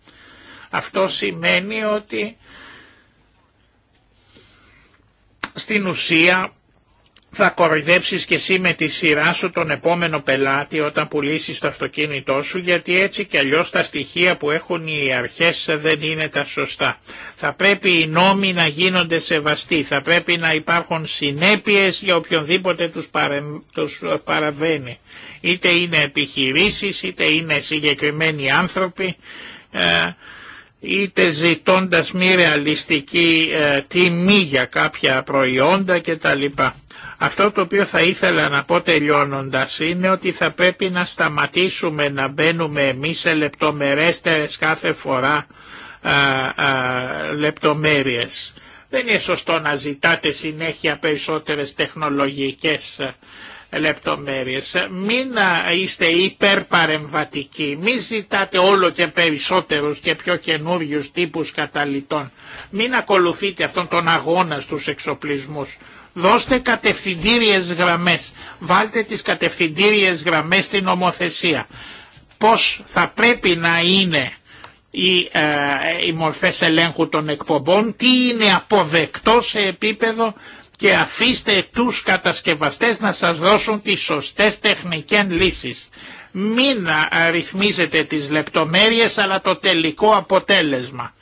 Αυτό σημαίνει ότι στην ουσία θα κοροϊδέψεις και εσύ με τη σειρά σου τον επόμενο πελάτη όταν πουλήσεις το αυτοκίνητό σου γιατί έτσι και αλλιώς τα στοιχεία που έχουν οι αρχές δεν είναι τα σωστά. Θα πρέπει οι νόμοι να γίνονται σεβαστοί, θα πρέπει να υπάρχουν συνέπειες για οποιονδήποτε τους, παρε... τους παραβαίνει. Είτε είναι επιχειρήσεις, είτε είναι συγκεκριμένοι άνθρωποι ε, είτε ζητώντας μη ρεαλιστική ε, τιμή για κάποια προϊόντα κτλ. Αυτό το οποίο θα ήθελα να πω τελειώνοντας είναι ότι θα πρέπει να σταματήσουμε να μπαίνουμε εμείς σε λεπτομερέστερες κάθε φορά α, λεπτομέρειες. Δεν είναι σωστό να ζητάτε συνέχεια περισσότερες τεχνολογικές λεπτομέρειες. Μην είστε υπερπαρεμβατικοί, μην ζητάτε όλο και περισσότερους και πιο καινούριου τύπους καταλητών. Μην ακολουθείτε αυτόν τον αγώνα στους εξοπλισμούς. Δώστε κατευθυντήριες γραμμές, βάλτε τις κατευθυντήριες γραμμές στην νομοθεσία. Πώς θα πρέπει να είναι οι, ε, μορφές ελέγχου των εκπομπών, τι είναι αποδεκτό σε επίπεδο και αφήστε τους κατασκευαστές να σας δώσουν τις σωστές τεχνικές λύσεις. Μην ρυθμίζετε τις λεπτομέρειες αλλά το τελικό αποτέλεσμα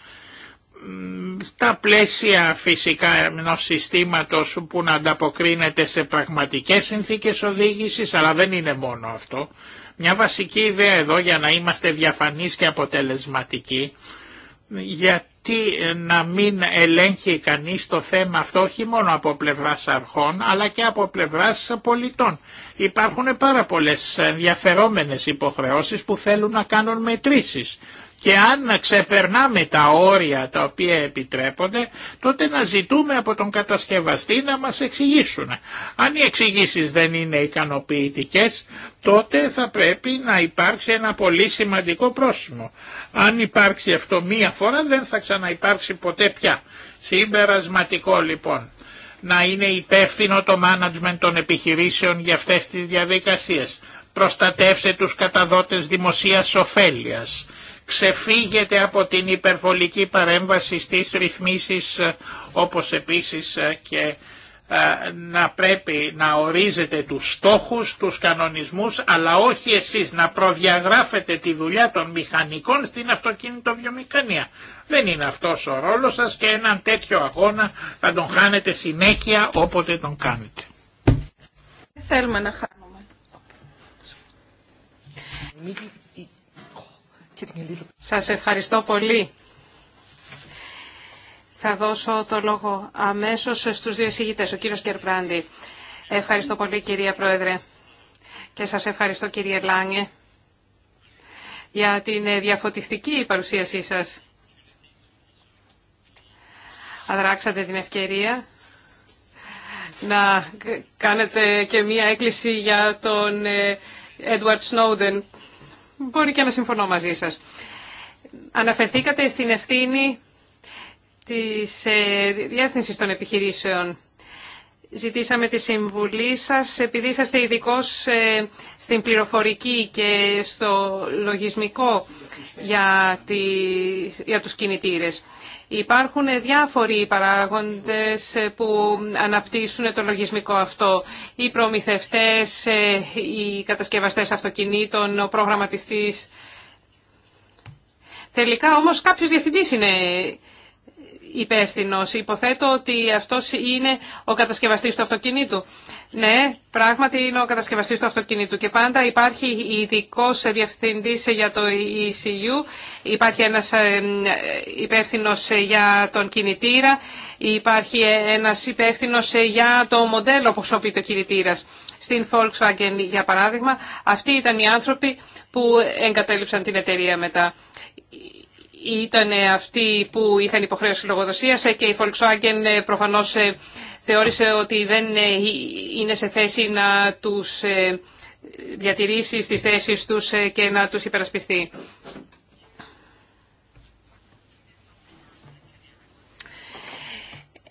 στα πλαίσια φυσικά ενός συστήματος που να ανταποκρίνεται σε πραγματικές συνθήκες οδήγησης, αλλά δεν είναι μόνο αυτό. Μια βασική ιδέα εδώ για να είμαστε διαφανείς και αποτελεσματικοί, γιατί να μην ελέγχει κανείς το θέμα αυτό όχι μόνο από πλευράς αρχών, αλλά και από πλευράς πολιτών. Υπάρχουν πάρα πολλές ενδιαφερόμενες υποχρεώσεις που θέλουν να κάνουν μετρήσεις και αν ξεπερνάμε τα όρια τα οποία επιτρέπονται, τότε να ζητούμε από τον κατασκευαστή να μας εξηγήσουν. Αν οι εξηγήσεις δεν είναι ικανοποιητικές, τότε θα πρέπει να υπάρξει ένα πολύ σημαντικό πρόσημο. Αν υπάρξει αυτό μία φορά δεν θα ξαναυπάρξει ποτέ πια. Συμπερασματικό λοιπόν να είναι υπεύθυνο το management των επιχειρήσεων για αυτές τις διαδικασίες. Προστατεύσε τους καταδότες δημοσίας ωφέλειας Ξεφύγετε από την υπερβολική παρέμβαση στις ρυθμίσεις ε, όπως επίσης ε, και ε, να πρέπει να ορίζετε τους στόχους, τους κανονισμούς, αλλά όχι εσείς να προδιαγράφετε τη δουλειά των μηχανικών στην αυτοκινητοβιομηχανία. Δεν είναι αυτός ο ρόλος σας και έναν τέτοιο αγώνα θα τον χάνετε συνέχεια όποτε τον κάνετε. Θέλουμε σας ευχαριστώ πολύ. Θα δώσω το λόγο αμέσως στους δύο εισηγητές, ο κύριος Κερπράντη. Ευχαριστώ πολύ κυρία Πρόεδρε και σας ευχαριστώ κύριε Λάνγε, για την διαφωτιστική παρουσίασή σας. Αδράξατε την ευκαιρία να κάνετε και μία έκκληση για τον Έντουαρτ ε, Snowden μπορεί και να συμφωνώ μαζί σας. Αναφερθήκατε στην ευθύνη της ε, διεύθυνση των επιχειρήσεων. Ζητήσαμε τη συμβουλή σας, επειδή είσαστε ειδικό ε, στην πληροφορική και στο λογισμικό για, για τους κινητήρες. Υπάρχουν διάφοροι παράγοντες που αναπτύσσουν το λογισμικό αυτό. Οι προμηθευτές, ε, οι κατασκευαστές αυτοκινήτων, ο προγραμματιστής. Τελικά όμως κάποιος διευθυντής είναι υπεύθυνο. Υποθέτω ότι αυτό είναι ο κατασκευαστή του αυτοκινήτου. Ναι, πράγματι είναι ο κατασκευαστή του αυτοκινήτου και πάντα υπάρχει ειδικό διευθυντή για το ECU, υπάρχει ένα ε, υπεύθυνο για τον κινητήρα, υπάρχει ένα υπεύθυνο για το μοντέλο που χρησιμοποιεί το κινητήρα. Στην Volkswagen, για παράδειγμα, αυτοί ήταν οι άνθρωποι που εγκατέλειψαν την εταιρεία μετά ήταν αυτοί που είχαν υποχρέωση λογοδοσίας και η Volkswagen ε, προφανώς ε, θεώρησε ότι δεν ε, είναι σε θέση να τους διατηρήσει στις θέσεις τους και να τους υπερασπιστεί.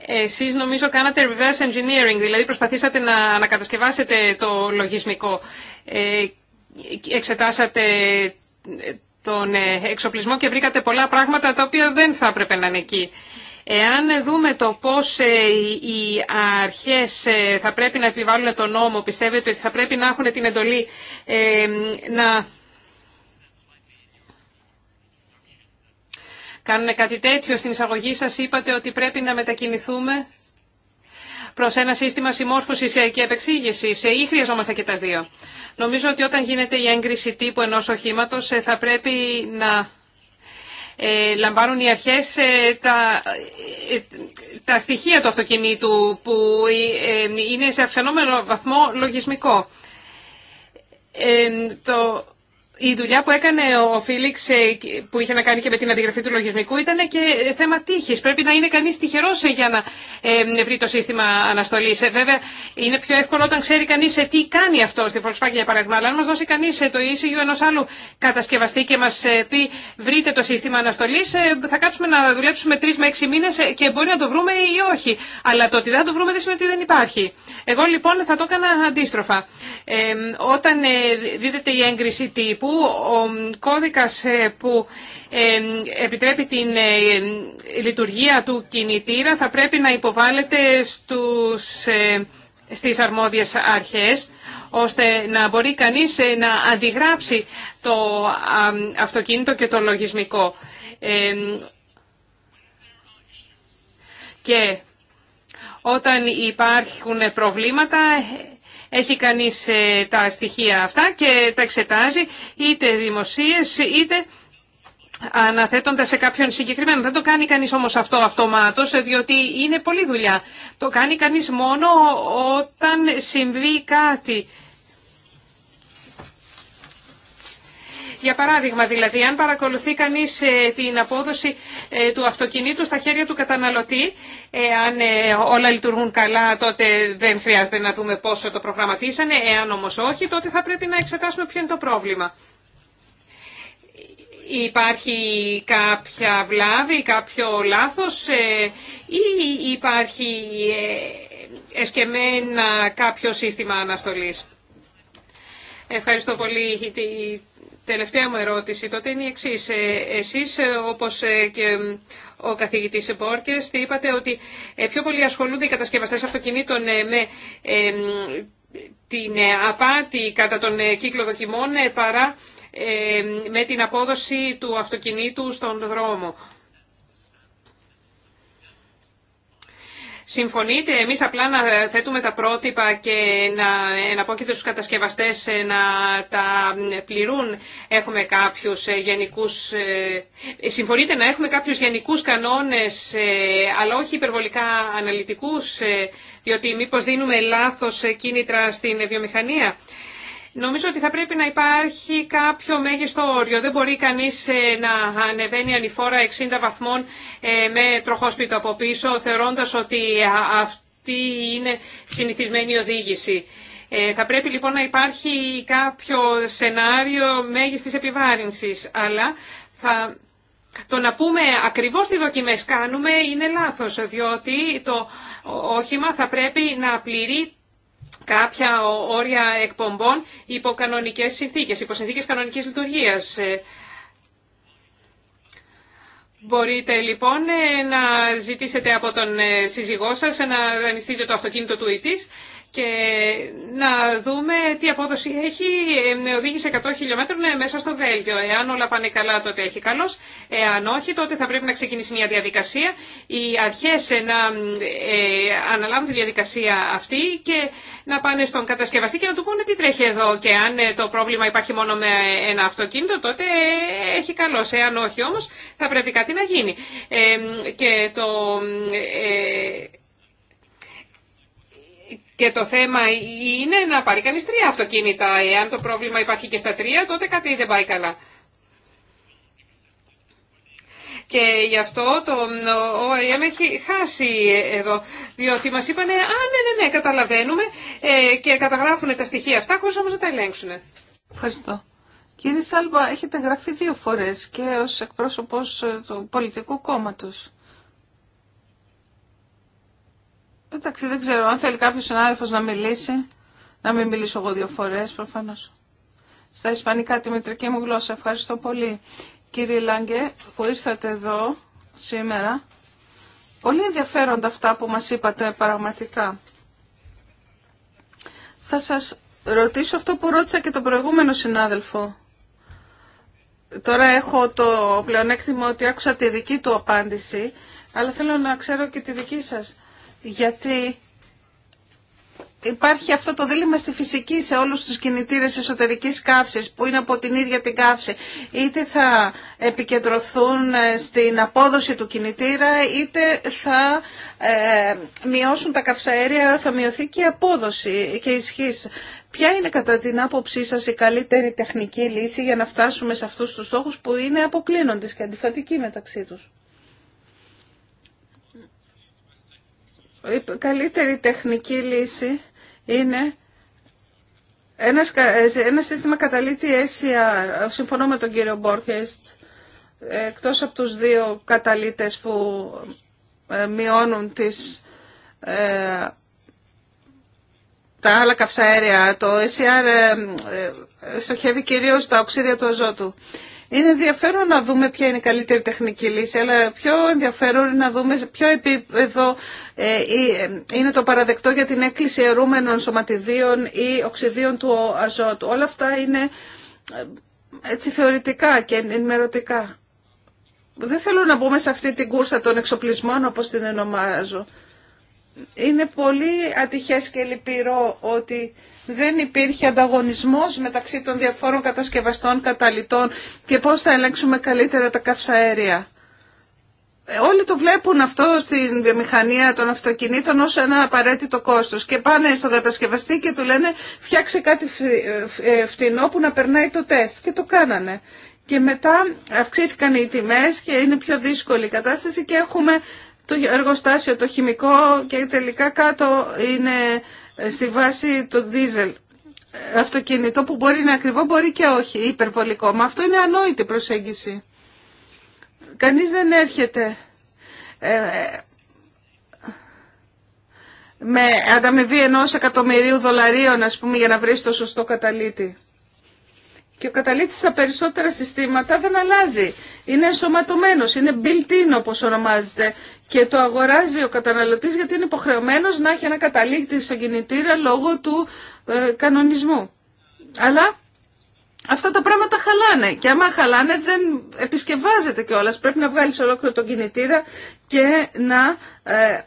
Εσείς νομίζω κάνατε reverse engineering, δηλαδή προσπαθήσατε να ανακατασκευάσετε το λογισμικό. Εξετάσατε τον ε, εξοπλισμό και βρήκατε πολλά πράγματα τα οποία δεν θα έπρεπε να είναι εκεί. Εάν δούμε το πώς ε, οι αρχές ε, θα πρέπει να επιβάλλουν τον νόμο, πιστεύετε ότι θα πρέπει να έχουν την εντολή να κάνουν κάτι τέτοιο. Στην εισαγωγή σας είπατε ότι πρέπει να μετακινηθούμε Προ ένα σύστημα συμμόρφωση και επεξήγηση. Ε, ή χρειαζόμαστε και τα δύο. Νομίζω ότι όταν γίνεται η έγκριση τύπου ενός οχήματο, ε, θα πρέπει να ε, λαμβάνουν οι αρχές τα, τα στοιχεία του αυτοκινήτου που είναι σε αυξανόμενο βαθμό λογισμικό. το η δουλειά που έκανε ο Φίλιξ ε, που είχε να κάνει και με την αντιγραφή του λογισμικού ήταν και θέμα τύχης. Πρέπει να είναι κανείς τυχερός ε, για να βρει το σύστημα αναστολής. Ε, βέβαια είναι πιο εύκολο όταν ξέρει κανείς τι κάνει αυτό στη Volkswagen για παράδειγμα. Αλλά αν μας δώσει κανείς το ECU ενός άλλου κατασκευαστή και μας πει βρείτε το σύστημα αναστολής θα κάτσουμε να δουλέψουμε τρει με έξι μήνες και μπορεί να το βρούμε ή όχι. Αλλά το ότι δεν το βρούμε δεν σημαίνει ότι δεν υπάρχει. Εγώ λοιπόν θα το έκανα αντίστροφα. Ε, όταν δίδεται η έγκριση τύπου που ο κώδικας ε, που ε, επιτρέπει την ε, λειτουργία του κινητήρα θα πρέπει να υποβάλλεται στους, στις αρμόδιες αρχές ώστε να μπορεί κανείς να αντιγράψει το αυτοκίνητο και το λογισμικό. Και όταν υπάρχουν προβλήματα έχει κανείς ε, τα στοιχεία αυτά και τα εξετάζει είτε δημοσίες είτε αναθέτοντα σε κάποιον συγκεκριμένο. Δεν το κάνει κανεί όμω αυτό αυτομάτω, διότι είναι πολλή δουλειά. Το κάνει κανεί μόνο όταν συμβεί κάτι Για παράδειγμα, δηλαδή, αν παρακολουθεί κανείς ε, την απόδοση ε, του αυτοκινήτου στα χέρια του καταναλωτή, ε, αν όλα λειτουργούν καλά, τότε δεν χρειάζεται να δούμε πόσο το προγραμματίσανε. Εάν όμως όχι, τότε θα πρέπει να εξετάσουμε ποιο είναι το πρόβλημα. Υπάρχει κάποια βλάβη, κάποιο λάθος ή υπάρχει εσκεμένα κάποιο σύστημα αναστολής. Ευχαριστώ πολύ Τελευταία μου ερώτηση τότε είναι η εξή. Ε, εσείς ε, όπως ε, και ο καθηγητής Μπόρκε, είπατε ότι πιο πολύ ασχολούνται οι κατασκευαστές αυτοκινήτων με την απάτη κατά τον κύκλο δοκιμών παρά με την απόδοση του αυτοκινήτου στον δρόμο. Συμφωνείτε, εμείς απλά να θέτουμε τα πρότυπα και να εναπόκειται στους κατασκευαστές ε, να τα πληρούν. Έχουμε κάποιους ε, γενικούς... Ε, συμφωνείτε να έχουμε κάποιους γενικούς κανόνες, αλλά όχι υπερβολικά αναλυτικούς, διότι μήπως δίνουμε λάθος κίνητρα στην βιομηχανία. Νομίζω ότι θα πρέπει να υπάρχει κάποιο μέγιστο όριο. Δεν μπορεί κανείς ε, να ανεβαίνει ανηφόρα 60 βαθμών ε, με τροχόσπιτο από πίσω, θεωρώντας ότι ε, αυτή είναι συνηθισμένη οδήγηση. Θα πρέπει λοιπόν να υπάρχει κάποιο σενάριο μέγιστης επιβάρυνσης, αλλά θα... Το να πούμε ακριβώς τι δοκιμές κάνουμε είναι λάθος, διότι το όχημα θα πρέπει να πληρεί κάποια όρια εκπομπών υπό κανονικές συνθήκες, υπό συνθήκε κανονικής λειτουργίας. Ε, μπορείτε λοιπόν ε, να ζητήσετε από τον ε, σύζυγό σας να δανειστείτε το αυτοκίνητο του ή και να δούμε τι απόδοση έχει ε, με οδήγηση 100 χιλιόμετρων ε, μέσα στο Βέλγιο. Εάν όλα πάνε καλά τότε έχει καλώς, εάν όχι τότε θα πρέπει να ξεκινήσει μια διαδικασία. Οι αρχές ε, να αναλάβουν τη διαδικασία αυτή και να πάνε στον κατασκευαστή και να του πούνε τι τρέχει εδώ και αν το πρόβλημα υπάρχει μόνο με ένα αυτοκίνητο τότε έχει καλώς. Εάν όχι όμως θα πρέπει κάτι να γίνει. και το... Και το θέμα είναι να πάρει κανείς τρία αυτοκίνητα. Εάν το πρόβλημα υπάρχει και στα τρία, τότε κάτι δεν πάει καλά. Και γι' αυτό το ΟΕΜ έχει χάσει εδώ, διότι μας είπανε «Α, ναι, ναι, ναι, καταλαβαίνουμε» ε, και καταγράφουν τα στοιχεία αυτά, χωρίς όμως να τα ελέγξουν. Ευχαριστώ. Κύριε Σάλβα, έχετε γραφεί δύο φορές και ως εκπρόσωπος ε, του πολιτικού κόμματος. Εντάξει, δεν ξέρω. Αν θέλει κάποιο συνάδελφος να μιλήσει, να μην μιλήσω εγώ δύο φορέ, προφανώς. Στα ισπανικά τη μητρική μου γλώσσα. Ευχαριστώ πολύ κύριε Λάγκε που ήρθατε εδώ σήμερα. Πολύ ενδιαφέροντα αυτά που μας είπατε πραγματικά. Θα σας ρωτήσω αυτό που ρώτησα και τον προηγούμενο συνάδελφο. Τώρα έχω το πλεονέκτημα ότι άκουσα τη δική του απάντηση, αλλά θέλω να ξέρω και τη δική σας γιατί υπάρχει αυτό το δίλημα στη φυσική σε όλους τους κινητήρες εσωτερικής καύσης που είναι από την ίδια την καύση. Είτε θα επικεντρωθούν ε, στην απόδοση του κινητήρα είτε θα ε, μειώσουν τα καυσαέρια αλλά θα μειωθεί και η απόδοση και η ισχύς. Ποια είναι κατά την άποψή σας η καλύτερη τεχνική λύση για να φτάσουμε σε αυτούς τους στόχους που είναι αποκλίνοντες και αντιφατικοί μεταξύ τους. Η καλύτερη τεχνική λύση είναι ένα σύστημα καταλήτη SCR. Συμφωνώ με τον κύριο Μπόρχεστ. Εκτός από τους δύο καταλήτες που ε, μειώνουν τις, ε, τα άλλα καυσαέρια, το SCR ε, ε, στοχεύει κυρίως τα οξύδια του αζότου. Είναι ενδιαφέρον να δούμε ποια είναι η καλύτερη τεχνική λύση, αλλά πιο ενδιαφέρον είναι να δούμε σε ποιο επίπεδο ε, ε, είναι το παραδεκτό για την έκκληση αιρούμενων σωματιδίων ή οξυδίων του αζότου. Όλα αυτά είναι ε, έτσι θεωρητικά και ενημερωτικά. Δεν θέλω να μπούμε σε αυτή την κούρσα των εξοπλισμών όπως την ονομάζω. Είναι πολύ ατυχές και λυπηρό ότι δεν υπήρχε ανταγωνισμός μεταξύ των διαφόρων κατασκευαστών, καταλητών και πώς θα ελέγξουμε καλύτερα τα καυσαέρια. Όλοι το βλέπουν αυτό στην βιομηχανία των αυτοκινήτων ως ένα απαραίτητο κόστος και πάνε στον κατασκευαστή και του λένε φτιάξε κάτι ε, φτηνό που να περνάει το τεστ και το κάνανε. Και μετά αυξήθηκαν οι τιμές και είναι πιο δύσκολη η κατάσταση και έχουμε το εργοστάσιο, το χημικό και τελικά κάτω είναι ε, στη βάση του δίζελ ε, αυτοκίνητο που μπορεί να είναι ακριβό, μπορεί και όχι υπερβολικό. Μα αυτό είναι ανόητη προσέγγιση. Κανείς δεν έρχεται ε, ε με ανταμοιβή ενός εκατομμυρίου δολαρίων, ας πούμε, για να βρει το σωστό καταλήτη και ο καταλήτης στα περισσότερα συστήματα δεν αλλάζει. Είναι ενσωματωμένος, είναι built-in όπως ονομάζεται και το αγοράζει ο καταναλωτής γιατί είναι υποχρεωμένος να έχει ένα καταλήτη στο κινητήρα λόγω του ε, κανονισμού. Αλλά αυτά τα πράγματα χαλάνε και άμα χαλάνε δεν επισκευάζεται κιόλας. Πρέπει να βγάλεις ολόκληρο τον κινητήρα και να... Ε, ε, ε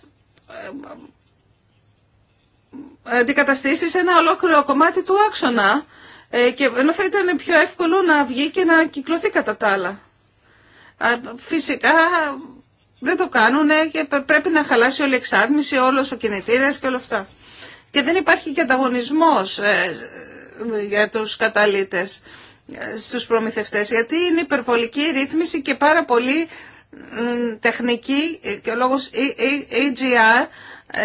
αντικαταστήσεις ένα ολόκληρο κομμάτι του άξονα ε, και ενώ θα ήταν πιο εύκολο να βγει και να κυκλωθεί κατά τα άλλα. Φυσικά δεν το κάνουν και πρέπει να χαλάσει όλη η εξάτμιση, όλος ο κινητήρας και όλα αυτά. Και δεν υπάρχει και ανταγωνισμός ε, για τους καταλήτες ε, στους προμηθευτές, γιατί είναι υπερβολική ρύθμιση και πάρα πολύ τεχνική και ο λόγος EGR, e, e ε,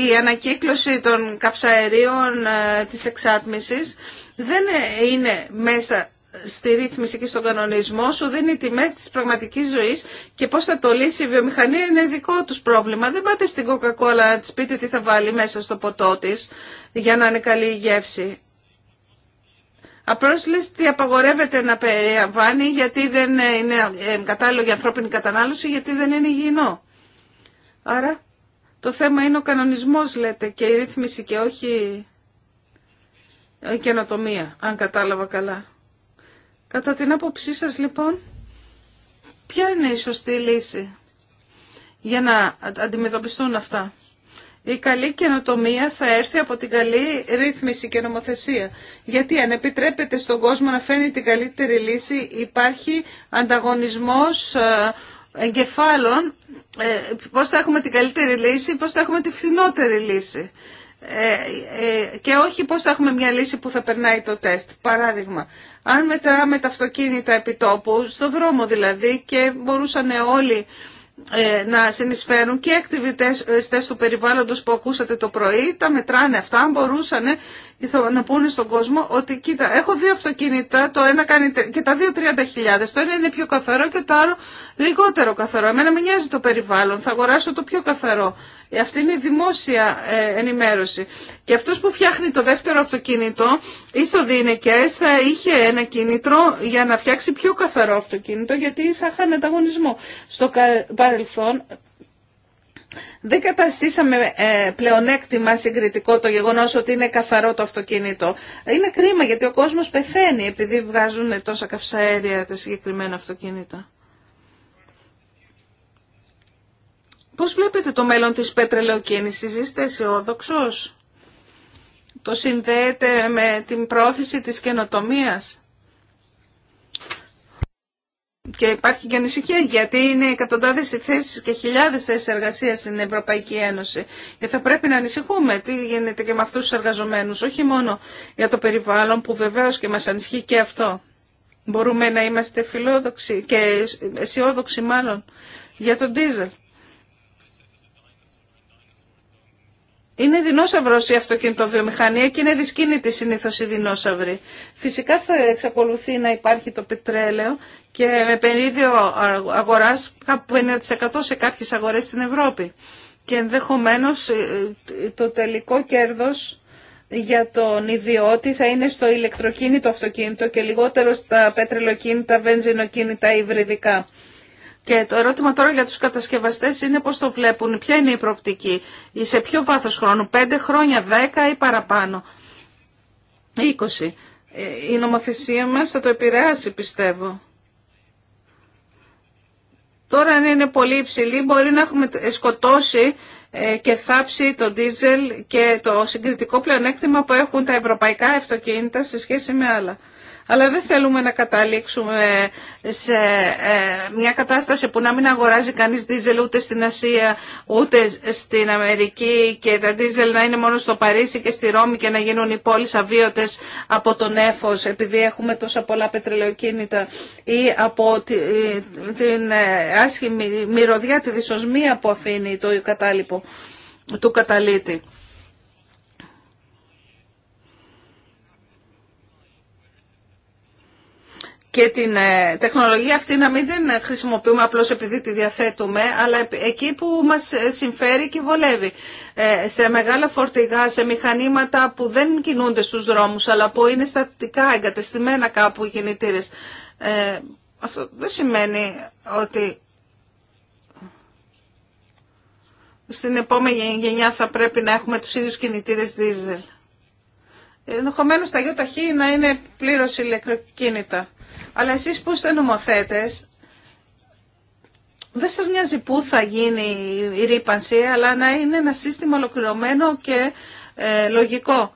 ε, η ανακύκλωση των καυσαερίων ε, της εξάτμισης, δεν είναι μέσα στη ρύθμιση και στον κανονισμό σου δεν είναι τιμές της πραγματικής ζωής και πώς θα το λύσει η βιομηχανία είναι δικό τους πρόβλημα. Δεν πάτε στην κοκακόλα να της πείτε τι θα βάλει μέσα στο ποτό της για να είναι καλή η γεύση. Απλώς λες απαγορεύεται να περιλαμβάνει γιατί δεν είναι ε, κατάλληλο για ανθρώπινη κατανάλωση, γιατί δεν είναι υγιεινό. Άρα το θέμα είναι ο κανονισμός λέτε και η ρύθμιση και όχι η καινοτομία, αν κατάλαβα καλά. Κατά την άποψή σας λοιπόν, ποια είναι η σωστή λύση για να αντιμετωπιστούν αυτά η καλή καινοτομία θα έρθει από την καλή ρύθμιση και νομοθεσία. Γιατί αν επιτρέπεται στον κόσμο να φαίνει την καλύτερη λύση υπάρχει ανταγωνισμός ε, εγκεφάλων ε, πώς θα έχουμε την καλύτερη λύση, πώς θα έχουμε τη φθηνότερη λύση. Ε, και όχι πώς θα έχουμε μια λύση που θα περνάει το τεστ. Παράδειγμα, αν μετράμε τα αυτοκίνητα επιτόπου, στο δρόμο δηλαδή και μπορούσαν όλοι ε, να συνεισφέρουν και ακτιβιστές ε, του περιβάλλοντος που ακούσατε το πρωί, τα μετράνε αυτά, αν μπορούσαν να πούνε στον κόσμο ότι κοίτα, έχω δύο αυτοκίνητα, το ένα κάνει και τα δύο 30.000, το ένα είναι πιο καθαρό και το άλλο λιγότερο καθαρό. Εμένα με νοιάζει το περιβάλλον, θα αγοράσω το πιο καθαρό. Ε, αυτή είναι η δημόσια ε, ενημέρωση. Και αυτός που φτιάχνει το δεύτερο αυτοκίνητο ή στο Δίνεκε θα είχε ένα κίνητρο για να φτιάξει πιο καθαρό αυτοκίνητο γιατί θα είχαν ανταγωνισμό. Στο παρελθόν δεν καταστήσαμε ε, πλεονέκτημα συγκριτικό το γεγονός ότι είναι καθαρό το αυτοκίνητο. Είναι κρίμα γιατί ο κόσμος πεθαίνει επειδή βγάζουν τόσα καυσαέρια τα συγκεκριμένα αυτοκίνητα. Πώς βλέπετε το μέλλον της πετρελαιοκίνησης, είστε αισιόδοξο. Το συνδέεται με την πρόθεση της καινοτομίας. Και υπάρχει και ανησυχία γιατί είναι εκατοντάδε θέσεις και χιλιάδε θέσει εργασία στην Ευρωπαϊκή Ένωση. Και θα πρέπει να ανησυχούμε τι γίνεται και με αυτού του εργαζομένου, όχι μόνο για το περιβάλλον που βεβαίω και μα ανησυχεί και αυτό. Μπορούμε να είμαστε φιλόδοξοι και αισιόδοξοι μάλλον για τον ντίζελ. Είναι δεινόσαυρο η αυτοκινητοβιομηχανία και είναι δυσκίνητη συνήθω η δεινόσαυρη. Φυσικά θα εξακολουθεί να υπάρχει το πετρέλαιο και με περίδιο αγορά κάπου 9% σε κάποιε αγορέ στην Ευρώπη. Και ενδεχομένω ε, ε, το τελικό κέρδο για τον ιδιώτη θα είναι στο ηλεκτροκίνητο αυτοκίνητο και λιγότερο στα πετρελοκίνητα, βενζινοκίνητα ή υβριδικά. Και το ερώτημα τώρα για τους κατασκευαστές είναι πώς το βλέπουν, ποια είναι η προοπτική, σε ποιο βάθος χρόνου, 5 χρόνια, 10 ή παραπάνω, 20. Ε, η νομοθεσία μας θα το επηρεάσει πιστεύω. Τώρα αν είναι πολύ υψηλή μπορεί να έχουμε σκοτώσει ε, και θάψει το δίζελ και το συγκριτικό πλεονέκτημα που έχουν τα ευρωπαϊκά αυτοκίνητα σε σχέση με άλλα αλλά δεν θέλουμε να καταλήξουμε σε ε, μια κατάσταση που να μην αγοράζει κανείς δίζελ ούτε στην Ασία ούτε στην Αμερική και τα δίζελ να είναι μόνο στο Παρίσι και στη Ρώμη και να γίνουν οι πόλεις αβίωτες από τον έφος επειδή έχουμε τόσα πολλά πετρελαιοκίνητα ή από την ε, άσχημη μυρωδιά, τη δυσοσμία που αφήνει το κατάλοιπο του καταλήτη. και την ε, τεχνολογία αυτή να μην την χρησιμοποιούμε απλώς επειδή τη διαθέτουμε, αλλά εκεί που μας ε, συμφέρει και βολεύει. Ε, σε μεγάλα φορτηγά, σε μηχανήματα που δεν κινούνται στους δρόμους, αλλά που είναι στατικά εγκατεστημένα κάπου οι κινητήρες. αυτό δεν σημαίνει ότι στην επόμενη γενιά θα πρέπει να έχουμε τους ίδιους κινητήρες δίζελ. Ενδεχομένω τα γιο να είναι πλήρως ηλεκτροκίνητα. Αλλά εσείς που είστε νομοθέτες, δεν σας νοιάζει πού θα γίνει η ρήπανση, αλλά να είναι ένα σύστημα ολοκληρωμένο και ε, λογικό.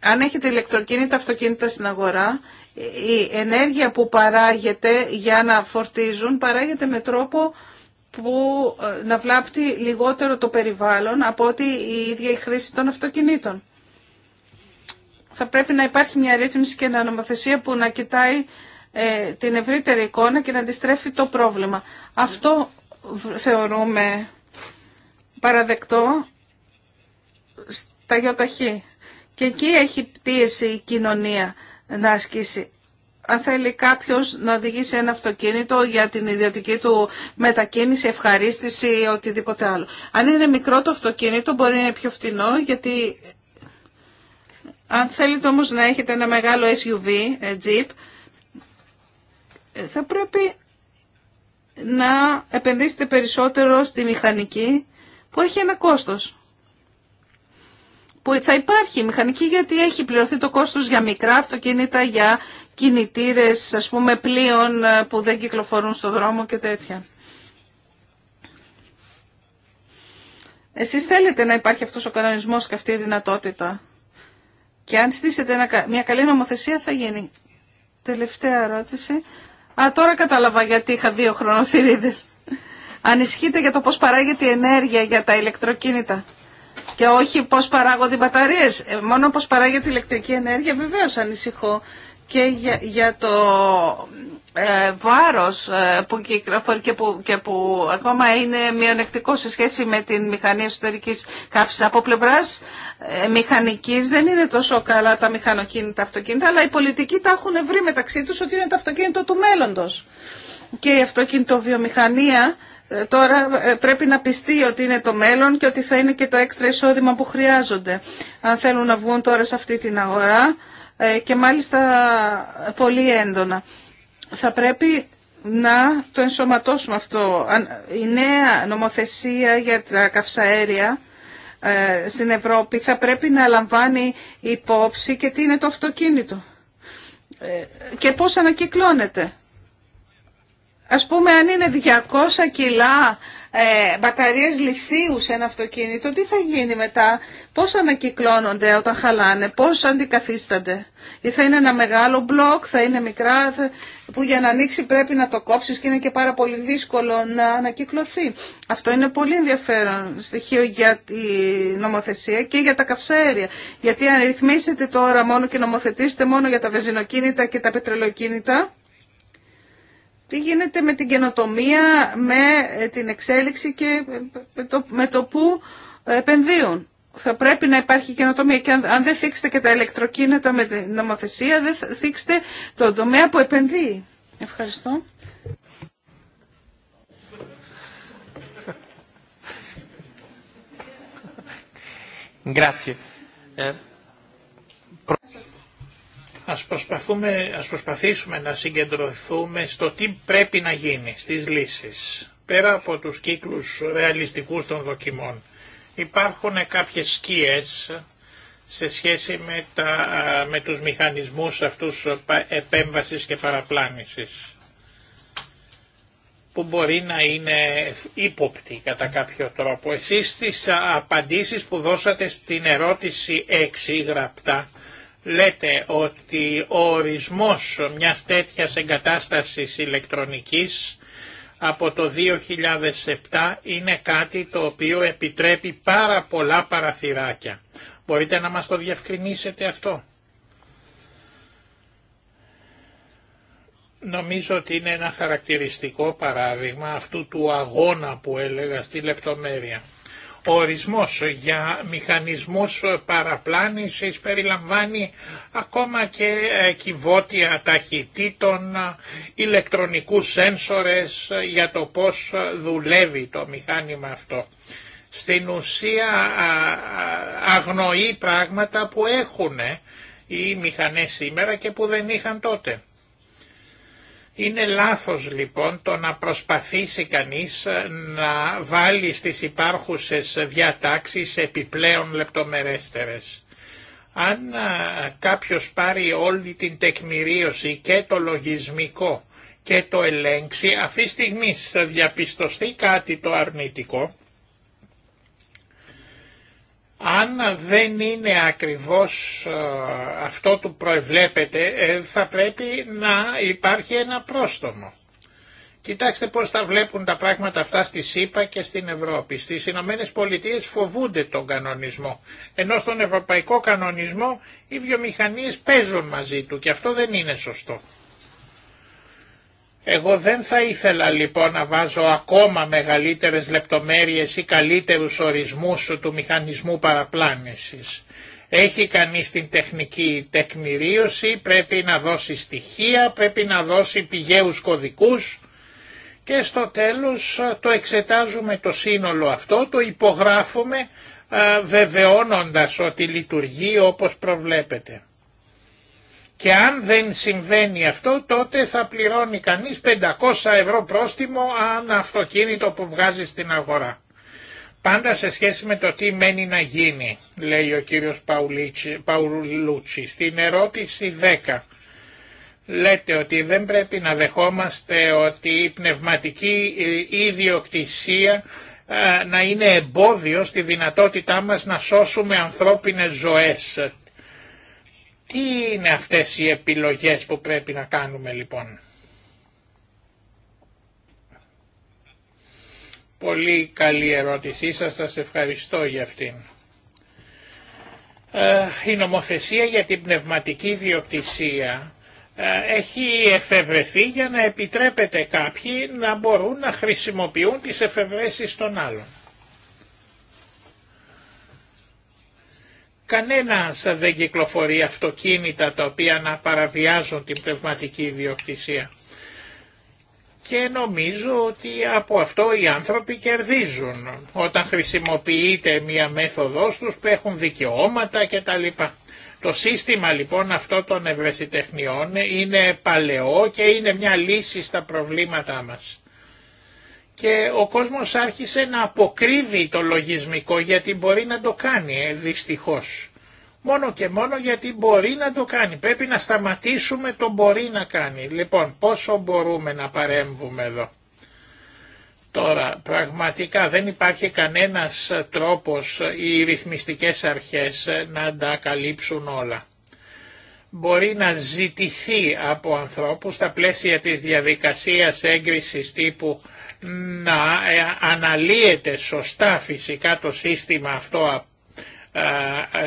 Αν έχετε ηλεκτροκίνητα, αυτοκίνητα στην αγορά, η ενέργεια που παράγεται για να φορτίζουν παράγεται με τρόπο που ε, να βλάπτει λιγότερο το περιβάλλον από ότι η ίδια η χρήση των αυτοκινήτων. Θα πρέπει να υπάρχει μια ρύθμιση και μια νομοθεσία που να κοιτάει ε, την ευρύτερη εικόνα και να αντιστρέφει το πρόβλημα. Αυτό θεωρούμε παραδεκτό στα γιοταχή. Και εκεί έχει πίεση η κοινωνία να ασκήσει. Αν θέλει κάποιος να οδηγήσει ένα αυτοκίνητο για την ιδιωτική του μετακίνηση, ευχαρίστηση ή οτιδήποτε άλλο. Αν είναι μικρό το αυτοκίνητο μπορεί να είναι πιο φτηνό γιατί αν θέλετε όμως να έχετε ένα μεγάλο SUV, ε, Jeep, θα πρέπει να επενδύσετε περισσότερο στη μηχανική που έχει ένα κόστος. Που θα υπάρχει μηχανική γιατί έχει πληρωθεί το κόστος για μικρά αυτοκίνητα, για κινητήρες, ας πούμε, πλοίων ε, που δεν κυκλοφορούν στο δρόμο και τέτοια. Εσείς θέλετε να υπάρχει αυτός ο κανονισμός και αυτή η δυνατότητα. Και αν στήσετε μια καλή νομοθεσία θα γίνει. Τελευταία ερώτηση. Α, τώρα κατάλαβα γιατί είχα δύο χρονοθυρίδες. Ανησυχείτε για το πώς παράγεται η ενέργεια για τα ηλεκτροκίνητα. Και όχι πώς παράγονται οι μπαταρίες. Ε, μόνο πώς παράγεται η ηλεκτρική ενέργεια βεβαίως ανησυχώ. Και για, για το ε, βάρος ε, που κυκλοφορεί και που, και ακόμα είναι μειονεκτικό σε σχέση με την μηχανή εσωτερικής καύσης. Από πλευράς ε, μηχανικής δεν είναι τόσο καλά τα μηχανοκίνητα αυτοκίνητα, αλλά οι πολιτικοί τα έχουν βρει μεταξύ τους ότι είναι το αυτοκίνητο του μέλλοντος. Και η βιομηχανία τώρα πρέπει να πιστεί ότι είναι το μέλλον και ότι θα είναι και το έξτρα εισόδημα που χρειάζονται. Αν θέλουν να βγουν τώρα σε αυτή την αγορά και μάλιστα πολύ έντονα θα πρέπει να το ενσωματώσουμε αυτό. Η νέα νομοθεσία για τα καυσαέρια ε, στην Ευρώπη θα πρέπει να λαμβάνει υπόψη και τι είναι το αυτοκίνητο ε, και πώς ανακυκλώνεται. Ας πούμε αν είναι 200 κιλά ε, μπαταρίες λιθίου σε ένα αυτοκίνητο, τι θα γίνει μετά, πώς ανακυκλώνονται όταν χαλάνε, πώς αντικαθίστανται. Ή θα είναι ένα μεγάλο μπλοκ, θα είναι μικρά, που για να ανοίξει πρέπει να το κόψεις και είναι και πάρα πολύ δύσκολο να ανακυκλωθεί. Αυτό είναι πολύ ενδιαφέρον στοιχείο για τη νομοθεσία και για τα καυσαέρια. Γιατί αν ρυθμίσετε τώρα μόνο και νομοθετήσετε μόνο για τα βεζινοκίνητα και τα πετρελοκίνητα, τι γίνεται με την καινοτομία, με ε, την εξέλιξη και ε, με το, με το που επενδύουν. Θα πρέπει να υπάρχει καινοτομία και αν, δεν θίξετε και τα ηλεκτροκίνητα με την νομοθεσία, δεν θίξετε τον τομέα που επενδύει. Ευχαριστώ. Grazie. Ε, Ας, προσπαθούμε, προσπαθήσουμε να συγκεντρωθούμε στο τι πρέπει να γίνει, στις λύσεις, πέρα από τους κύκλους ρεαλιστικούς των δοκιμών. Υπάρχουν κάποιες σκίες σε σχέση με, τα, με τους μηχανισμούς αυτούς επέμβασης και παραπλάνησης που μπορεί να είναι ύποπτη κατά κάποιο τρόπο. Εσείς τις απαντήσεις που δώσατε στην ερώτηση 6 γραπτά λέτε ότι ο ορισμός μιας τέτοιας εγκατάστασης ηλεκτρονικής από το 2007 είναι κάτι το οποίο επιτρέπει πάρα πολλά παραθυράκια. Μπορείτε να μας το διευκρινίσετε αυτό. Νομίζω ότι είναι ένα χαρακτηριστικό παράδειγμα αυτού του αγώνα που έλεγα στη λεπτομέρεια ορισμός για μηχανισμούς παραπλάνησης περιλαμβάνει ακόμα και ε, κυβότια ταχυτήτων, ε, ηλεκτρονικούς σένσορες ε, για το πώς δουλεύει το μηχάνημα αυτό. Στην ουσία αγνοεί πράγματα που έχουν οι μηχανές σήμερα και που δεν είχαν τότε. Είναι λάθος λοιπόν το να προσπαθήσει κανείς ε, να βάλει στις υπάρχουσες διατάξεις επιπλέον λεπτομερέστερες. Αν ε, κάποιος πάρει όλη την τεκμηρίωση και το λογισμικό και το ελέγξει, αυτή στιγμής θα διαπιστωστεί κάτι το αρνητικό, αν δεν είναι ακριβώς ε, αυτό που προεβλέπετε ε, θα πρέπει να υπάρχει ένα πρόστομο. Κοιτάξτε πώς τα βλέπουν τα πράγματα αυτά στη ΣΥΠΑ και στην Ευρώπη. Στις Ηνωμένε Πολιτείε φοβούνται τον κανονισμό, ενώ στον ευρωπαϊκό κανονισμό οι βιομηχανίες παίζουν μαζί του και αυτό δεν είναι σωστό. Εγώ δεν θα ήθελα λοιπόν να βάζω ακόμα μεγαλύτερες λεπτομέρειες ή καλύτερους ορισμούς του μηχανισμού παραπλάνησης. Έχει κανείς την τεχνική τεκμηρίωση, πρέπει να δώσει στοιχεία, πρέπει να δώσει πηγαίους κωδικούς και στο τέλος το εξετάζουμε το σύνολο αυτό, το υπογράφουμε βεβαιώνοντας ότι λειτουργεί όπως προβλέπεται. Και αν δεν συμβαίνει αυτό τότε θα πληρώνει κανείς 500 ευρώ πρόστιμο αν αυτοκίνητο που βγάζει στην αγορά. Πάντα σε σχέση με το τι μένει να γίνει, λέει ο κύριος Παουλούτσι, στην ερώτηση 10. Λέτε ότι δεν πρέπει να δεχόμαστε ότι η πνευματική ε, ιδιοκτησία ε, να είναι εμπόδιο στη δυνατότητά μας να σώσουμε ανθρώπινες ζωές. Τι είναι αυτές οι επιλογές που πρέπει να κάνουμε λοιπόν. Πολύ καλή ερώτησή σας, σας ευχαριστώ για αυτήν. Ε, η νομοθεσία για την πνευματική διοκτησία ε, έχει εφευρεθεί για να επιτρέπεται κάποιοι να μπορούν να χρησιμοποιούν τις εφευρέσεις των άλλων. Κανένας δεν κυκλοφορεί αυτοκίνητα τα οποία να παραβιάζουν την πνευματική ιδιοκτησία. Και νομίζω ότι από αυτό οι άνθρωποι κερδίζουν. Όταν χρησιμοποιείται μία μέθοδος τους που έχουν δικαιώματα κτλ. Το σύστημα λοιπόν αυτό των ευρεσιτεχνιών είναι παλαιό και είναι μια λύση στα προβλήματά μας και ο κόσμος άρχισε να αποκρύβει το λογισμικό γιατί μπορεί να το κάνει ε, δυστυχώς. Μόνο και μόνο γιατί μπορεί να το κάνει. Πρέπει να σταματήσουμε το μπορεί να κάνει. Λοιπόν, πόσο μπορούμε να παρέμβουμε εδώ. Τώρα, πραγματικά δεν υπάρχει κανένας τρόπος οι ρυθμιστικές αρχές να τα καλύψουν όλα μπορεί να ζητηθεί από ανθρώπους στα πλαίσια της διαδικασίας έγκρισης τύπου να ε, αναλύεται σωστά φυσικά το σύστημα αυτό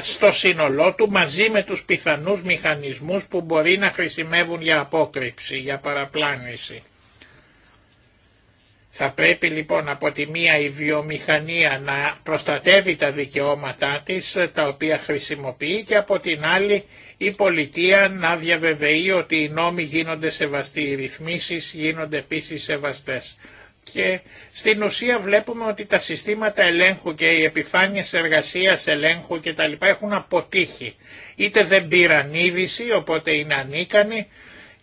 στο σύνολό του μαζί με τους πιθανούς μηχανισμούς που μπορεί να χρησιμεύουν για απόκρυψη, για παραπλάνηση. Θα πρέπει λοιπόν από τη μία η βιομηχανία να προστατεύει τα δικαιώματά της τα οποία χρησιμοποιεί και από την άλλη η πολιτεία να διαβεβαιεί ότι οι νόμοι γίνονται σεβαστοί, οι ρυθμίσεις γίνονται επίσης σεβαστές. Και στην ουσία βλέπουμε ότι τα συστήματα ελέγχου και οι επιφάνειες εργασίας ελέγχου και τα λοιπά έχουν αποτύχει. Είτε δεν πήραν είδηση οπότε είναι ανίκανοι,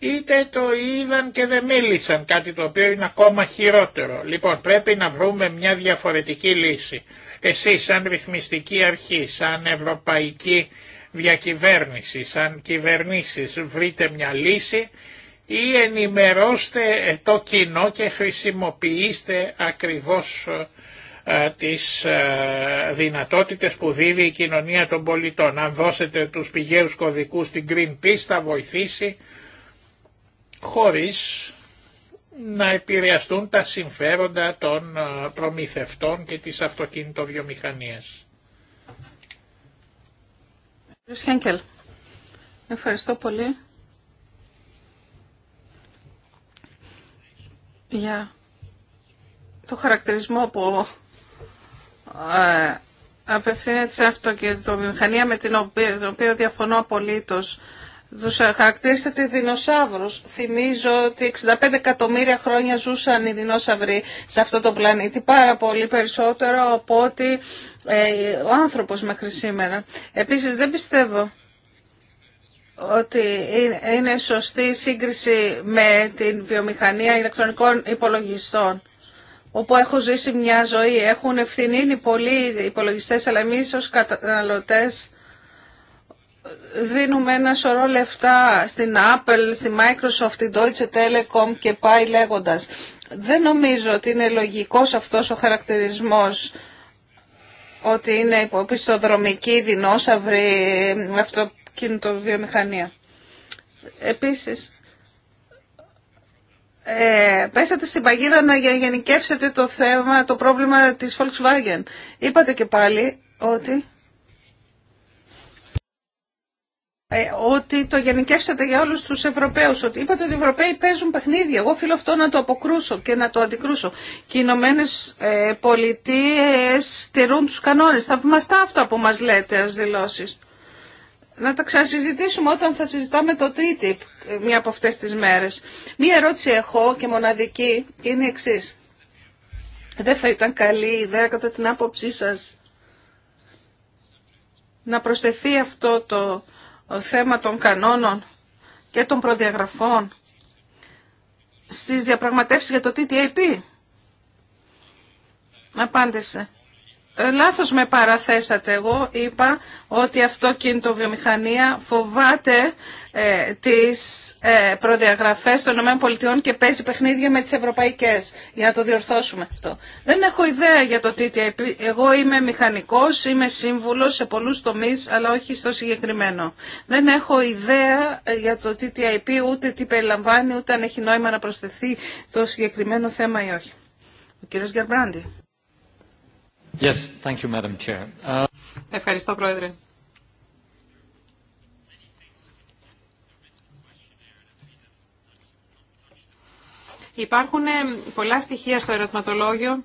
είτε το είδαν και δεν μίλησαν, κάτι το οποίο είναι ακόμα χειρότερο. Λοιπόν, πρέπει να βρούμε μια διαφορετική λύση. Εσείς σαν ρυθμιστική αρχή, σαν ευρωπαϊκή διακυβέρνηση, σαν κυβερνήσεις βρείτε μια λύση ή ενημερώστε το κοινό και χρησιμοποιήστε ακριβώς ε, τις ε, δυνατότητες που δίδει η κοινωνία των πολιτών. Αν δώσετε τους πηγαίους κωδικούς στην Greenpeace θα βοηθήσει χωρίς να επηρεαστούν τα συμφέροντα των ε, προμηθευτών και της αυτοκινητοβιομηχανίας. Χένκελ, ευχαριστώ πολύ για το χαρακτηρισμό που ε, απευθύνεται σε αυτοκινητοβιομηχανία με την οποία, την οποία διαφωνώ απολύτως τους χαρακτηρίσατε δεινοσαύρους. Θυμίζω ότι 65 εκατομμύρια χρόνια ζούσαν οι δεινόσαυροι σε αυτό το πλανήτη, πάρα πολύ περισσότερο από ότι ε, ο άνθρωπος μέχρι σήμερα. Επίσης δεν πιστεύω ότι είναι σωστή η σύγκριση με την βιομηχανία ηλεκτρονικών υπολογιστών όπου έχω ζήσει μια ζωή. Έχουν ευθυνήνει πολλοί υπολογιστές, αλλά εμείς ως καταναλωτές δίνουμε ένα σωρό λεφτά στην Apple, στη Microsoft, την Deutsche Telekom και πάει λέγοντας. Δεν νομίζω ότι είναι λογικός αυτός ο χαρακτηρισμός ότι είναι υποπιστοδρομική δεινόσαυρη αυτοκινητοβιομηχανία. Επίσης, ε, πέσατε στην παγίδα να γενικεύσετε το θέμα, το πρόβλημα της Volkswagen. Είπατε και πάλι ότι Ε, ότι το γενικεύσατε για όλους τους Ευρωπαίους, ότι είπατε ότι οι Ευρωπαίοι παίζουν παιχνίδια. Εγώ φίλω αυτό να το αποκρούσω και να το αντικρούσω. Και οι Ηνωμένε Πολιτείε στηρούν τους κανόνες. Θαυμαστά αυτό που μας λέτε ως δηλώσεις. Να τα ξανασυζητήσουμε όταν θα συζητάμε το TTIP ε, μία από αυτές τις μέρες. Μία ερώτηση έχω και μοναδική και είναι εξή. Δεν θα ήταν καλή ιδέα κατά την άποψή σας να προσθεθεί αυτό το θέμα των κανόνων και των προδιαγραφών στις διαπραγματεύσεις για το TTIP. Απάντησε. Ε, λάθος με παραθέσατε εγώ, είπα ότι αυτοκίνητο βιομηχανία φοβάται ε, τις ε, προδιαγραφές των ΗΠΑ και παίζει παιχνίδια με τις ευρωπαϊκές για να το διορθώσουμε αυτό. Δεν έχω ιδέα για το TTIP. Εγώ είμαι μηχανικός, είμαι σύμβουλος σε πολλούς τομείς, αλλά όχι στο συγκεκριμένο. Δεν έχω ιδέα ε, για το TTIP ούτε τι περιλαμβάνει, ούτε αν έχει νόημα να προσθεθεί το συγκεκριμένο θέμα ή όχι. Ο κύριος Γερμπράντη. Uh, Ευχαριστώ, Πρόεδρε. Υπάρχουν ε, πολλά στοιχεία στο ερωτηματολόγιο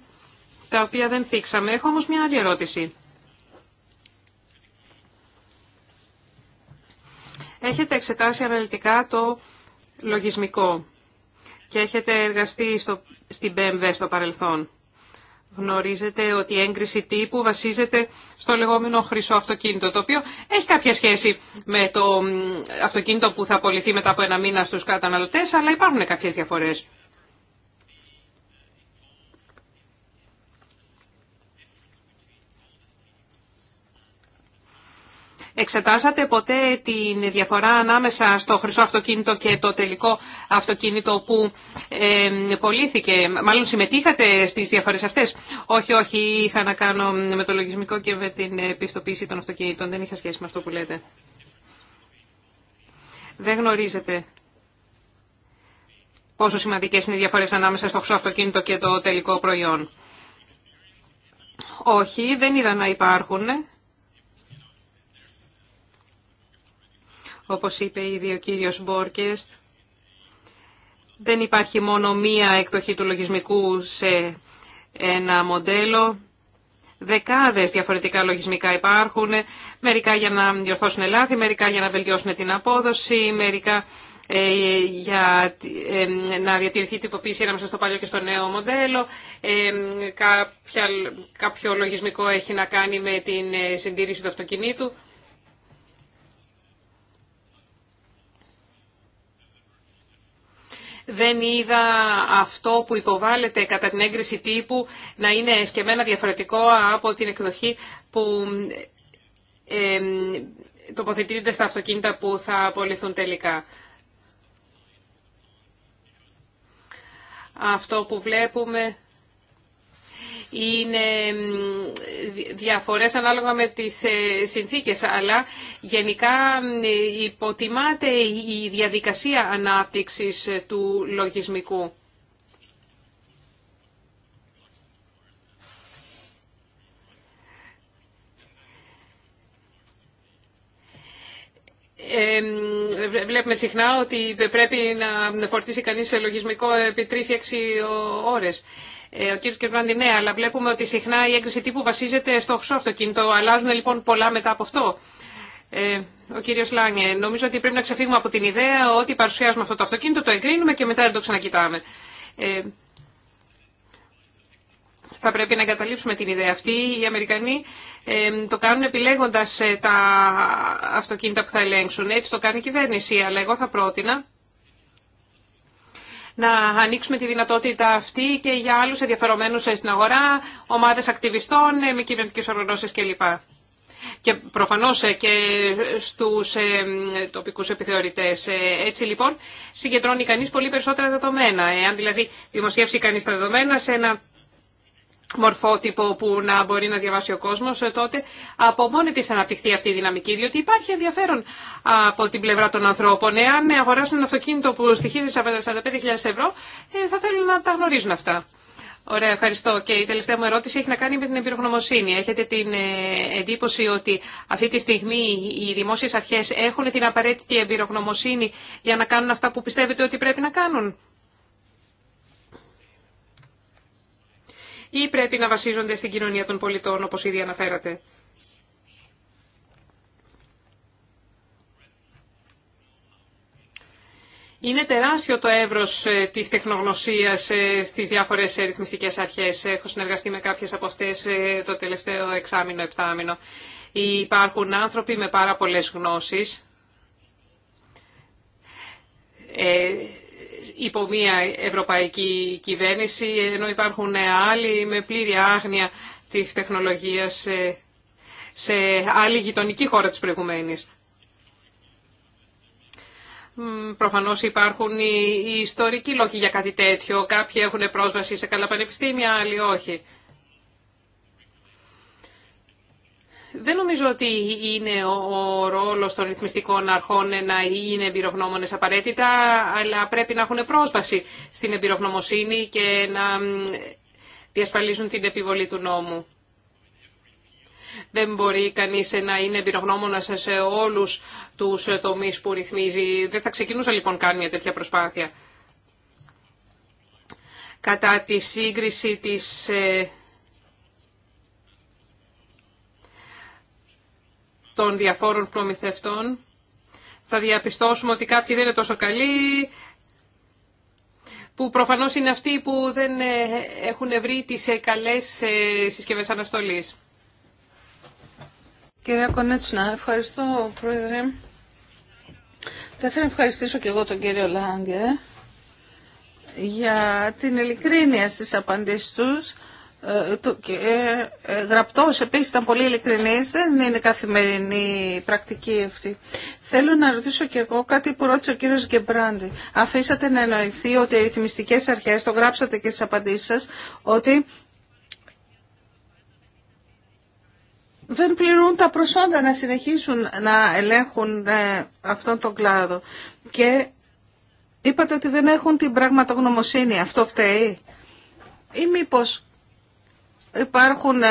τα οποία δεν θίξαμε. Έχω όμως μια άλλη ερώτηση. Έχετε εξετάσει αναλυτικά το λογισμικό και έχετε εργαστεί στο, στην BMW στο παρελθόν. Γνωρίζετε ότι η έγκριση τύπου βασίζεται στο λεγόμενο χρυσό αυτοκίνητο, το οποίο έχει κάποια σχέση με το αυτοκίνητο που θα απολυθεί μετά από ένα μήνα στους καταναλωτές, αλλά υπάρχουν κάποιες διαφορές. Εξετάσατε ποτέ την διαφορά ανάμεσα στο χρυσό αυτοκίνητο και το τελικό αυτοκίνητο που ε, πολίθηκε. Μάλλον συμμετείχατε στις διαφορές αυτές. Όχι, όχι, είχα να κάνω με το λογισμικό και με την επιστοποίηση των αυτοκινήτων. Δεν είχα σχέση με αυτό που λέτε. Δεν γνωρίζετε πόσο σημαντικές είναι οι διαφορές ανάμεσα στο χρυσό αυτοκίνητο και το τελικό προϊόν. Όχι, δεν είδα να υπάρχουν. Όπως είπε ήδη ο κύριος Μπόρκεστ, δεν υπάρχει μόνο μία εκδοχή του λογισμικού σε ένα μοντέλο. Δεκάδες διαφορετικά λογισμικά υπάρχουν, μερικά για να διορθώσουν λάθη, μερικά για να βελτιώσουν την απόδοση, μερικά ε, για ε, να διατηρηθεί η τυποποίηση ανάμεσα στο παλιό και στο νέο μοντέλο. Ε, κάποιο λογισμικό έχει να κάνει με την συντήρηση του αυτοκινήτου. δεν είδα αυτό που υποβάλλεται κατά την έγκριση τύπου να είναι σκεμμένα διαφορετικό από την εκδοχή που ε, τοποθετείται στα αυτοκίνητα που θα απολυθούν τελικά. Αυτό που βλέπουμε είναι διαφορές ανάλογα με τις ε, συνθήκες, αλλά γενικά υποτιμάται η διαδικασία ανάπτυξης ε, του λογισμικού. βλέπουμε συχνά ότι πρέπει να φορτίσει κανείς σε λογισμικό επί 3-6 ώρες. Ε, ο κύριος Κερβάντη, ναι, αλλά βλέπουμε ότι συχνά η έγκριση τύπου βασίζεται στο χρυσό αυτοκίνητο. Αλλάζουν λοιπόν πολλά μετά από αυτό. Ε, ο κύριος Λάνιε, νομίζω ότι πρέπει να ξεφύγουμε από την ιδέα ότι παρουσιάζουμε αυτό το αυτοκίνητο, το εγκρίνουμε και μετά δεν το ξανακοιτάμε. Ε, θα πρέπει να εγκαταλείψουμε την ιδέα αυτή. Οι Αμερικανοί ε, το κάνουν επιλέγοντας ε, τα αυτοκίνητα που θα ελέγξουν. Έτσι το κάνει η κυβέρνηση, αλλά εγώ θα πρότεινα να ανοίξουμε τη δυνατότητα αυτή και για άλλους ενδιαφερομένους στην αγορά, ομάδες ακτιβιστών, ε, μη κυβερνητικές οργανώσεις κλπ. Και προφανώς ε, και στους ε, τοπικούς επιθεωρητές. Έτσι λοιπόν συγκεντρώνει κανείς πολύ περισσότερα δεδομένα. Εάν δηλαδή δημοσιεύσει κανείς τα δεδομένα σε ένα μορφότυπο που να μπορεί να διαβάσει ο κόσμο. Ε, τότε από μόνη τη αναπτυχθεί αυτή η δυναμική, διότι υπάρχει ενδιαφέρον από την πλευρά των ανθρώπων. Εάν αγοράσουν ένα αυτοκίνητο που στοιχίζει 45.000 ευρώ, ε, θα θέλουν να τα γνωρίζουν αυτά. Ωραία, ευχαριστώ. Και η τελευταία μου ερώτηση έχει να κάνει με την εμπειρογνωμοσύνη. Έχετε την ε, εντύπωση ότι αυτή τη στιγμή οι δημόσιες αρχές έχουν την απαραίτητη εμπειρογνωμοσύνη για να κάνουν αυτά που πιστεύετε ότι πρέπει να κάνουν. ή πρέπει να βασίζονται στην κοινωνία των πολιτών, όπως ήδη αναφέρατε. Είναι τεράστιο το εύρος ε, της τεχνογνωσίας ε, στις διάφορες ε, ρυθμιστικές αρχές. Έχω συνεργαστεί με κάποιες από αυτές το τελευταιο εξαμηνο εξάμηνο-επτάμηνο. Υπάρχουν άνθρωποι με πάρα πολλές γνώσεις υπό μια ευρωπαϊκή κυβέρνηση, ενώ υπάρχουν άλλοι με πλήρη άγνοια της τεχνολογίας σε, σε άλλη γειτονική χώρα της προηγουμένης. Προφανώς υπάρχουν οι, οι ιστορικοί λόγοι για κάτι τέτοιο. Κάποιοι έχουν πρόσβαση σε καλά πανεπιστήμια, άλλοι όχι. Δεν νομίζω ότι είναι ο ρόλος των ρυθμιστικών αρχών να είναι εμπειρογνώμονες απαραίτητα, αλλά πρέπει να έχουν πρόσβαση στην εμπειρογνωμοσύνη και να διασφαλίζουν την επιβολή του νόμου. Δεν μπορεί κανείς να είναι εμπειρογνώμονα σε όλους τους τομείς που ρυθμίζει. Δεν θα ξεκινούσα λοιπόν καν μια τέτοια προσπάθεια. Κατά τη σύγκριση της ε, των διαφόρων προμηθευτών. Θα διαπιστώσουμε ότι κάποιοι δεν είναι τόσο καλοί, που προφανώς είναι αυτοί που δεν ε, έχουν βρει τις ε, καλές ε, συσκευές αναστολής. Κυρία Κονέτσινα, ευχαριστώ Πρόεδρε. Θα ήθελα να ευχαριστήσω και εγώ τον κύριο Λάγκε για την ειλικρίνεια στις απαντήσεις τους ε, και ε, ε, γραπτός επίσης ήταν πολύ ειλικρινής, δεν είναι καθημερινή πρακτική αυτή. Θέλω να ρωτήσω και εγώ κάτι που ρώτησε ο κύριος Γκεμπράντη. Αφήσατε να εννοηθεί ότι οι ρυθμιστικές αρχές, το γράψατε και στις απαντήσεις σας, ότι δεν πληρούν τα προσόντα να συνεχίσουν να ελέγχουν αυτόν τον κλάδο. Και είπατε ότι δεν έχουν την πραγματογνωμοσύνη. Αυτό φταίει. Ή μήπως υπάρχουν ε,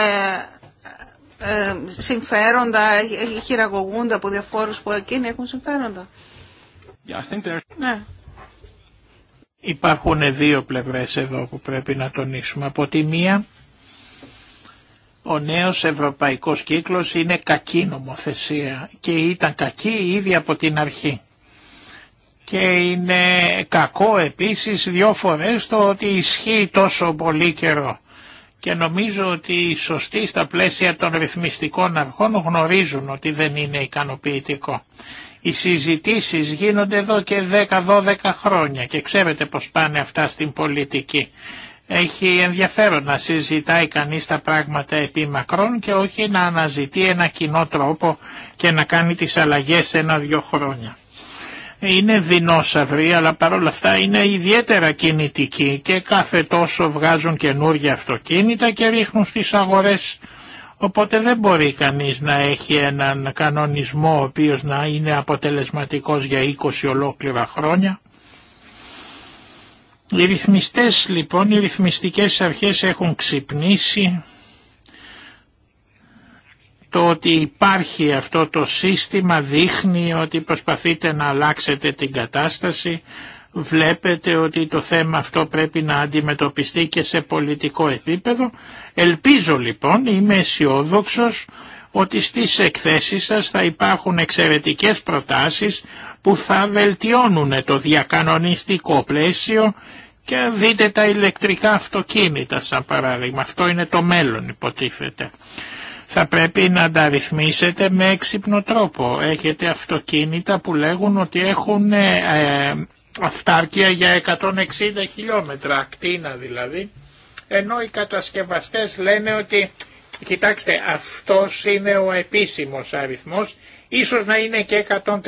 ε, συμφέροντα, ε, χειραγωγούνται από διαφόρους που εκείνοι έχουν συμφέροντα. ναι. Υπάρχουν δύο πλευρές εδώ που πρέπει να τονίσουμε. Από τη μία, ο νέος ευρωπαϊκός κύκλος είναι κακή νομοθεσία και ήταν κακή ήδη από την αρχή. Και είναι κακό επίσης δύο φορές το ότι ισχύει τόσο πολύ καιρό και νομίζω ότι οι σωστοί στα πλαίσια των ρυθμιστικών αρχών γνωρίζουν ότι δεν είναι ικανοποιητικό. Οι συζητήσεις γίνονται εδώ και 10-12 χρόνια και ξέρετε πως πάνε αυτά στην πολιτική. Έχει ενδιαφέρον να συζητάει κανείς τα πράγματα επί μακρόν και όχι να αναζητεί ένα κοινό τρόπο και να κάνει τις αλλαγές ένα-δυο χρόνια είναι δεινόσαυροι αλλά παρόλα αυτά είναι ιδιαίτερα κινητικοί και κάθε τόσο βγάζουν καινούργια αυτοκίνητα και ρίχνουν στις αγορές. Οπότε δεν μπορεί κανείς να έχει έναν κανονισμό ο οποίος να είναι αποτελεσματικός για 20 ολόκληρα χρόνια. Οι ρυθμιστές λοιπόν, οι ρυθμιστικές αρχές έχουν ξυπνήσει το ότι υπάρχει αυτό το σύστημα δείχνει ότι προσπαθείτε να αλλάξετε την κατάσταση, βλέπετε ότι το θέμα αυτό πρέπει να αντιμετωπιστεί και σε πολιτικό επίπεδο. Ελπίζω λοιπόν, είμαι αισιόδοξο ότι στις εκθέσεις σας θα υπάρχουν εξαιρετικές προτάσεις που θα βελτιώνουν το διακανονιστικό πλαίσιο και δείτε τα ηλεκτρικά αυτοκίνητα σαν παράδειγμα. Αυτό είναι το μέλλον υποτίθεται θα πρέπει να τα ρυθμίσετε με έξυπνο τρόπο. Έχετε αυτοκίνητα που λέγουν ότι έχουν ε, ε αυτάρκεια για 160 χιλιόμετρα, ακτίνα δηλαδή, ενώ οι κατασκευαστές λένε ότι κοιτάξτε αυτός είναι ο επίσημος αριθμός, ίσως να είναι και 130.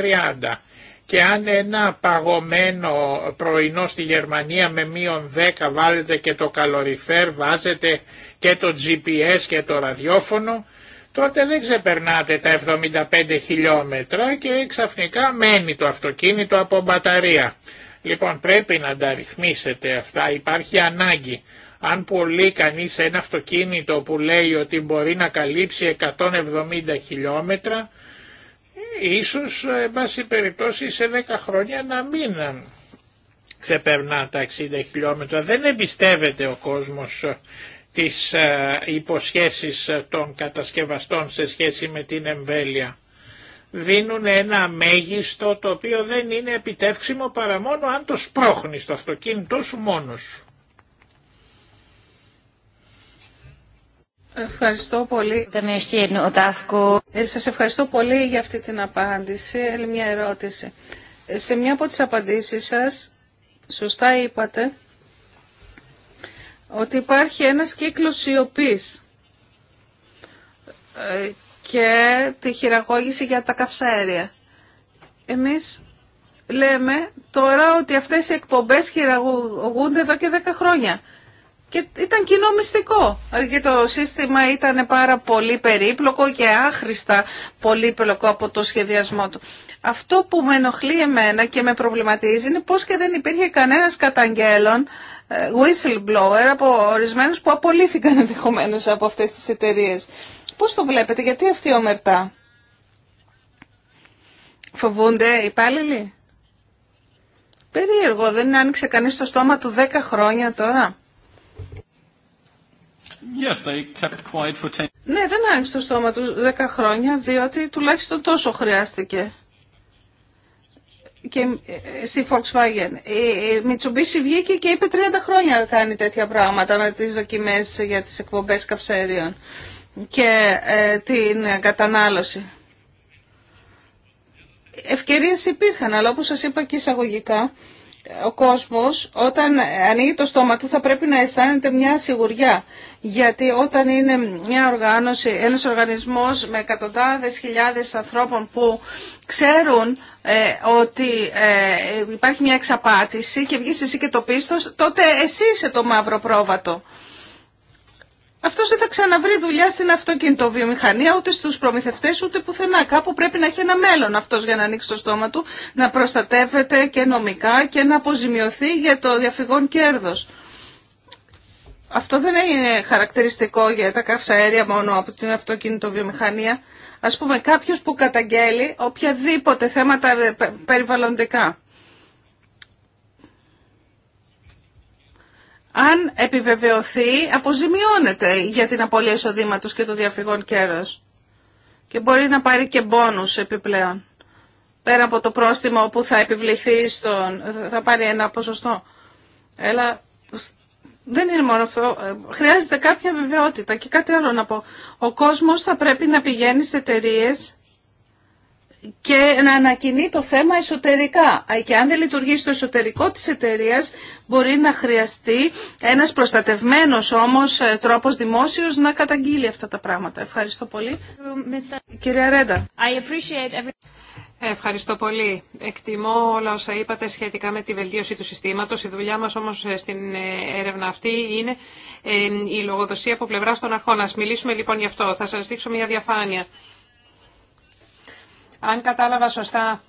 Και αν ένα παγωμένο πρωινό στη Γερμανία με μείον 10 βάλετε και το καλοριφέρ, βάζετε και το GPS και το ραδιόφωνο, τότε δεν ξεπερνάτε τα 75 χιλιόμετρα και ξαφνικά μένει το αυτοκίνητο από μπαταρία. Λοιπόν πρέπει να τα ρυθμίσετε αυτά, υπάρχει ανάγκη. Αν πουλεί κανείς ένα αυτοκίνητο που λέει ότι μπορεί να καλύψει 170 χιλιόμετρα, ίσως εν πάση περιπτώσει σε 10 χρόνια να μην ξεπερνά τα 60 χιλιόμετρα. Δεν εμπιστεύεται ο κόσμος τις ε, υποσχέσεις των κατασκευαστών σε σχέση με την εμβέλεια. Δίνουν ένα μέγιστο το οποίο δεν είναι επιτεύξιμο παρά μόνο αν το σπρώχνεις το αυτοκίνητό σου μόνος σου. Ευχαριστώ πολύ. Ε, σας ευχαριστώ πολύ για αυτή την απάντηση. Έλλη μια ερώτηση. Ε, σε μια από τις απαντήσεις σας, σωστά είπατε, ότι υπάρχει ένας κύκλος σιωπής ε, και τη χειραγώγηση για τα καυσαέρια. Εμείς λέμε τώρα ότι αυτές οι εκπομπές χειραγωγούνται εδώ και 10 χρόνια. Και ήταν κοινό μυστικό. Και το σύστημα ήταν πάρα πολύ περίπλοκο και άχρηστα πολύπλοκο από το σχεδιασμό του. Αυτό που με ενοχλεί εμένα και με προβληματίζει είναι πώς και δεν υπήρχε κανένας καταγγέλων whistleblower από ορισμένους που απολύθηκαν ενδεχομένω από αυτές τις εταιρείες. Πώς το βλέπετε, γιατί αυτή ομερτά. Φοβούνται οι υπάλληλοι. Περίεργο, δεν άνοιξε κανείς το στόμα του 10 χρόνια τώρα. Ναι, δεν άνοιξε το στόμα του 10 χρόνια, διότι τουλάχιστον τόσο χρειάστηκε και στη Volkswagen. Η Mitsubishi βγήκε και είπε 30 χρόνια κάνει τέτοια πράγματα με τις δοκιμές για τις εκπομπές καυσαερίων και ε, την κατανάλωση. Ευκαιρίες υπήρχαν, αλλά όπως σας είπα και εισαγωγικά, ο κόσμος όταν ανοίγει το στόμα του θα πρέπει να αισθάνεται μια σιγουριά. Γιατί όταν είναι μια οργάνωση, ένας οργανισμός με εκατοντάδες χιλιάδες ανθρώπων που ξέρουν ε, ότι ε, υπάρχει μια εξαπάτηση και βγεις εσύ και το πίστος, τότε εσύ είσαι το μαύρο πρόβατο. Αυτό δεν θα ξαναβρει δουλειά στην αυτοκινητοβιομηχανία, ούτε στου προμηθευτέ, ούτε πουθενά. Κάπου πρέπει να έχει ένα μέλλον αυτό για να ανοίξει το στόμα του, να προστατεύεται και νομικά και να αποζημιωθεί για το διαφυγόν κέρδο. Αυτό δεν είναι χαρακτηριστικό για τα καυσαέρια μόνο από την αυτοκινητοβιομηχανία. Ας πούμε κάποιος που καταγγέλει οποιαδήποτε θέματα ε, περιβαλλοντικά. Αν επιβεβαιωθεί, αποζημιώνεται για την απώλεια εισοδήματος και το διαφυγόν κέρδος. Και μπορεί να πάρει και μπόνους επιπλέον. Πέρα από το πρόστιμο που θα επιβληθεί, στον, θα πάρει ένα ποσοστό. Έλα, δεν είναι μόνο αυτό. Ε, χρειάζεται κάποια βεβαιότητα και κάτι άλλο να πω. Ο κόσμος θα πρέπει να πηγαίνει σε εταιρείε και να ανακοινεί το θέμα εσωτερικά. Ε, και αν δεν λειτουργεί στο εσωτερικό της εταιρεία, μπορεί να χρειαστεί ένας προστατευμένος όμως ε, τρόπος δημόσιος να καταγγείλει αυτά τα πράγματα. Ευχαριστώ πολύ. Κυρία Ρέντα. Ευχαριστώ πολύ. Εκτιμώ όλα όσα είπατε σχετικά με τη βελτίωση του συστήματος. Η δουλειά μας όμως ε, στην ε, έρευνα αυτή είναι ε, η λογοδοσία από πλευρά των αρχών. Ας μιλήσουμε λοιπόν γι' αυτό. Θα σας δείξω μια διαφάνεια. Αν κατάλαβα σωστά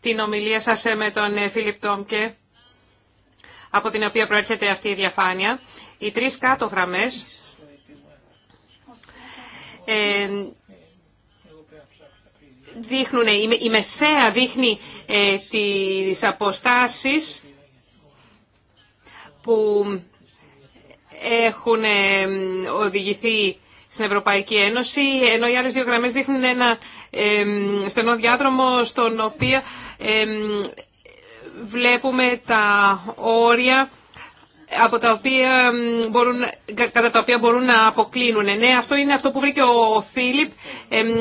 την ομιλία σας με τον Φίλιπ Τόμκε, από την οποία προέρχεται αυτή η διαφάνεια, οι τρεις κάτω γραμμές δείχνουν, η μεσαία δείχνει ε, τις αποστάσεις που έχουν οδηγηθεί στην Ευρωπαϊκή Ένωση, ενώ οι άλλες δύο γραμμές δείχνουν ένα ε, στενό διάδρομο στον οποίο ε, βλέπουμε τα όρια από τα οποία μπορούν, κατά τα οποία μπορούν να αποκλίνουν. Ναι, αυτό είναι αυτό που βρήκε ο Φίλιπ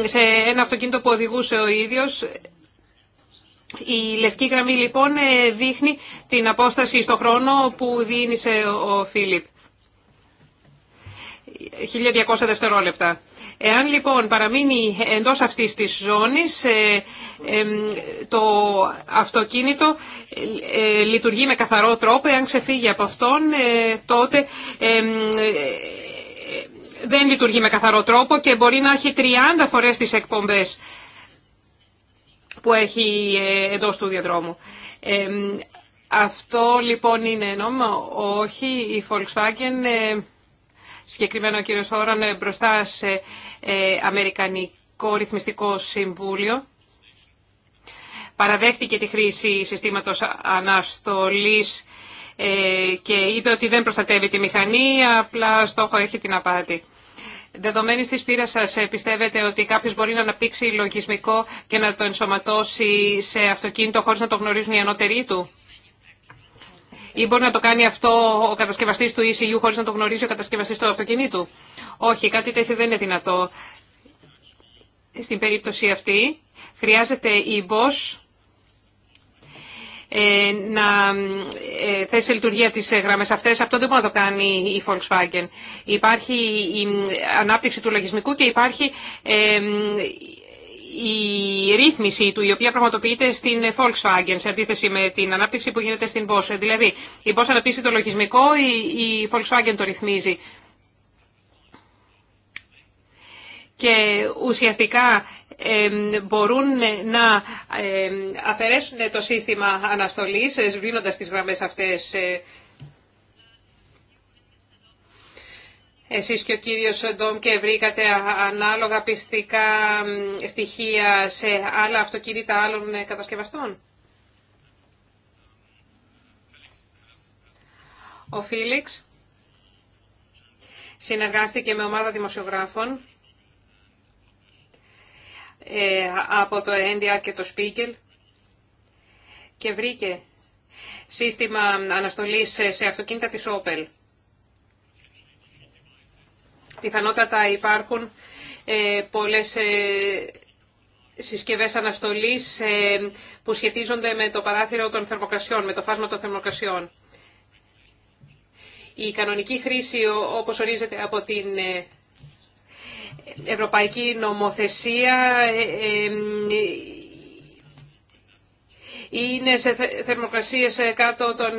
σε ένα αυτοκίνητο που οδηγούσε ο ίδιος. Η λευκή γραμμή λοιπόν ε, δείχνει την απόσταση στο χρόνο που δίνει ο Φίλιπ. 1200 δευτερόλεπτα. Εάν λοιπόν παραμείνει εντός αυτής της ζώνης, ε, το αυτοκίνητο ε, λειτουργεί με καθαρό τρόπο. Εάν ξεφύγει από αυτόν, ε, τότε δεν λειτουργεί με καθαρό τρόπο και μπορεί να έχει 30 φορές τις εκπομπές που έχει εντός του διαδρόμου. Αυτό λοιπόν είναι νόμο. Όχι, η Volkswagen συγκεκριμένα ο κύριος Όραν ε, μπροστά σε ε, Αμερικανικό Ρυθμιστικό Συμβούλιο παραδέχτηκε τη χρήση συστήματος αναστολής ε, και είπε ότι δεν προστατεύει τη μηχανή, απλά στόχο έχει την απάτη. Δεδομένης της πείρας σας, πιστεύετε ότι κάποιος μπορεί να αναπτύξει λογισμικό και να το ενσωματώσει σε αυτοκίνητο χωρίς να το γνωρίζουν οι ανώτεροί του. Ή μπορεί να το κάνει αυτό ο κατασκευαστή του ECU χωρί να το γνωρίζει ο κατασκευαστή του αυτοκινήτου. Όχι, κάτι τέτοιο δεν είναι δυνατό. Στην περίπτωση αυτή χρειάζεται η BOS ε, να ε, θέσει σε λειτουργία τις ε, γραμμές αυτές. Αυτό δεν μπορεί να το κάνει η Volkswagen. Υπάρχει η ανάπτυξη του λογισμικού και υπάρχει η ρύθμιση του η οποία πραγματοποιείται στην Volkswagen σε αντίθεση με την ανάπτυξη που γίνεται στην Bosch. Δηλαδή η Bosch αναπτύσσει το λογισμικό, η Volkswagen το ρυθμίζει. Και ουσιαστικά μπορούν να αφαιρέσουν το σύστημα αναστολής ε, σβήνοντας τις γραμμές αυτές ε, Εσείς και ο κύριος Ντόμ και βρήκατε ανάλογα πιστικά στοιχεία σε άλλα αυτοκίνητα άλλων ε, κατασκευαστών. Ο Φίλιξ συνεργάστηκε με ομάδα δημοσιογράφων ε, από το NDR και το Spiegel και βρήκε σύστημα αναστολής σε αυτοκίνητα της Opel. Πιθανότατα υπάρχουν ε, πολλές ε, συσκευές αναστολής ε, που σχετίζονται με το παράθυρο των θερμοκρασιών, με το φάσμα των θερμοκρασιών. Η κανονική χρήση, όπως ορίζεται από την Ευρωπαϊκή Νομοθεσία, είναι σε θερμοκρασίες ε, κάτω των 70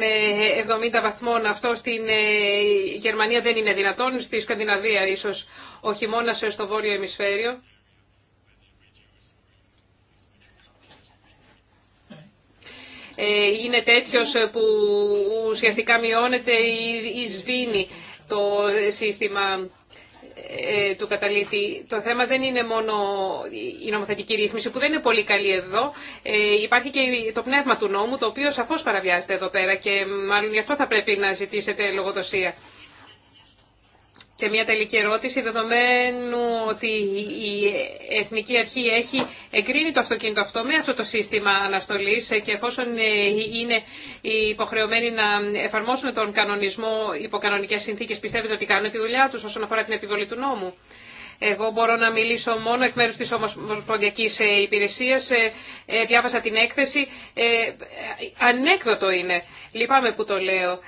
ε, βαθμών. Αυτό στην ε, Γερμανία δεν είναι δυνατόν, στη Σκανδιναβία ίσως ο χειμώνας στο βόρειο ημισφαίριο. Είναι τέτοιος που ουσιαστικά μειώνεται ή σβήνει το σύστημα ε, του καταλήτη. Το θέμα δεν είναι μόνο η νομοθετική ρύθμιση που δεν είναι πολύ καλή εδώ. Ε, υπάρχει και το πνεύμα του νόμου το οποίο σαφώς παραβιάζεται εδώ πέρα και μάλλον γι' αυτό θα πρέπει να ζητήσετε λογοδοσία. Και μια τελική ερώτηση, δεδομένου ότι η Εθνική Αρχή έχει εγκρίνει το αυτοκίνητο αυτό με αυτό το σύστημα αναστολής και εφόσον ε, είναι υποχρεωμένοι να εφαρμόσουν τον κανονισμό υποκανονικές συνθήκες, πιστεύετε ότι κάνουν τη δουλειά τους όσον αφορά την επιβολή του νόμου. Εγώ μπορώ να μιλήσω μόνο εκ μέρους της Ομοσπονδιακής Υπηρεσίας. Ε, ε, διάβασα την έκθεση. Ε, ανέκδοτο είναι. Λυπάμαι που το λέω.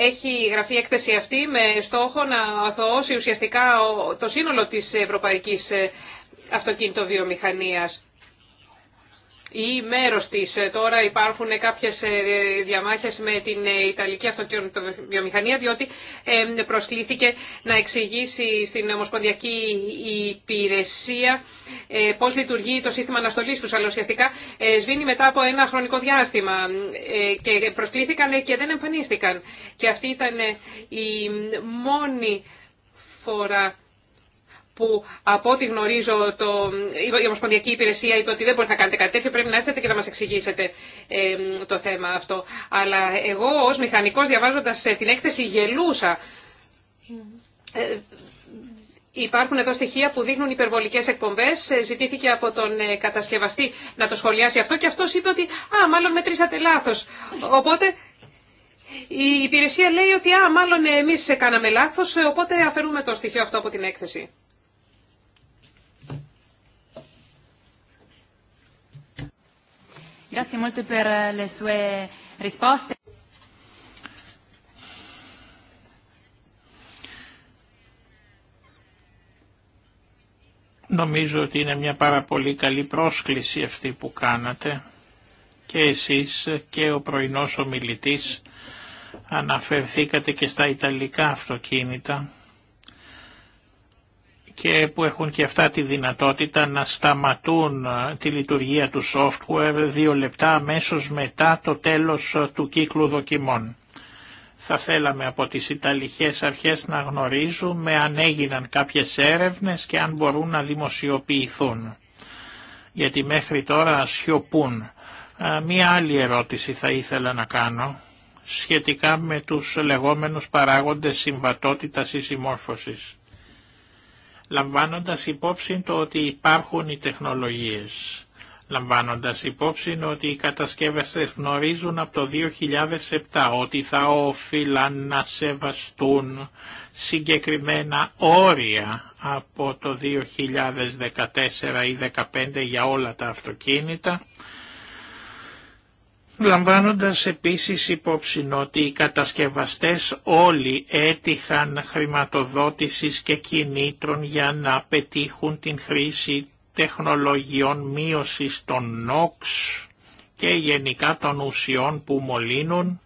Έχει γραφεί η έκθεση αυτή με στόχο να αθωώσει ουσιαστικά το σύνολο της ευρωπαϊκής αυτοκίνητοβιομηχανίας ή μέρος της. Ε, τώρα υπάρχουν κάποιες ε, διαμάχες με την ε, Ιταλική βιομηχανία διότι προσκλήθηκε να εξηγήσει στην Ομοσπονδιακή Υπηρεσία πώς λειτουργεί το σύστημα αναστολής τους, αλλά ουσιαστικά σβήνει μετά από ένα χρονικό διάστημα και προσκλήθηκαν και δεν εμφανίστηκαν. Και αυτή ήταν η μόνη φορά που από ό,τι γνωρίζω το, η Ομοσπονδιακή Υπηρεσία είπε ότι δεν μπορείτε να κάνετε κάτι τέτοιο, πρέπει να έρθετε και να μας εξηγήσετε το θέμα αυτό. Αλλά εγώ ως μηχανικός διαβάζοντας ε, την έκθεση γελούσα. Ε, Υπάρχουν εδώ στοιχεία που δείχνουν υπερβολικέ εκπομπέ. Ε, ζητήθηκε από τον ε, κατασκευαστή να το σχολιάσει αυτό και αυτός είπε ότι, α, μάλλον μετρήσατε λάθος Οπότε η υπηρεσία λέει ότι, α, μάλλον εμεί κάναμε λάθος οπότε αφαιρούμε το στοιχείο αυτό από την έκθεση. Grazie per le sue risposte. Νομίζω ότι είναι μια πάρα πολύ καλή πρόσκληση αυτή που κάνατε και εσείς και ο πρωινός ομιλητής αναφερθήκατε και στα Ιταλικά αυτοκίνητα και που έχουν και αυτά τη δυνατότητα να σταματούν τη λειτουργία του software δύο λεπτά αμέσως μετά το τέλος του κύκλου δοκιμών. Θα θέλαμε από τις Ιταλικές αρχές να γνωρίζουμε αν έγιναν κάποιες έρευνες και αν μπορούν να δημοσιοποιηθούν. Γιατί μέχρι τώρα σιωπούν. Μία άλλη ερώτηση θα ήθελα να κάνω σχετικά με τους λεγόμενους παράγοντες συμβατότητας ή συμμόρφωσης λαμβάνοντας υπόψη το ότι υπάρχουν οι τεχνολογίες, λαμβάνοντας υπόψη ότι οι κατασκευαστές γνωρίζουν από το 2007 ότι θα όφυλαν να σεβαστούν συγκεκριμένα όρια από το 2014 ή 2015 για όλα τα αυτοκίνητα, λαμβάνοντας επίσης υπόψη ότι οι κατασκευαστές όλοι έτυχαν χρηματοδότησης και κινήτρων για να πετύχουν την χρήση τεχνολογιών μείωσης των νόξ και γενικά των ουσιών που μολύνουν,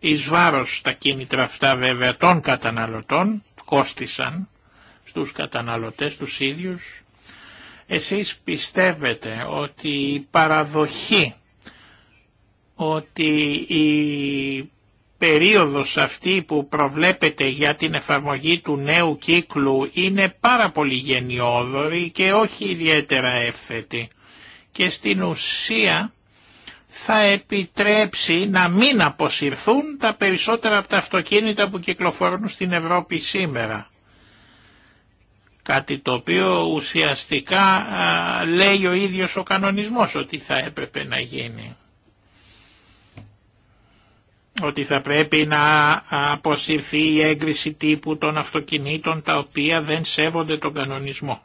εις βάρος τα κίνητρα αυτά βέβαια των καταναλωτών, κόστισαν στους καταναλωτές τους ίδιους, εσείς πιστεύετε ότι η παραδοχή ότι η περίοδος αυτή που προβλέπεται για την εφαρμογή του νέου κύκλου είναι πάρα πολύ γενιόδορη και όχι ιδιαίτερα εύθετη και στην ουσία θα επιτρέψει να μην αποσυρθούν τα περισσότερα από τα αυτοκίνητα που κυκλοφορούν στην Ευρώπη σήμερα. Κάτι το οποίο ουσιαστικά λέει ο ίδιος ο κανονισμός ότι θα έπρεπε να γίνει ότι θα πρέπει να αποσυρθεί η έγκριση τύπου των αυτοκινήτων τα οποία δεν σέβονται τον κανονισμό.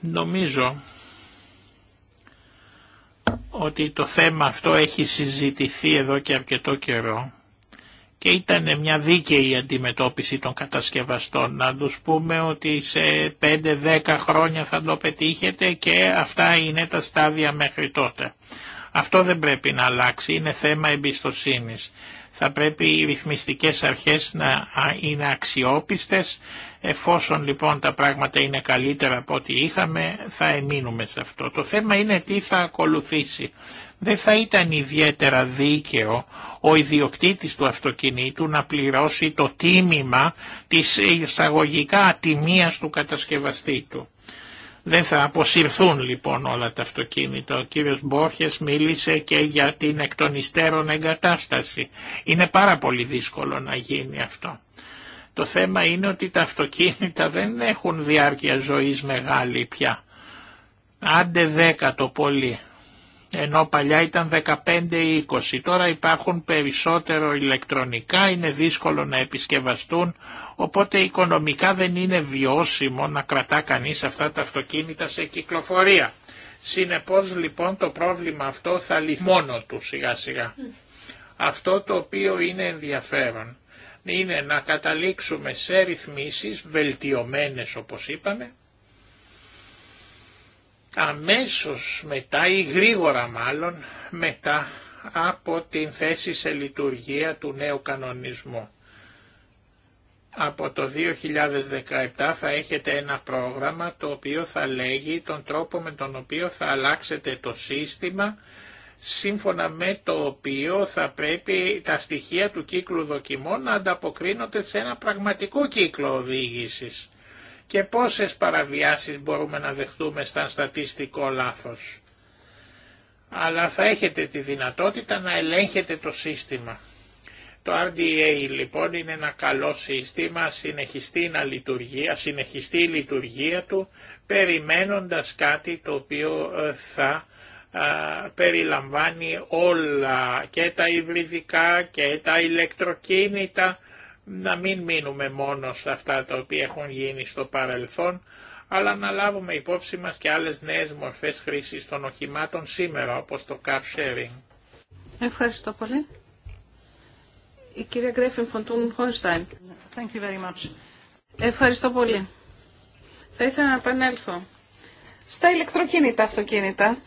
Νομίζω ότι το θέμα αυτό έχει συζητηθεί εδώ και αρκετό καιρό και ήταν μια δίκαιη αντιμετώπιση των κατασκευαστών. Να τους πούμε ότι σε 5-10 χρόνια θα το πετύχετε και αυτά είναι τα στάδια μέχρι τότε. Αυτό δεν πρέπει να αλλάξει, είναι θέμα εμπιστοσύνης. Θα πρέπει οι ρυθμιστικές αρχές να είναι αξιόπιστες. Εφόσον λοιπόν τα πράγματα είναι καλύτερα από ό,τι είχαμε, θα εμείνουμε σε αυτό. Το θέμα είναι τι θα ακολουθήσει. Δεν θα ήταν ιδιαίτερα δίκαιο ο ιδιοκτήτης του αυτοκινήτου να πληρώσει το τίμημα της εισαγωγικά ατιμίας του κατασκευαστή του. Δεν θα αποσυρθούν λοιπόν όλα τα αυτοκίνητα. Ο κύριος Μπόρχες μίλησε και για την εκ των υστέρων εγκατάσταση. Είναι πάρα πολύ δύσκολο να γίνει αυτό. Το θέμα είναι ότι τα αυτοκίνητα δεν έχουν διάρκεια ζωής μεγάλη πια. Άντε δέκα το πολύ ενώ παλιά ήταν 15 ή 20. Τώρα υπάρχουν περισσότερο ηλεκτρονικά, είναι δύσκολο να επισκευαστούν, οπότε οικονομικά δεν είναι βιώσιμο να κρατά κανείς αυτά τα αυτοκίνητα σε κυκλοφορία. Συνεπώς λοιπόν το πρόβλημα αυτό θα λυθεί μόνο του σιγά σιγά. Αυτό το οποίο είναι ενδιαφέρον είναι να καταλήξουμε σε ρυθμίσεις βελτιωμένες όπως είπαμε, αμέσως μετά ή γρήγορα μάλλον μετά από την θέση σε λειτουργία του νέου κανονισμού. Από το 2017 θα έχετε ένα πρόγραμμα το οποίο θα λέγει τον τρόπο με τον οποίο θα αλλάξετε το σύστημα σύμφωνα με το οποίο θα πρέπει τα στοιχεία του κύκλου δοκιμών να ανταποκρίνονται σε ένα πραγματικό κύκλο οδήγησης και πόσες παραβιάσεις μπορούμε να δεχτούμε σαν στατιστικό λάθος. Αλλά θα έχετε τη δυνατότητα να ελέγχετε το σύστημα. Το RDA λοιπόν είναι ένα καλό σύστημα, συνεχιστεί, να λειτουργεί, συνεχιστεί η λειτουργία του, περιμένοντας κάτι το οποίο ε, θα περιλαμβάνει όλα και τα υβριδικά και τα ηλεκτροκίνητα, να μην μείνουμε μόνο σε αυτά τα οποία έχουν γίνει στο παρελθόν, αλλά να λάβουμε υπόψη μας και άλλες νέες μορφές χρήσης των οχημάτων σήμερα, όπως το car sharing. Ευχαριστώ πολύ. Η κυρία Γκρέφιν Φοντούν Χόνσταϊν. Ευχαριστώ πολύ. Θα ήθελα να επανέλθω. Στα ηλεκτροκίνητα αυτοκίνητα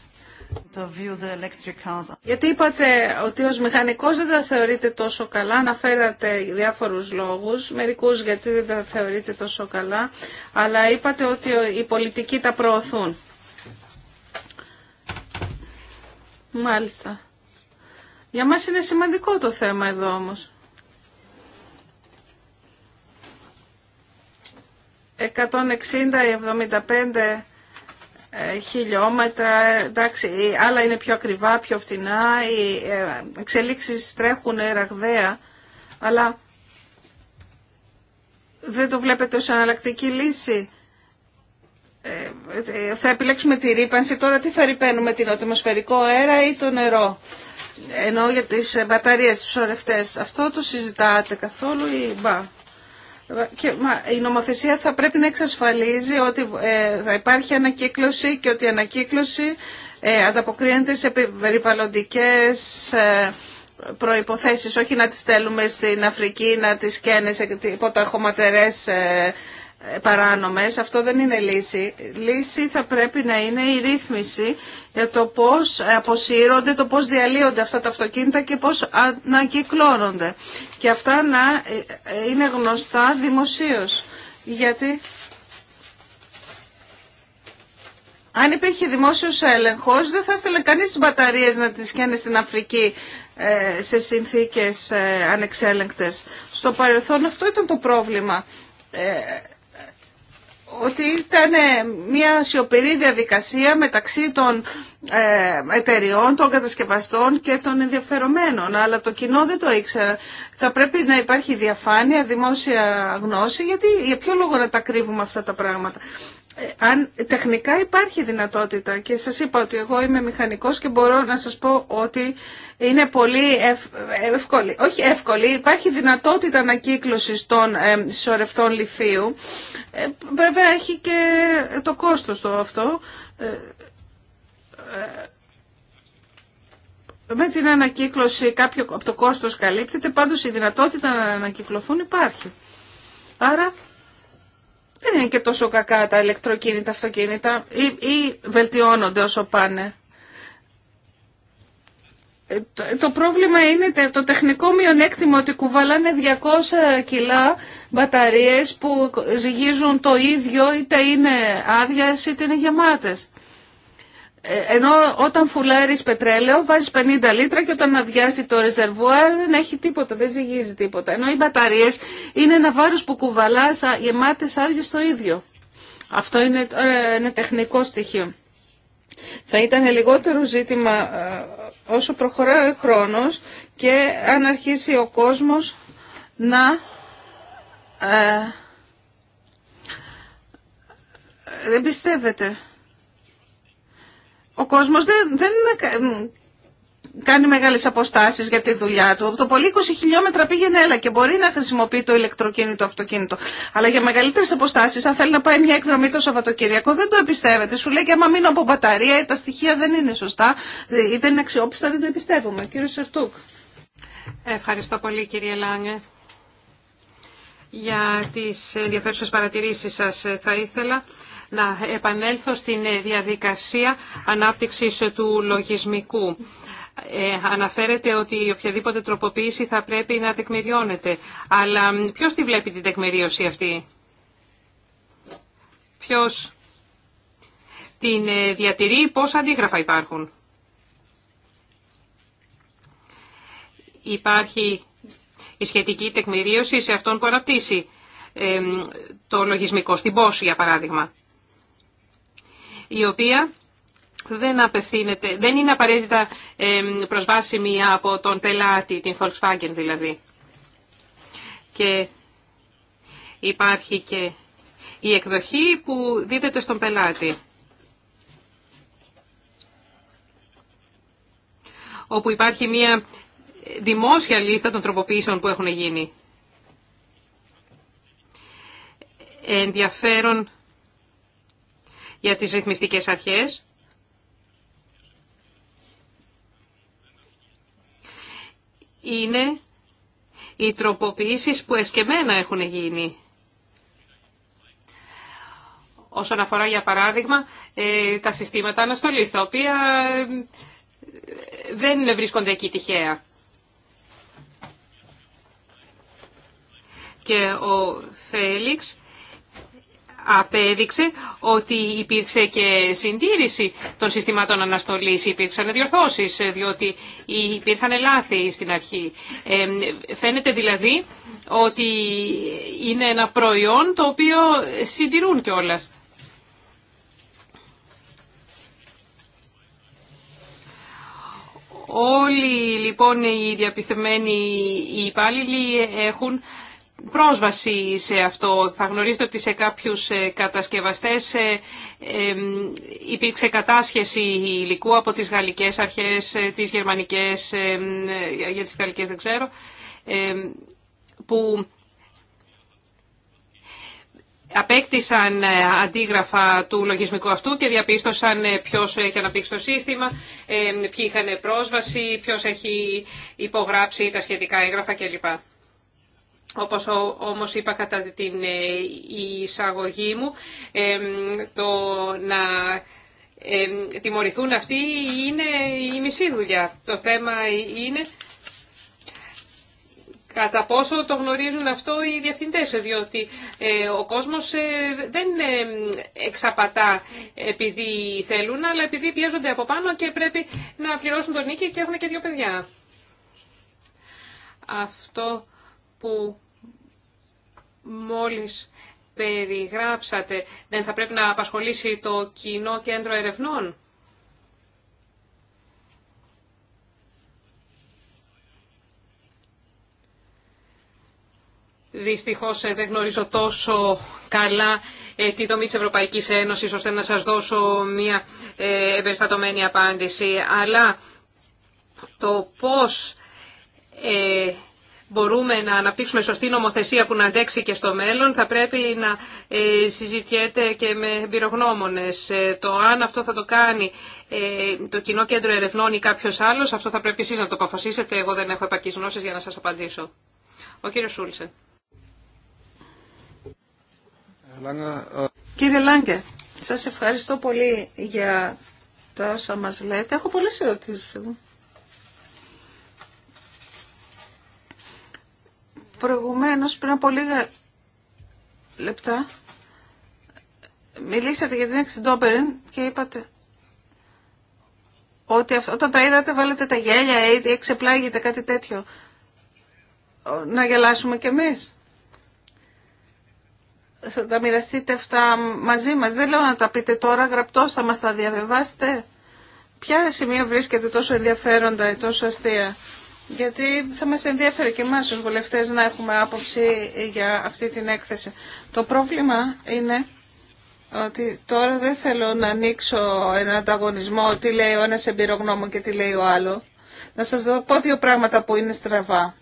γιατί είπατε ότι ως μηχανικός δεν τα θεωρείτε τόσο καλά, αναφέρατε διάφορους λόγους, μερικούς γιατί δεν τα θεωρείτε τόσο καλά, αλλά είπατε ότι οι πολιτικοί τα προωθούν. Μάλιστα. Για μας είναι σημαντικό το θέμα εδώ όμως. 160 ή 75 ε, χιλιόμετρα, εντάξει, άλλα είναι πιο ακριβά, πιο φθηνά, οι ε, εξελίξεις τρέχουν ραγδαία, αλλά δεν το βλέπετε ως αναλλακτική λύση. Ε, ε, θα επιλέξουμε τη ρήπανση, τώρα τι θα ρηπαίνουμε, την ατμοσφαιρικό αέρα ή το νερό. Ενώ για τις μπαταρίες, τις ορευτές, αυτό το συζητάτε καθόλου ή μπα η νομοθεσία θα πρέπει να εξασφαλίζει ότι ε, θα υπάρχει ανακύκλωση και ότι η ανακύκλωση ε, ανταποκρίνεται σε περιβαλλοντικές ε, προϋποθέσεις, όχι να τις στέλνουμε στην Αφρική, να τις καίνε σε τίποτα παράνομες. Αυτό δεν είναι λύση. Λύση θα πρέπει να είναι η ρύθμιση για ε, το πώς αποσύρονται, το πώς διαλύονται αυτά τα αυτοκίνητα και πώς ανακυκλώνονται. Και αυτά να ε, ε, είναι γνωστά δημοσίως. Γιατί αν υπήρχε δημόσιος έλεγχος δεν θα έστελε κανείς τις μπαταρίες να τις κάνει στην Αφρική σε συνθήκες ανεξέλεγκτες. Στο παρελθόν αυτό ήταν το πρόβλημα ότι ήταν ε, μια σιωπηρή διαδικασία μεταξύ των ε, εταιριών, των κατασκευαστών και των ενδιαφερομένων. Αλλά το κοινό δεν το ήξερα. Θα πρέπει να υπάρχει διαφάνεια, δημόσια γνώση, γιατί για ποιο λόγο να τα κρύβουμε αυτά τα πράγματα αν τεχνικά υπάρχει δυνατότητα και σας είπα ότι εγώ είμαι μηχανικός και μπορώ να σας πω ότι είναι πολύ εύκολη, όχι εύκολη, υπάρχει δυνατότητα ανακύκλωσης των ε, συσσωρευτών λιθίου. Ε, βέβαια έχει και το κόστος το αυτό. Ε, ε, με την ανακύκλωση κάποιο από το κόστος καλύπτεται, πάντως η δυνατότητα να ανακυκλωθούν υπάρχει. Άρα δεν είναι και τόσο κακά τα ηλεκτροκίνητα, αυτοκίνητα ή, βελτιώνονται όσο πάνε. Ε, το, πρόβλημα είναι το τεχνικό μειονέκτημα ότι κουβαλάνε 200 κιλά μπαταρίες που ζυγίζουν το ίδιο είτε είναι άδειας είτε είναι γεμάτες. Ε, ενώ όταν φουλάρεις πετρέλαιο βάζεις 50 λίτρα και όταν αδειάσει το ρεζερβουάρ δεν έχει τίποτα, δεν ζυγίζει τίποτα. Ενώ οι μπαταρίες είναι ένα βάρος που κουβαλάς γεμάτες άδειες το ίδιο. Αυτό είναι ε, ένα τεχνικό στοιχείο. Θα ήταν λιγότερο ζήτημα ε, όσο προχωράει ο χρόνος και αν αρχίσει ο κόσμος να δεν πιστεύετε ο κόσμος δεν, δεν κάνει μεγάλες αποστάσεις για τη δουλειά του. Από το πολύ 20 χιλιόμετρα πήγαινε έλα και μπορεί να χρησιμοποιεί το ηλεκτροκίνητο αυτοκίνητο. Αλλά για μεγαλύτερες αποστάσεις, αν θέλει να πάει μια εκδρομή το Σαββατοκύριακο, δεν το εμπιστεύεται. Σου λέει και άμα μείνω από μπαταρία, τα στοιχεία δεν είναι σωστά ή δεν είναι αξιόπιστα, δεν το εμπιστεύομαι. Κύριε Σερτούκ. Ευχαριστώ πολύ κύριε Λάνε. για τις ενδιαφέρουσες παρατηρήσεις σας. Ε, θα ήθελα να επανέλθω στην ε, διαδικασία ανάπτυξης του λογισμικού. Ε, αναφέρεται ότι οποιαδήποτε τροποποίηση θα πρέπει να τεκμηριώνεται. Αλλά ποιος τη βλέπει την τεκμηρίωση αυτή. Ποιος την ε, διατηρεί, πόσα αντίγραφα υπάρχουν. Υπάρχει η σχετική τεκμηρίωση σε αυτόν που αναπτύσσει ε, το λογισμικό, στην Πόση για παράδειγμα η οποία δεν, απευθύνεται, δεν είναι απαραίτητα προσβάσιμη από τον πελάτη, την Volkswagen δηλαδή. Και υπάρχει και η εκδοχή που δίδεται στον πελάτη. όπου υπάρχει μια δημόσια λίστα των τροποποιήσεων που έχουν γίνει. Ενδιαφέρον για τις ρυθμιστικές αρχές. Είναι οι τροποποιήσεις που εσκεμένα έχουν γίνει. Όσον αφορά, για παράδειγμα, ε, τα συστήματα αναστολής, τα οποία ε, δεν βρίσκονται εκεί τυχαία. Και ο Φέλιξ απέδειξε ότι υπήρξε και συντήρηση των συστημάτων αναστολής, υπήρξαν διορθώσεις, ε, διότι υπήρχαν λάθη στην αρχή. Ε, φαίνεται δηλαδή ότι είναι ένα προϊόν το οποίο συντηρούν κιόλα. Όλοι λοιπόν οι διαπιστευμένοι οι υπάλληλοι έχουν πρόσβαση σε αυτό. Θα γνωρίζετε ότι σε κάποιους ε, κατασκευαστές ε, υπήρξε κατάσχεση υλικού από τις γαλλικές αρχές, ε, τις γερμανικές, για τις γαλλικές δεν ξέρω, που απέκτησαν αντίγραφα του λογισμικού αυτού και διαπίστωσαν ποιος έχει αναπτύξει το σύστημα, ποιοι είχαν πρόσβαση, ποιος έχει υπογράψει τα σχετικά έγγραφα κλπ. Όπως όμως είπα κατά την ε, εισαγωγή μου, το να τιμωρηθούν αυτοί είναι η μισή δουλειά. Το θέμα είναι κατά πόσο το γνωρίζουν αυτό οι διευθυντές, διότι ε, ο κόσμος ε, δεν εξαπατά επειδή θέλουν, αλλά επειδή πιέζονται από πάνω και πρέπει να πληρώσουν τον νίκη και έχουν και δύο παιδιά. Αυτό που μόλις περιγράψατε δεν θα πρέπει να απασχολήσει το κοινό κέντρο ερευνών. Δυστυχώς ε, δεν γνωρίζω τόσο καλά ε, τη δομή της Ευρωπαϊκής Ένωσης ώστε να σας δώσω μια ε, εμπεριστατωμένη απάντηση. Αλλά το πώς μπορούμε να αναπτύξουμε σωστή νομοθεσία που να αντέξει και στο μέλλον, θα πρέπει να ε, συζητιέται και με εμπειρογνώμονες. Ε, το αν αυτό θα το κάνει ε, το Κοινό Κέντρο Ερευνών ή κάποιος άλλος, αυτό θα πρέπει εσείς να το αποφασίσετε. Εγώ δεν έχω επαρκείς γνώσεις για να σας απαντήσω. Ο κύριος Σούλσε. Κύριε Λάγκε, σας ευχαριστώ πολύ για τα όσα μας λέτε. Έχω πολλές ερωτήσεις Προηγουμένως, πριν από λίγα λεπτά, μιλήσατε για την εξιντόπερν και είπατε ότι αυτό, όταν τα είδατε βάλετε τα γέλια ή εξεπλάγετε κάτι τέτοιο. Να γελάσουμε κι εμείς. Θα τα μοιραστείτε αυτά μαζί μας. Δεν λέω να τα πείτε τώρα, γραπτός θα μας τα διαβεβάσετε. Ποια σημεία βρίσκεται τόσο ενδιαφέροντα ή τόσο αστεία γιατί θα μας ενδιαφέρει και εμάς ως βουλευτές να έχουμε άποψη για αυτή την έκθεση. Το πρόβλημα είναι ότι τώρα δεν θέλω να ανοίξω έναν ανταγωνισμό, τι λέει ο ένας εμπειρογνώμων και τι λέει ο άλλο. Να σας πω δύο πράγματα που είναι στραβά.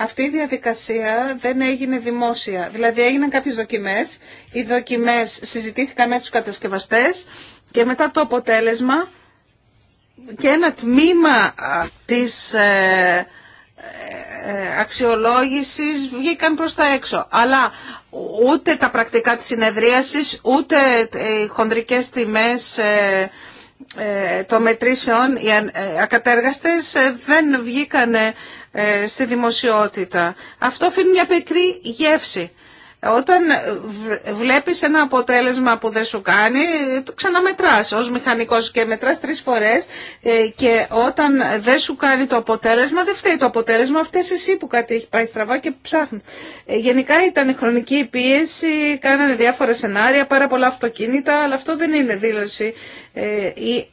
Αυτή η διαδικασία δεν έγινε δημόσια. Δηλαδή έγιναν κάποιες δοκιμές, οι δοκιμές συζητήθηκαν με τους κατασκευαστές και μετά το αποτέλεσμα και ένα τμήμα της ε, ε, αξιολόγησης βγήκαν προς τα έξω. Αλλά ούτε τα πρακτικά της συνεδρίασης, ούτε ε, οι χοντρικές τιμές των μετρήσεων, οι ακατέργαστες δεν βγήκαν στη δημοσιότητα. Αυτό αφήνει μια πικρή γεύση. Όταν βλέπεις ένα αποτέλεσμα που δεν σου κάνει, το ξαναμετράς ως μηχανικός και μετράς τρεις φορές ε, και όταν δεν σου κάνει το αποτέλεσμα, δεν φταίει το αποτέλεσμα, αυτέ εσύ που κάτι έχει πάει στραβά και ψάχνεις. Ε, γενικά ήταν η χρονική πίεση, κάνανε διάφορα σενάρια, πάρα πολλά αυτοκίνητα, αλλά αυτό δεν είναι δήλωση. Ε, η...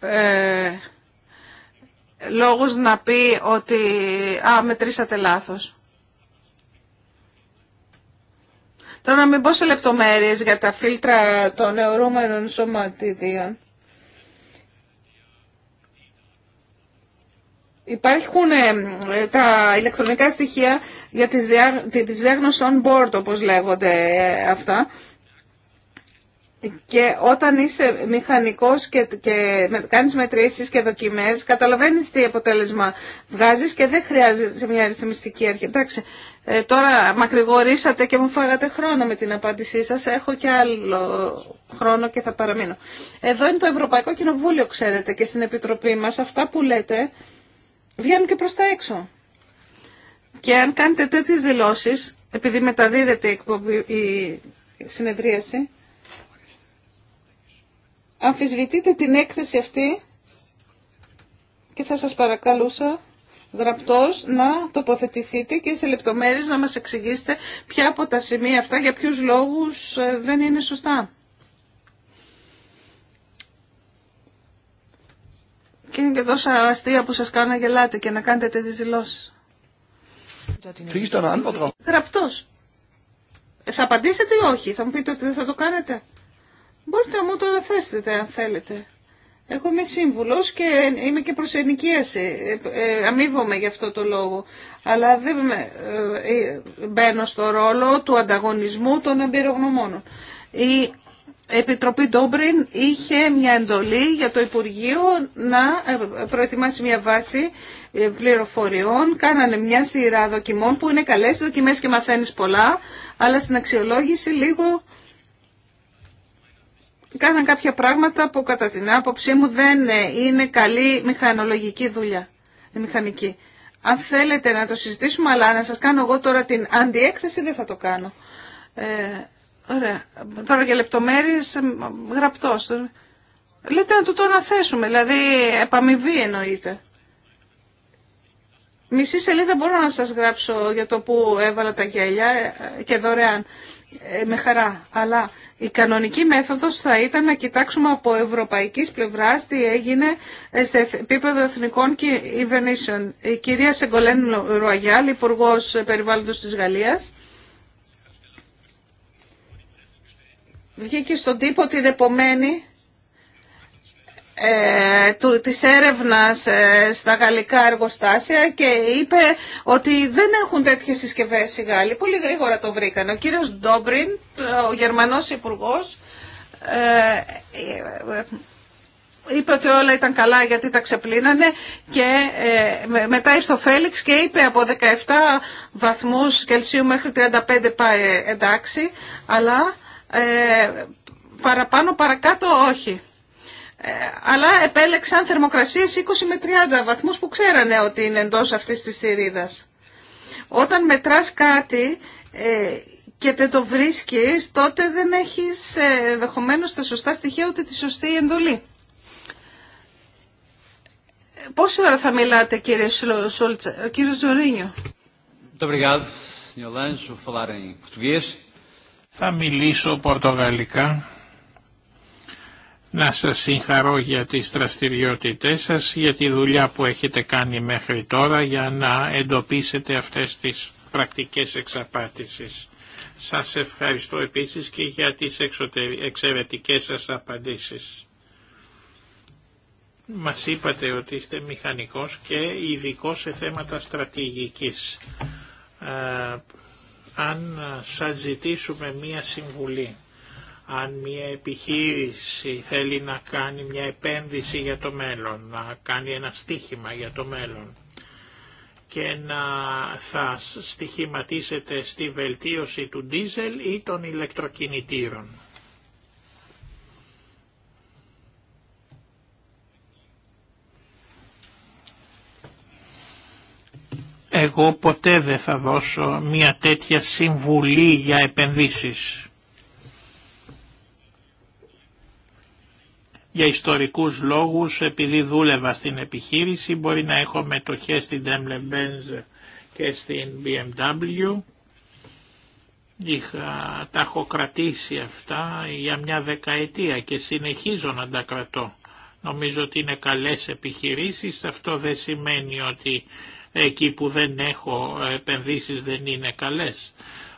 Ε... να πει ότι α, μετρήσατε λάθος. Τώρα να μην πω σε λεπτομέρειες για τα φίλτρα των νεωρούμενων σωματιδίων. Υπάρχουν ε, τα ηλεκτρονικά στοιχεία για τις, διά, τις on board, όπως λέγονται ε, αυτά, και όταν είσαι μηχανικός και, και κάνεις μετρήσεις και δοκιμές, καταλαβαίνεις τι αποτέλεσμα βγάζεις και δεν χρειάζεται μια ρυθμιστική αρχή. Εντάξει, ε, τώρα μακρηγορήσατε και μου φάγατε χρόνο με την απάντησή σας. Έχω και άλλο χρόνο και θα παραμείνω. Εδώ είναι το Ευρωπαϊκό Κοινοβούλιο, ξέρετε, και στην Επιτροπή μας αυτά που λέτε βγαίνουν και προς τα έξω. Και αν κάνετε τέτοιες δηλώσεις, επειδή μεταδίδεται η συνεδρίαση, αμφισβητείτε την έκθεση αυτή και θα σας παρακαλούσα γραπτός να τοποθετηθείτε και σε λεπτομέρειες να μας εξηγήσετε ποια από τα σημεία αυτά για ποιους λόγους ε, δεν είναι σωστά. Και είναι και τόσα αστεία που σας κάνω να γελάτε και να κάνετε τέτοιες δηλώσεις. Γραπτός. Ε, θα απαντήσετε ή όχι, θα μου πείτε ότι δεν θα το κάνετε. Μπορείτε να μου το αναθέσετε αν θέλετε. Εγώ είμαι σύμβουλο και είμαι και προς ενοικίαση. Ε, ε, αμείβομαι γι' αυτό το λόγο. Αλλά δεν ε, μπαίνω στο ρόλο του ανταγωνισμού των εμπειρογνωμόνων. Η Επιτροπή Ντόμπριν είχε μια εντολή για το Υπουργείο να προετοιμάσει μια βάση πληροφοριών. Κάνανε μια σειρά δοκιμών που είναι καλές δοκιμές και μαθαίνεις πολλά, αλλά στην αξιολόγηση λίγο κάναν κάποια πράγματα που κατά την άποψή μου δεν είναι καλή μηχανολογική δουλειά, μηχανική. Αν θέλετε να το συζητήσουμε, αλλά να σας κάνω εγώ τώρα την αντιέκθεση, δεν θα το κάνω. Ε, ωραία. Τώρα για λεπτομέρειες, γραπτός. Λέτε να το τώρα θέσουμε, δηλαδή επαμοιβή εννοείται. Μισή σελίδα μπορώ να σας γράψω για το που έβαλα τα γυαλιά ε, ε, και δωρεάν. Ε, με χαρά. Αλλά η κανονική μέθοδος θα ήταν να κοιτάξουμε από ευρωπαϊκής πλευράς τι έγινε ε, σε επίπεδο εθνικών κυβερνήσεων. Η κυρία Σεγκολέν Ρουαγιάλ, υπουργό Περιβάλλοντος της Γαλλίας, βγήκε στον τύπο την επομένη ε, του, της έρευνας ε, στα γαλλικά εργοστάσια και είπε ότι δεν έχουν τέτοιες συσκευές οι Γάλλοι. Πολύ γρήγορα το βρήκαν. Ο κύριος Ντόμπριν, ο Γερμανός Υπουργός, ε, είπε ότι όλα ήταν καλά γιατί τα ξεπλύνανε και μετά ήρθε ο Φέληξ και είπε από 17 βαθμούς Κελσίου μέχρι 35 πάει εντάξει, αλλά παραπάνω παρακάτω όχι. Ε, αλλά επέλεξαν θερμοκρασίες 20 με 30 βαθμούς που ξέρανε ότι είναι εντός αυτή τη θηρίδας. Όταν μετράς κάτι ε, και δεν το βρίσκεις, τότε δεν έχεις ε, ενδεχομένω τα σωστά στοιχεία ούτε τη σωστή εντολή. Πόση ώρα θα μιλάτε κύριε Σόλτσα, ο κύριος Ζωρίνιο. Θα μιλήσω πορτογαλικά να σας συγχαρώ για τις δραστηριότητε σας, για τη δουλειά που έχετε κάνει μέχρι τώρα για να εντοπίσετε αυτές τις πρακτικές εξαπάτησης. Σας ευχαριστώ επίσης και για τις εξαιρετικές σας απαντήσεις. Μας είπατε ότι είστε μηχανικός και ειδικό σε θέματα στρατηγικής. Ε, αν σας ζητήσουμε μία συμβουλή αν μια επιχείρηση θέλει να κάνει μια επένδυση για το μέλλον, να κάνει ένα στοίχημα για το μέλλον και να θα στοιχηματίσετε στη βελτίωση του ντίζελ ή των ηλεκτροκινητήρων. Εγώ ποτέ δεν θα δώσω μια τέτοια συμβουλή για επενδύσεις. Για ιστορικούς λόγους, επειδή δούλευα στην επιχείρηση, μπορεί να έχω μετοχές στην Daimler Benz και στην BMW. Είχα, τα έχω κρατήσει αυτά για μια δεκαετία και συνεχίζω να τα κρατώ. Νομίζω ότι είναι καλές επιχειρήσεις, αυτό δεν σημαίνει ότι εκεί που δεν έχω επενδύσεις δεν είναι καλές.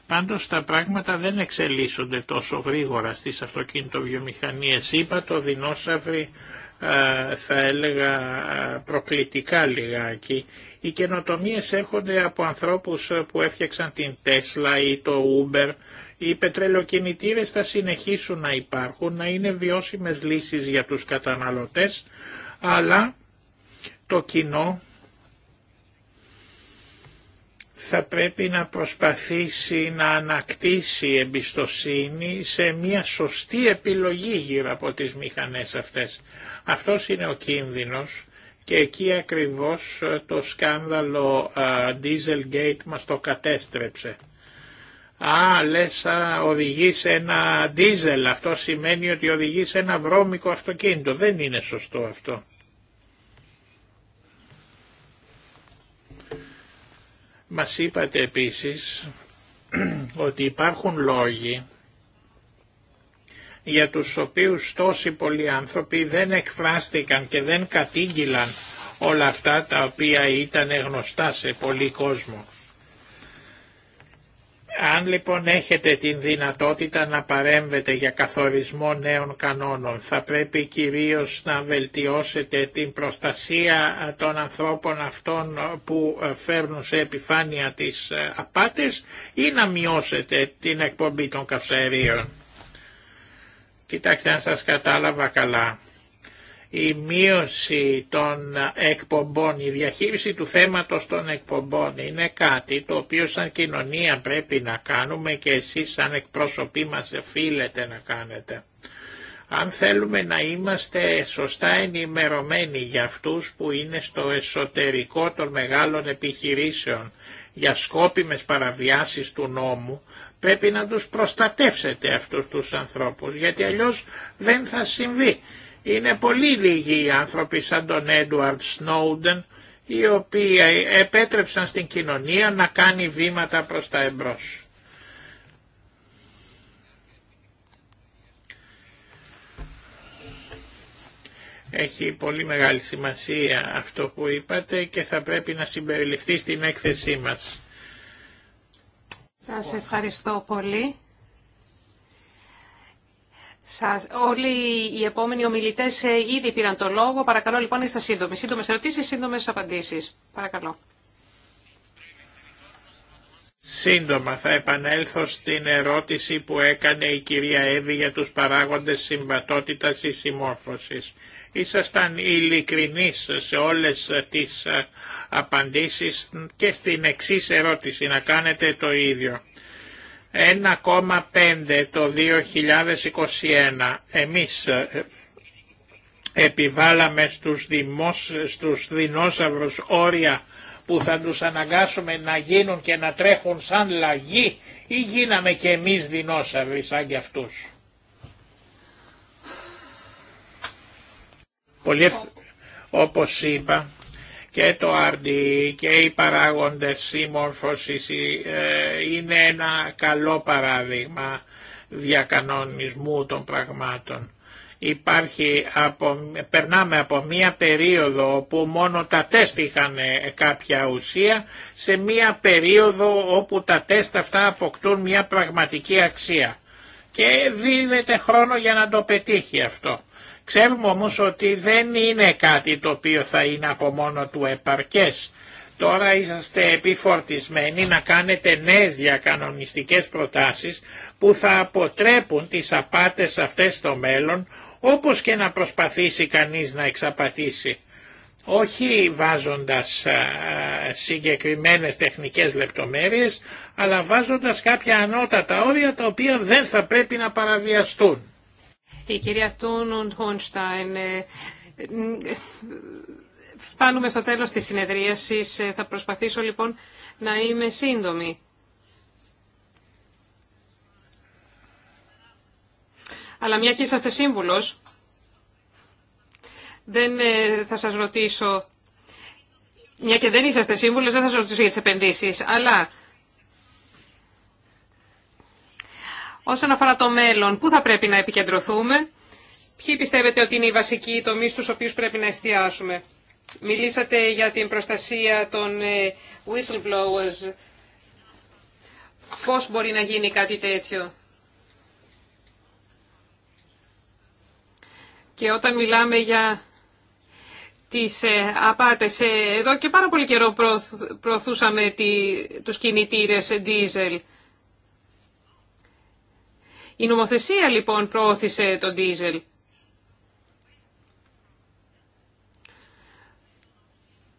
Πάντως τα πράγματα δεν εξελίσσονται τόσο γρήγορα στις αυτοκινητοβιομηχανίες. Είπα το δεινόσαυρη ε, θα έλεγα ε, προκλητικά λιγάκι. Οι καινοτομίε έρχονται από ανθρώπους ε, που έφτιαξαν την Τέσλα ή το Uber. Οι πετρελοκινητήρες θα συνεχίσουν να υπάρχουν, να είναι βιώσιμες λύσεις για τους καταναλωτές, αλλά το κοινό θα πρέπει να προσπαθήσει να ανακτήσει εμπιστοσύνη σε μια σωστή επιλογή γύρω από τις μηχανές αυτές. Αυτός είναι ο κίνδυνος και εκεί ακριβώς ε, το σκάνδαλο ε, Dieselgate μας το κατέστρεψε. Α, λες, α, οδηγείς ένα δίζελ, αυτό σημαίνει ότι οδηγείς ένα βρώμικο αυτοκίνητο. Δεν είναι σωστό αυτό. Μας είπατε επίσης ότι υπάρχουν λόγοι για τους οποίους τόσοι πολλοί άνθρωποι δεν εκφράστηκαν και δεν κατήγγυλαν όλα αυτά τα οποία ήταν γνωστά σε πολύ κόσμο. Αν λοιπόν έχετε την δυνατότητα να παρέμβετε για καθορισμό νέων κανόνων, θα πρέπει κυρίως να βελτιώσετε την προστασία ε, των ανθρώπων αυτών ε, που ε, φέρνουν σε επιφάνεια τις απάτες ή να μειώσετε την εκπομπή των καυσαερίων. Κοιτάξτε αν σας κατάλαβα καλά η μείωση των εκπομπών, η διαχείριση του θέματος των εκπομπών είναι κάτι το οποίο σαν κοινωνία πρέπει να κάνουμε και εσείς σαν εκπρόσωποι μας φίλετε να κάνετε. Αν θέλουμε να είμαστε σωστά ενημερωμένοι για αυτούς που είναι στο εσωτερικό των μεγάλων επιχειρήσεων για σκόπιμες παραβιάσεις του νόμου, πρέπει να τους προστατεύσετε αυτούς τους ανθρώπους, γιατί αλλιώς δεν θα συμβεί. Είναι πολύ λίγοι οι άνθρωποι σαν τον Έντουάρτ Σνόουντεν οι οποίοι ε, επέτρεψαν στην κοινωνία να κάνει βήματα προς τα εμπρός. Έχει πολύ μεγάλη σημασία αυτό που είπατε και θα πρέπει να συμπεριληφθεί στην έκθεσή μας. Σας ευχαριστώ πολύ. Σας, όλοι οι επόμενοι ομιλητές ε, ήδη πήραν το λόγο. Παρακαλώ λοιπόν είστε σύντομοι. Σύντομες ερωτήσεις, σύντομες απαντήσεις. Παρακαλώ. Σύντομα θα επανέλθω στην ερώτηση που έκανε η κυρία Εύη για τους παράγοντες συμβατότητας ή συμμόρφωσης. Ήσασταν ειλικρινείς σε όλες τις ε, απαντήσεις και στην εξής ερώτηση να κάνετε το ίδιο. 1,5 το 2021 εμείς ε, επιβάλαμε στους, δημόσ, στους δεινόσαυρους όρια που θα τους αναγκάσουμε να γίνουν και να τρέχουν σαν λαγί, ή γίναμε και εμείς δεινόσαυροι σαν κι αυτούς. Όπως είπα, και το RDE και οι παράγοντες σύμμορφωσης ε, είναι ένα καλό παράδειγμα διακανονισμού των πραγμάτων. Υπάρχει περνάμε από μία περίοδο όπου μόνο τα τεστ είχαν ε, κάποια ουσία σε μία περίοδο όπου τα τεστ αυτά αποκτούν μία πραγματική αξία. Και δίνεται χρόνο για να το πετύχει αυτό. Ξέρουμε όμως ότι δεν είναι κάτι το οποίο θα είναι από μόνο του επαρκές. Τώρα είσαστε επιφορτισμένοι να κάνετε νέες διακανονιστικές προτάσεις που θα αποτρέπουν τις απάτες αυτές στο μέλλον όπως και να προσπαθήσει κανείς να εξαπατήσει. Όχι βάζοντας συγκεκριμένες τεχνικές λεπτομέρειες, αλλά βάζοντας κάποια ανώτατα όρια τα οποία δεν θα πρέπει να παραβιαστούν η κυρία Τούνουν Χόνσταϊν, ε, Φτάνουμε στο τέλος της συνεδρίασης. Ε, θα προσπαθήσω λοιπόν να είμαι σύντομη. Αλλά μια και είσαστε σύμβουλος, δεν ε, θα σας ρωτήσω, μια και δεν είσαστε σύμβουλος, δεν θα σας ρωτήσω για τις επενδύσεις, αλλά Όσον αφορά το μέλλον, πού θα πρέπει να επικεντρωθούμε, ποιοι πιστεύετε ότι είναι οι βασικοί τομεί στους οποίους πρέπει να εστιάσουμε. Μιλήσατε για την προστασία των ε, whistleblowers. Πώς μπορεί να γίνει κάτι τέτοιο. Και όταν μιλάμε για τις ε, απάτες, ε, εδώ και πάρα πολύ καιρό προωθούσαμε τους κινητήρες diesel. Η νομοθεσία λοιπόν προώθησε τον ντίζελ.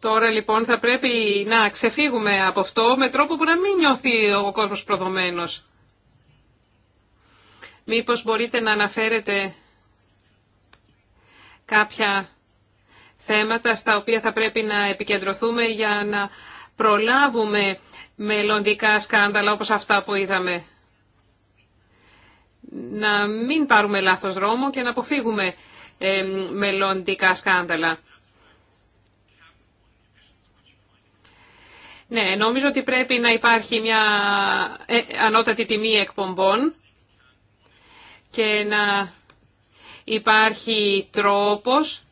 Τώρα λοιπόν θα πρέπει να ξεφύγουμε από αυτό με τρόπο που να μην νιώθει ο κόσμος προδομένος. Μήπως μπορείτε να αναφέρετε κάποια θέματα στα οποία θα πρέπει να επικεντρωθούμε για να προλάβουμε μελλοντικά σκάνδαλα όπως αυτά που είδαμε να μην πάρουμε λάθος δρόμο και να αποφύγουμε μελλοντικά σκάνδαλα. Ναι, νομίζω ότι πρέπει να υπάρχει μια ε, ανώτατη τιμή εκπομπών και να υπάρχει τρόπος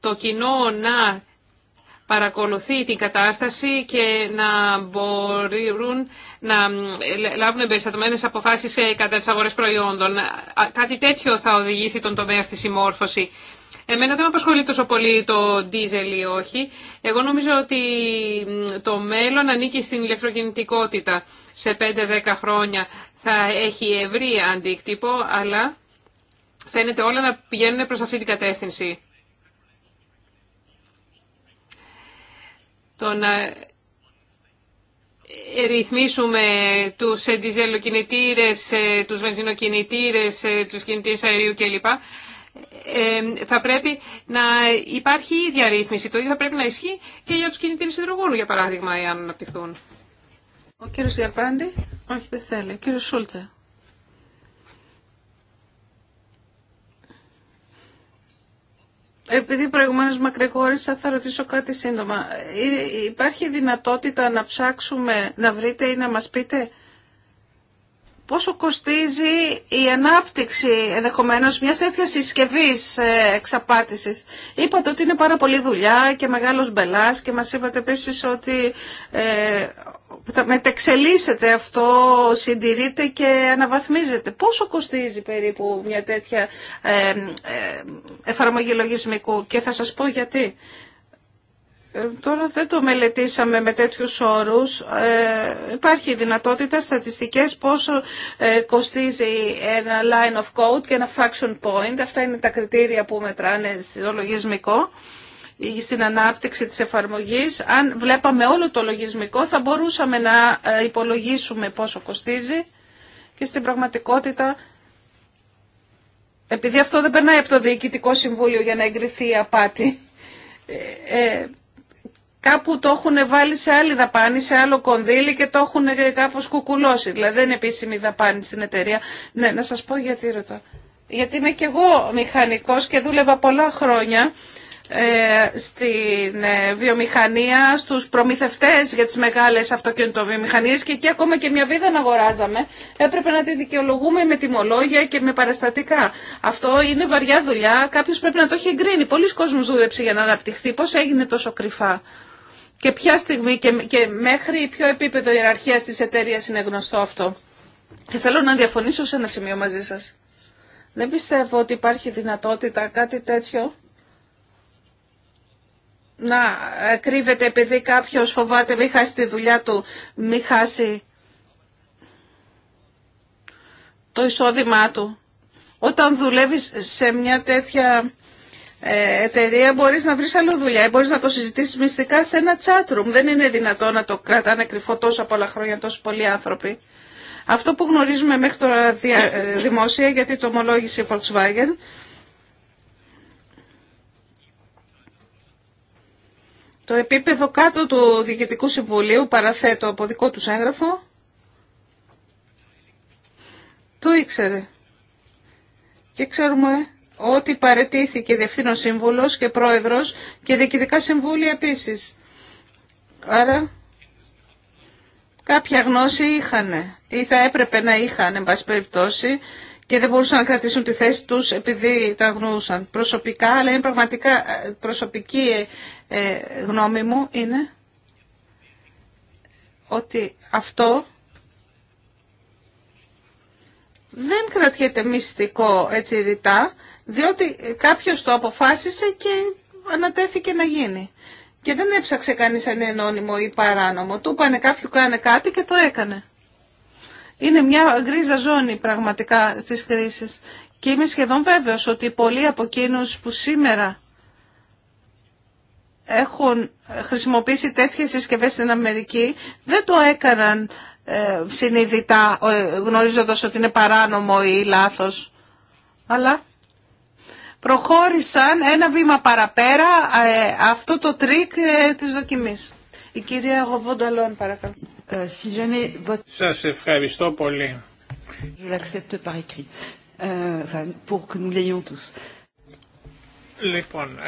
το κοινό να παρακολουθεί την κατάσταση και να μπορούν να λάβουν εμπεριστατωμένε αποφάσει ε, κατά τι αγορέ προϊόντων. Κάτι τέτοιο θα οδηγήσει τον τομέα στη συμμόρφωση. Εμένα δεν με απασχολεί τόσο πολύ το ντίζελ ή όχι. Εγώ νομίζω ότι το μέλλον ανήκει στην ηλεκτροκινητικότητα. Σε 5-10 χρόνια θα έχει ευρύ αντίκτυπο, αλλά φαίνεται όλα να πηγαίνουν προς αυτή την κατεύθυνση. Το να ρυθμίσουμε τους διζελοκινητήρες, ε, τους βενζινοκινητήρες, ε, τους κινητήρες αερίου κλπ. Ε, θα πρέπει να υπάρχει η ίδια ρύθμιση. Το ίδιο θα πρέπει να ισχύει και για τους κινητήρες υδρογόνου, για παράδειγμα, εάν αναπτυχθούν. Ο κύριος Γιαρπάντη, όχι δεν θέλει. Ο κύριος Σούλτσε. Επειδή προηγουμένως μακρηγόρησα, θα ρωτήσω κάτι σύντομα. Ε, υπάρχει δυνατότητα να ψάξουμε, να βρείτε ή να μας πείτε πόσο κοστίζει η ανάπτυξη ενδεχομένω μια τέτοια συσκευή ε, εξαπάτησης. Είπατε ότι είναι πάρα πολλή δουλειά και μεγάλο μπελά και μα είπατε επίση ότι ε, μετεξελίσσεται αυτό, συντηρείται και αναβαθμίζεται. Πόσο κοστίζει περίπου μια τέτοια ε, ε εφαρμογή λογισμικού και θα σας πω γιατί. Ε, τώρα δεν το μελετήσαμε με τέτοιους όρους. Ε, υπάρχει δυνατότητα στατιστικές πόσο ε, κοστίζει ένα line of code και ένα faction point. Αυτά είναι τα κριτήρια που μετράνε στο λογισμικό στην ανάπτυξη της εφαρμογής. Αν βλέπαμε όλο το λογισμικό θα μπορούσαμε να ε, υπολογίσουμε πόσο κοστίζει και στην πραγματικότητα επειδή αυτό δεν περνάει από το Διοικητικό Συμβούλιο για να εγκριθεί η απάτη, ε, κάπου το έχουν βάλει σε άλλη δαπάνη, σε άλλο κονδύλι και το έχουν κάπως κουκουλώσει. Δηλαδή δεν είναι επίσημη δαπάνη στην εταιρεία. Ναι, να σας πω γιατί ρωτάω. Γιατί είμαι κι εγώ μηχανικός και δούλευα πολλά χρόνια ε, στην ε, βιομηχανία, στους προμηθευτές για τις μεγάλες αυτοκινητοβιομηχανίες και εκεί ακόμα και μια βίδα να αγοράζαμε έπρεπε να τη δικαιολογούμε με τιμολόγια και με παραστατικά. Αυτό είναι βαριά δουλειά, κάποιος πρέπει να το έχει εγκρίνει. Πολλοί κόσμος δούλεψε για να αναπτυχθεί. Πώς έγινε τόσο κρυφά και ποια στιγμή και, και μέχρι ποιο επίπεδο ιεραρχία της εταιρεία είναι γνωστό αυτό. Και θέλω να διαφωνήσω σε ένα σημείο μαζί σας. Δεν πιστεύω ότι υπάρχει δυνατότητα κάτι τέτοιο να κρύβεται επειδή κάποιος φοβάται μη χάσει τη δουλειά του, μη χάσει το εισόδημά του. Όταν δουλεύεις σε μια τέτοια ε, εταιρεία μπορείς να βρεις άλλο δουλειά ή μπορείς να το συζητήσεις μυστικά σε ένα τσάτρουμ Δεν είναι δυνατό να το κρατάνε κρυφό τόσα πολλά χρόνια τόσο πολλοί άνθρωποι. Αυτό που γνωρίζουμε μέχρι τώρα ε, δημόσια, γιατί το ομολόγησε η Volkswagen, το επίπεδο κάτω του Διοικητικού Συμβουλίου, παραθέτω από δικό τους έγγραφο, το ήξερε. Και ξέρουμε ότι παρετήθηκε διευθύνων σύμβουλος και πρόεδρος και διοικητικά συμβούλια επίσης. Άρα κάποια γνώση είχαν ή θα έπρεπε να είχαν, εν πάση περιπτώσει, και δεν μπορούσαν να κρατήσουν τη θέση τους επειδή τα γνώσαν προσωπικά, αλλά είναι πραγματικά ε, προσωπική ε, ε, γνώμη μου είναι ότι αυτό δεν κρατιέται μυστικό έτσι ρητά, διότι ε, κάποιος το αποφάσισε και ανατέθηκε να γίνει. Και δεν έψαξε κανείς αν είναι ενώνυμο ή παράνομο. Του είπανε κάποιου κάνε κάτι και το έκανε. Είναι μια γκρίζα ζώνη πραγματικά στις κρίσεις. Και είμαι σχεδόν βέβαιος ότι πολλοί από εκείνους που σήμερα έχουν χρησιμοποιήσει τέτοιες συσκευέ στην Αμερική δεν το έκαναν ε, συνειδητά ε, γνωρίζοντας ότι είναι παράνομο ή λάθος. Αλλά προχώρησαν ένα βήμα παραπέρα ε, αυτό το τρίκ ε, της δοκιμής. Η κυρία Γοβονταλόν παρακαλώ. Ε, Σας ευχαριστώ πολύ. Λοιπόν,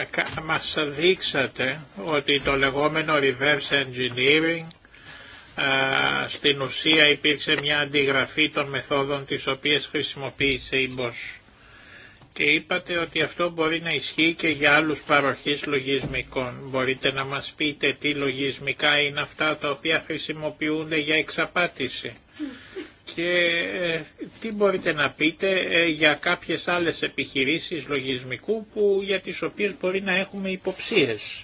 μας δείξατε ότι το λεγόμενο reverse engineering στην ουσία υπήρξε μια αντιγραφή των μεθόδων τις οποίες χρησιμοποίησε η Bosch και είπατε ότι αυτό μπορεί να ισχύει και για άλλους παροχείς λογισμικών. Μπορείτε να μας πείτε τι λογισμικά είναι αυτά τα οποία χρησιμοποιούνται για εξαπάτηση. Και ε, τι μπορείτε να πείτε ε, για κάποιες άλλες επιχειρήσεις λογισμικού που, για τις οποίες μπορεί να έχουμε υποψίες.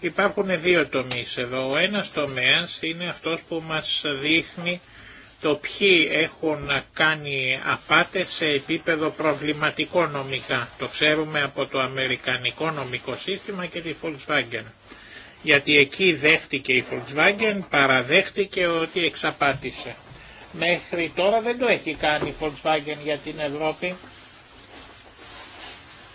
Υπάρχουν δύο τομείς εδώ. Ο ένας τομέας είναι αυτός που μας δείχνει το ποιοι έχουν κάνει απάτες σε επίπεδο προβληματικό νομικά. Το ξέρουμε από το αμερικανικό νομικό σύστημα και τη Volkswagen. Γιατί εκεί δέχτηκε η Volkswagen, παραδέχτηκε ότι εξαπάτησε. Μέχρι τώρα δεν το έχει κάνει η Volkswagen για την Ευρώπη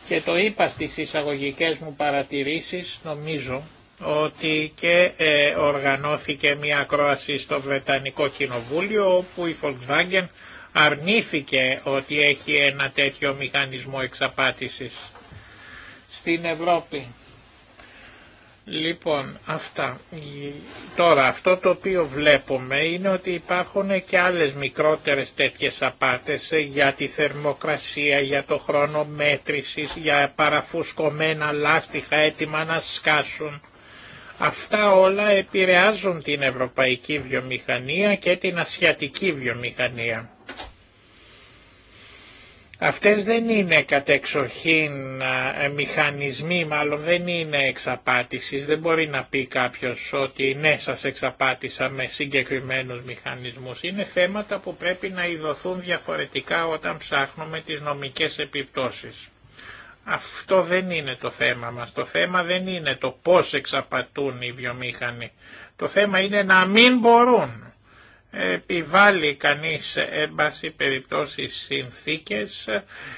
και το είπα στις εισαγωγικές μου παρατηρήσεις, νομίζω, ότι και ε, οργανώθηκε μια ακρόαση στο Βρετανικό Κοινοβούλιο όπου η Volkswagen αρνήθηκε ότι έχει ένα τέτοιο μηχανισμό εξαπάτησης στην Ευρώπη. Λοιπόν, αυτά. Τώρα, αυτό το οποίο βλέπουμε είναι ότι υπάρχουν και άλλες μικρότερες τέτοιες απάτες για τη θερμοκρασία, για το χρόνο μέτρησης, για παραφουσκωμένα λάστιχα έτοιμα να σκάσουν Αυτά όλα επηρεάζουν την ευρωπαϊκή βιομηχανία και την ασιατική βιομηχανία. Αυτές δεν είναι κατεξοχήν μηχανισμοί, μάλλον δεν είναι εξαπάτησης. Δεν μπορεί να πει κάποιος ότι ναι σας εξαπάτησα με συγκεκριμένους μηχανισμούς. Είναι θέματα που πρέπει να ειδωθούν διαφορετικά όταν ψάχνουμε τις νομικές επιπτώσεις. Αυτό δεν είναι το θέμα μας. Το θέμα δεν είναι το πώς εξαπατούν οι βιομήχανοι. Το θέμα είναι να μην μπορούν. Επιβάλλει κανείς έμπαση περιπτώσει συνθήκες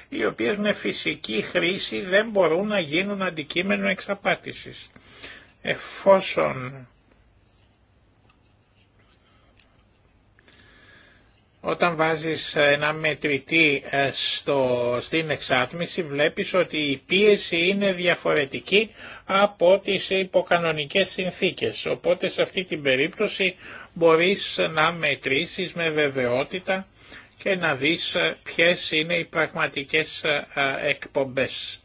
οι οποίες με φυσική χρήση δεν μπορούν να γίνουν αντικείμενο εξαπάτησης. Εφόσον Όταν βάζεις ε, ένα μετρητή ε, στο, στην εξάτμιση βλέπεις ότι η πίεση είναι διαφορετική από τις υποκανονικές συνθήκες. Οπότε σε αυτή την περίπτωση μπορείς να μετρήσεις με βεβαιότητα και να δεις ε, ποιες είναι οι πραγματικές εκπομπές.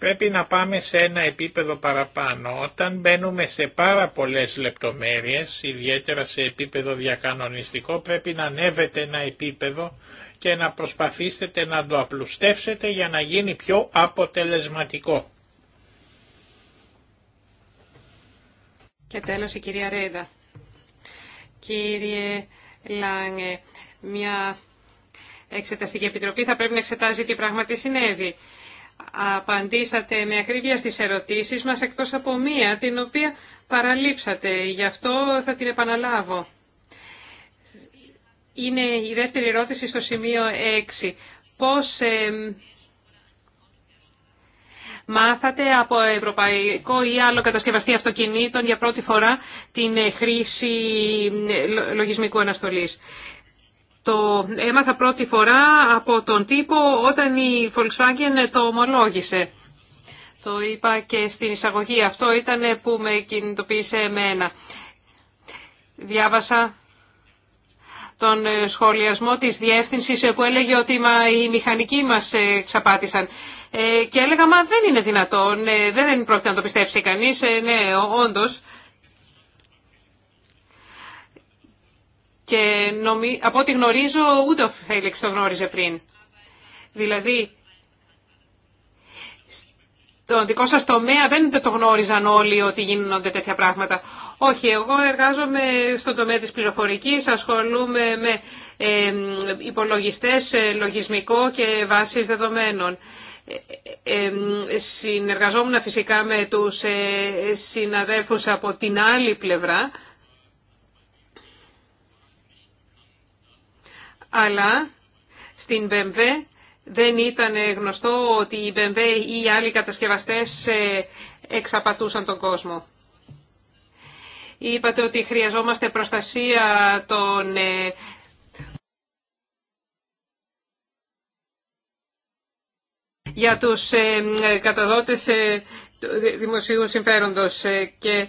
Πρέπει να πάμε σε ένα επίπεδο παραπάνω. Όταν μπαίνουμε σε πάρα πολλές λεπτομέρειες, ιδιαίτερα σε επίπεδο διακανονιστικό, πρέπει να ανέβετε ένα επίπεδο και να προσπαθήσετε να το απλουστεύσετε για να γίνει πιο αποτελεσματικό. Και τέλος η κυρία Ρέιδα. Κύριε Λάγε, μια εξεταστική επιτροπή θα πρέπει να εξετάζει τι πράγματι συνέβη απαντήσατε με ακρίβεια στις ερωτήσεις μας, εκτός από μία, την οποία παραλείψατε. Γι' αυτό θα την επαναλάβω. Είναι η δεύτερη ερώτηση στο σημείο 6. Πώς μάθατε από ευρωπαϊκό ή άλλο κατασκευαστή αυτοκινήτων για πρώτη φορά την χρήση ε, λογισμικού αναστολής. Το έμαθα πρώτη φορά από τον τύπο όταν η Volkswagen το ομολόγησε. Το είπα και στην εισαγωγή. Αυτό ήταν που με κινητοποίησε εμένα. Διάβασα τον σχολιασμό της διεύθυνσης που έλεγε ότι μα, οι μηχανικοί μας ε, ξαπάτησαν. Ε, και έλεγα, μα δεν είναι δυνατόν, ε, δεν, δεν πρόκειται να το πιστέψει κανείς. ναι, όντως. και από ό,τι γνωρίζω ούτε ο Φέληξ το γνώριζε πριν. Δηλαδή, το δικό σας τομέα δεν το γνώριζαν όλοι ότι γίνονται τέτοια πράγματα. Όχι, εγώ εργάζομαι στο τομέα της πληροφορικής, ασχολούμαι με ε, υπολογιστές, λογισμικό και βάσεις δεδομένων. Ε, ε, ε, συνεργαζόμουν φυσικά με τους συναδέλφους από την άλλη πλευρά, αλλά στην BMW δεν ήταν γνωστό ότι η BMW ή οι άλλοι κατασκευαστές ε, εξαπατούσαν τον κόσμο. Είπατε ότι χρειαζόμαστε προστασία των ε, για τους ε, καταδότες δημοσίου συμφέροντος και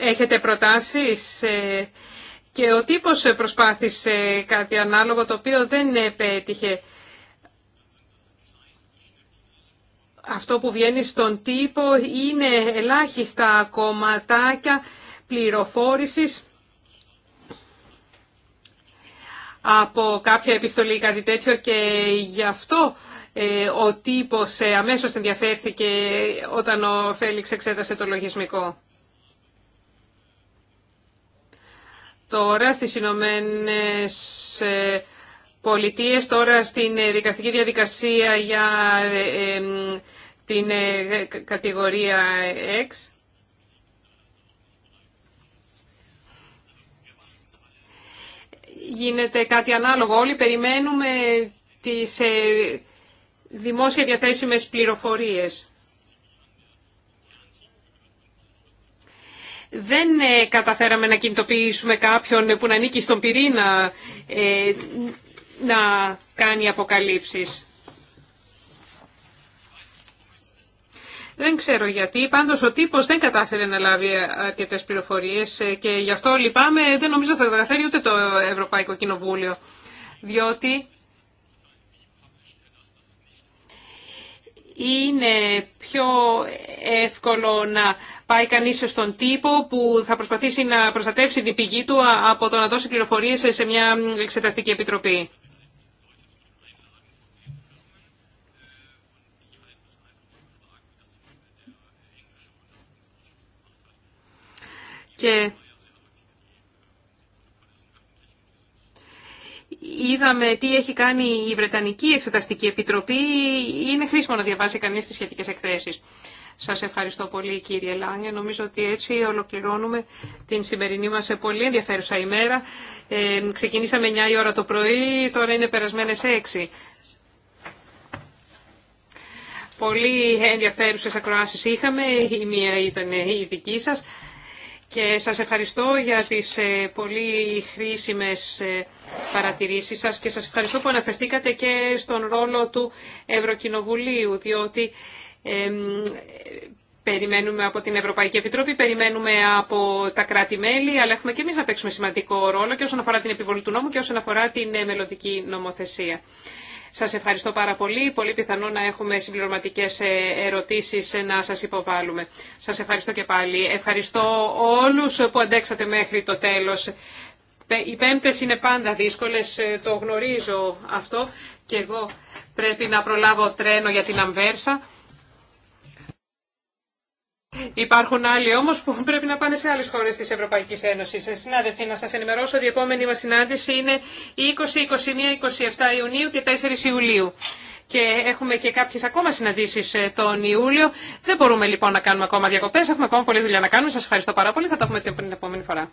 έχετε προτάσεις ε, και ο τύπος προσπάθησε κάτι ανάλογο το οποίο δεν επέτυχε. Αυτό που βγαίνει στον τύπο είναι ελάχιστα κομματάκια πληροφόρησης από κάποια επιστολή ή κάτι τέτοιο και γι' αυτό ε, ο τύπος ε, αμέσως ενδιαφέρθηκε όταν ο Φέληξ εξέτασε το λογισμικό. τώρα στις Ηνωμένε Πολιτείε, τώρα στην ε, δικαστική διαδικασία για ε, ε, την κατηγορία X. Γίνεται κάτι ανάλογο. Όλοι περιμένουμε τις δημόσια διαθέσιμες πληροφορίες. δεν ε, καταφέραμε να κινητοποιήσουμε κάποιον που να ανήκει στον πυρήνα ε, να κάνει αποκαλύψεις. Δεν ξέρω γιατί, πάντως ο τύπος δεν κατάφερε να λάβει αρκετέ πληροφορίες ε, και γι' αυτό λυπάμαι, δεν νομίζω θα καταφέρει ούτε το Ευρωπαϊκό Κοινοβούλιο, διότι είναι πιο εύκολο να πάει κανείς στον τύπο που θα προσπαθήσει να προστατεύσει την πηγή του από το να δώσει πληροφορίες σε μια εξεταστική επιτροπή. Και είδαμε τι έχει κάνει η Βρετανική Εξεταστική Επιτροπή. Είναι χρήσιμο να διαβάσει κανείς τις σχετικές εκθέσεις. Σας ευχαριστώ πολύ κύριε Λάνια. Νομίζω ότι έτσι ολοκληρώνουμε την σημερινή μας πολύ ενδιαφέρουσα ημέρα. Ε, ξεκινήσαμε 9 η ώρα το πρωί, τώρα είναι περασμένες 6. Πολύ ενδιαφέρουσες ακροάσεις είχαμε, η μία ήταν η δική σας. Και σας ευχαριστώ για τις ε, πολύ χρήσιμες ε, παρατηρήσεις σας και σας ευχαριστώ που αναφερθήκατε και στον ρόλο του Ευρωκοινοβουλίου, διότι περιμένουμε από την Ευρωπαϊκή Επιτροπή, περιμένουμε από τα κράτη-μέλη, αλλά έχουμε και εμείς να παίξουμε σημαντικό ρόλο και όσον αφορά την επιβολή του νόμου και όσον αφορά την ε, μελλοντική νομοθεσία. Σας ευχαριστώ πάρα πολύ. Πολύ πιθανό να έχουμε συμπληρωματικές ε, ερωτήσεις ε, να σας υποβάλουμε. Σας ευχαριστώ και πάλι. Ευχαριστώ όλους που αντέξατε μέχρι το τέλος. Οι πέμπτες είναι πάντα δύσκολες, ε, το γνωρίζω αυτό και εγώ πρέπει να προλάβω τρένο για την Αμβέρσα. Υπάρχουν άλλοι όμως που πρέπει να πάνε σε άλλες χώρες της Ευρωπαϊκής Ένωσης. Ε, συνάδελφοι, να σας ενημερώσω ότι η επόμενη μας συνάντηση είναι 20, 21, 27 Ιουνίου και 4 Ιουλίου. Και έχουμε και κάποιε ακόμα συναντήσει ε, τον Ιούλιο. Δεν μπορούμε λοιπόν να κάνουμε ακόμα διακοπέ. Έχουμε ακόμα πολλή δουλειά να κάνουμε. Σα ευχαριστώ πάρα πολύ. Θα τα πούμε την επόμενη φορά.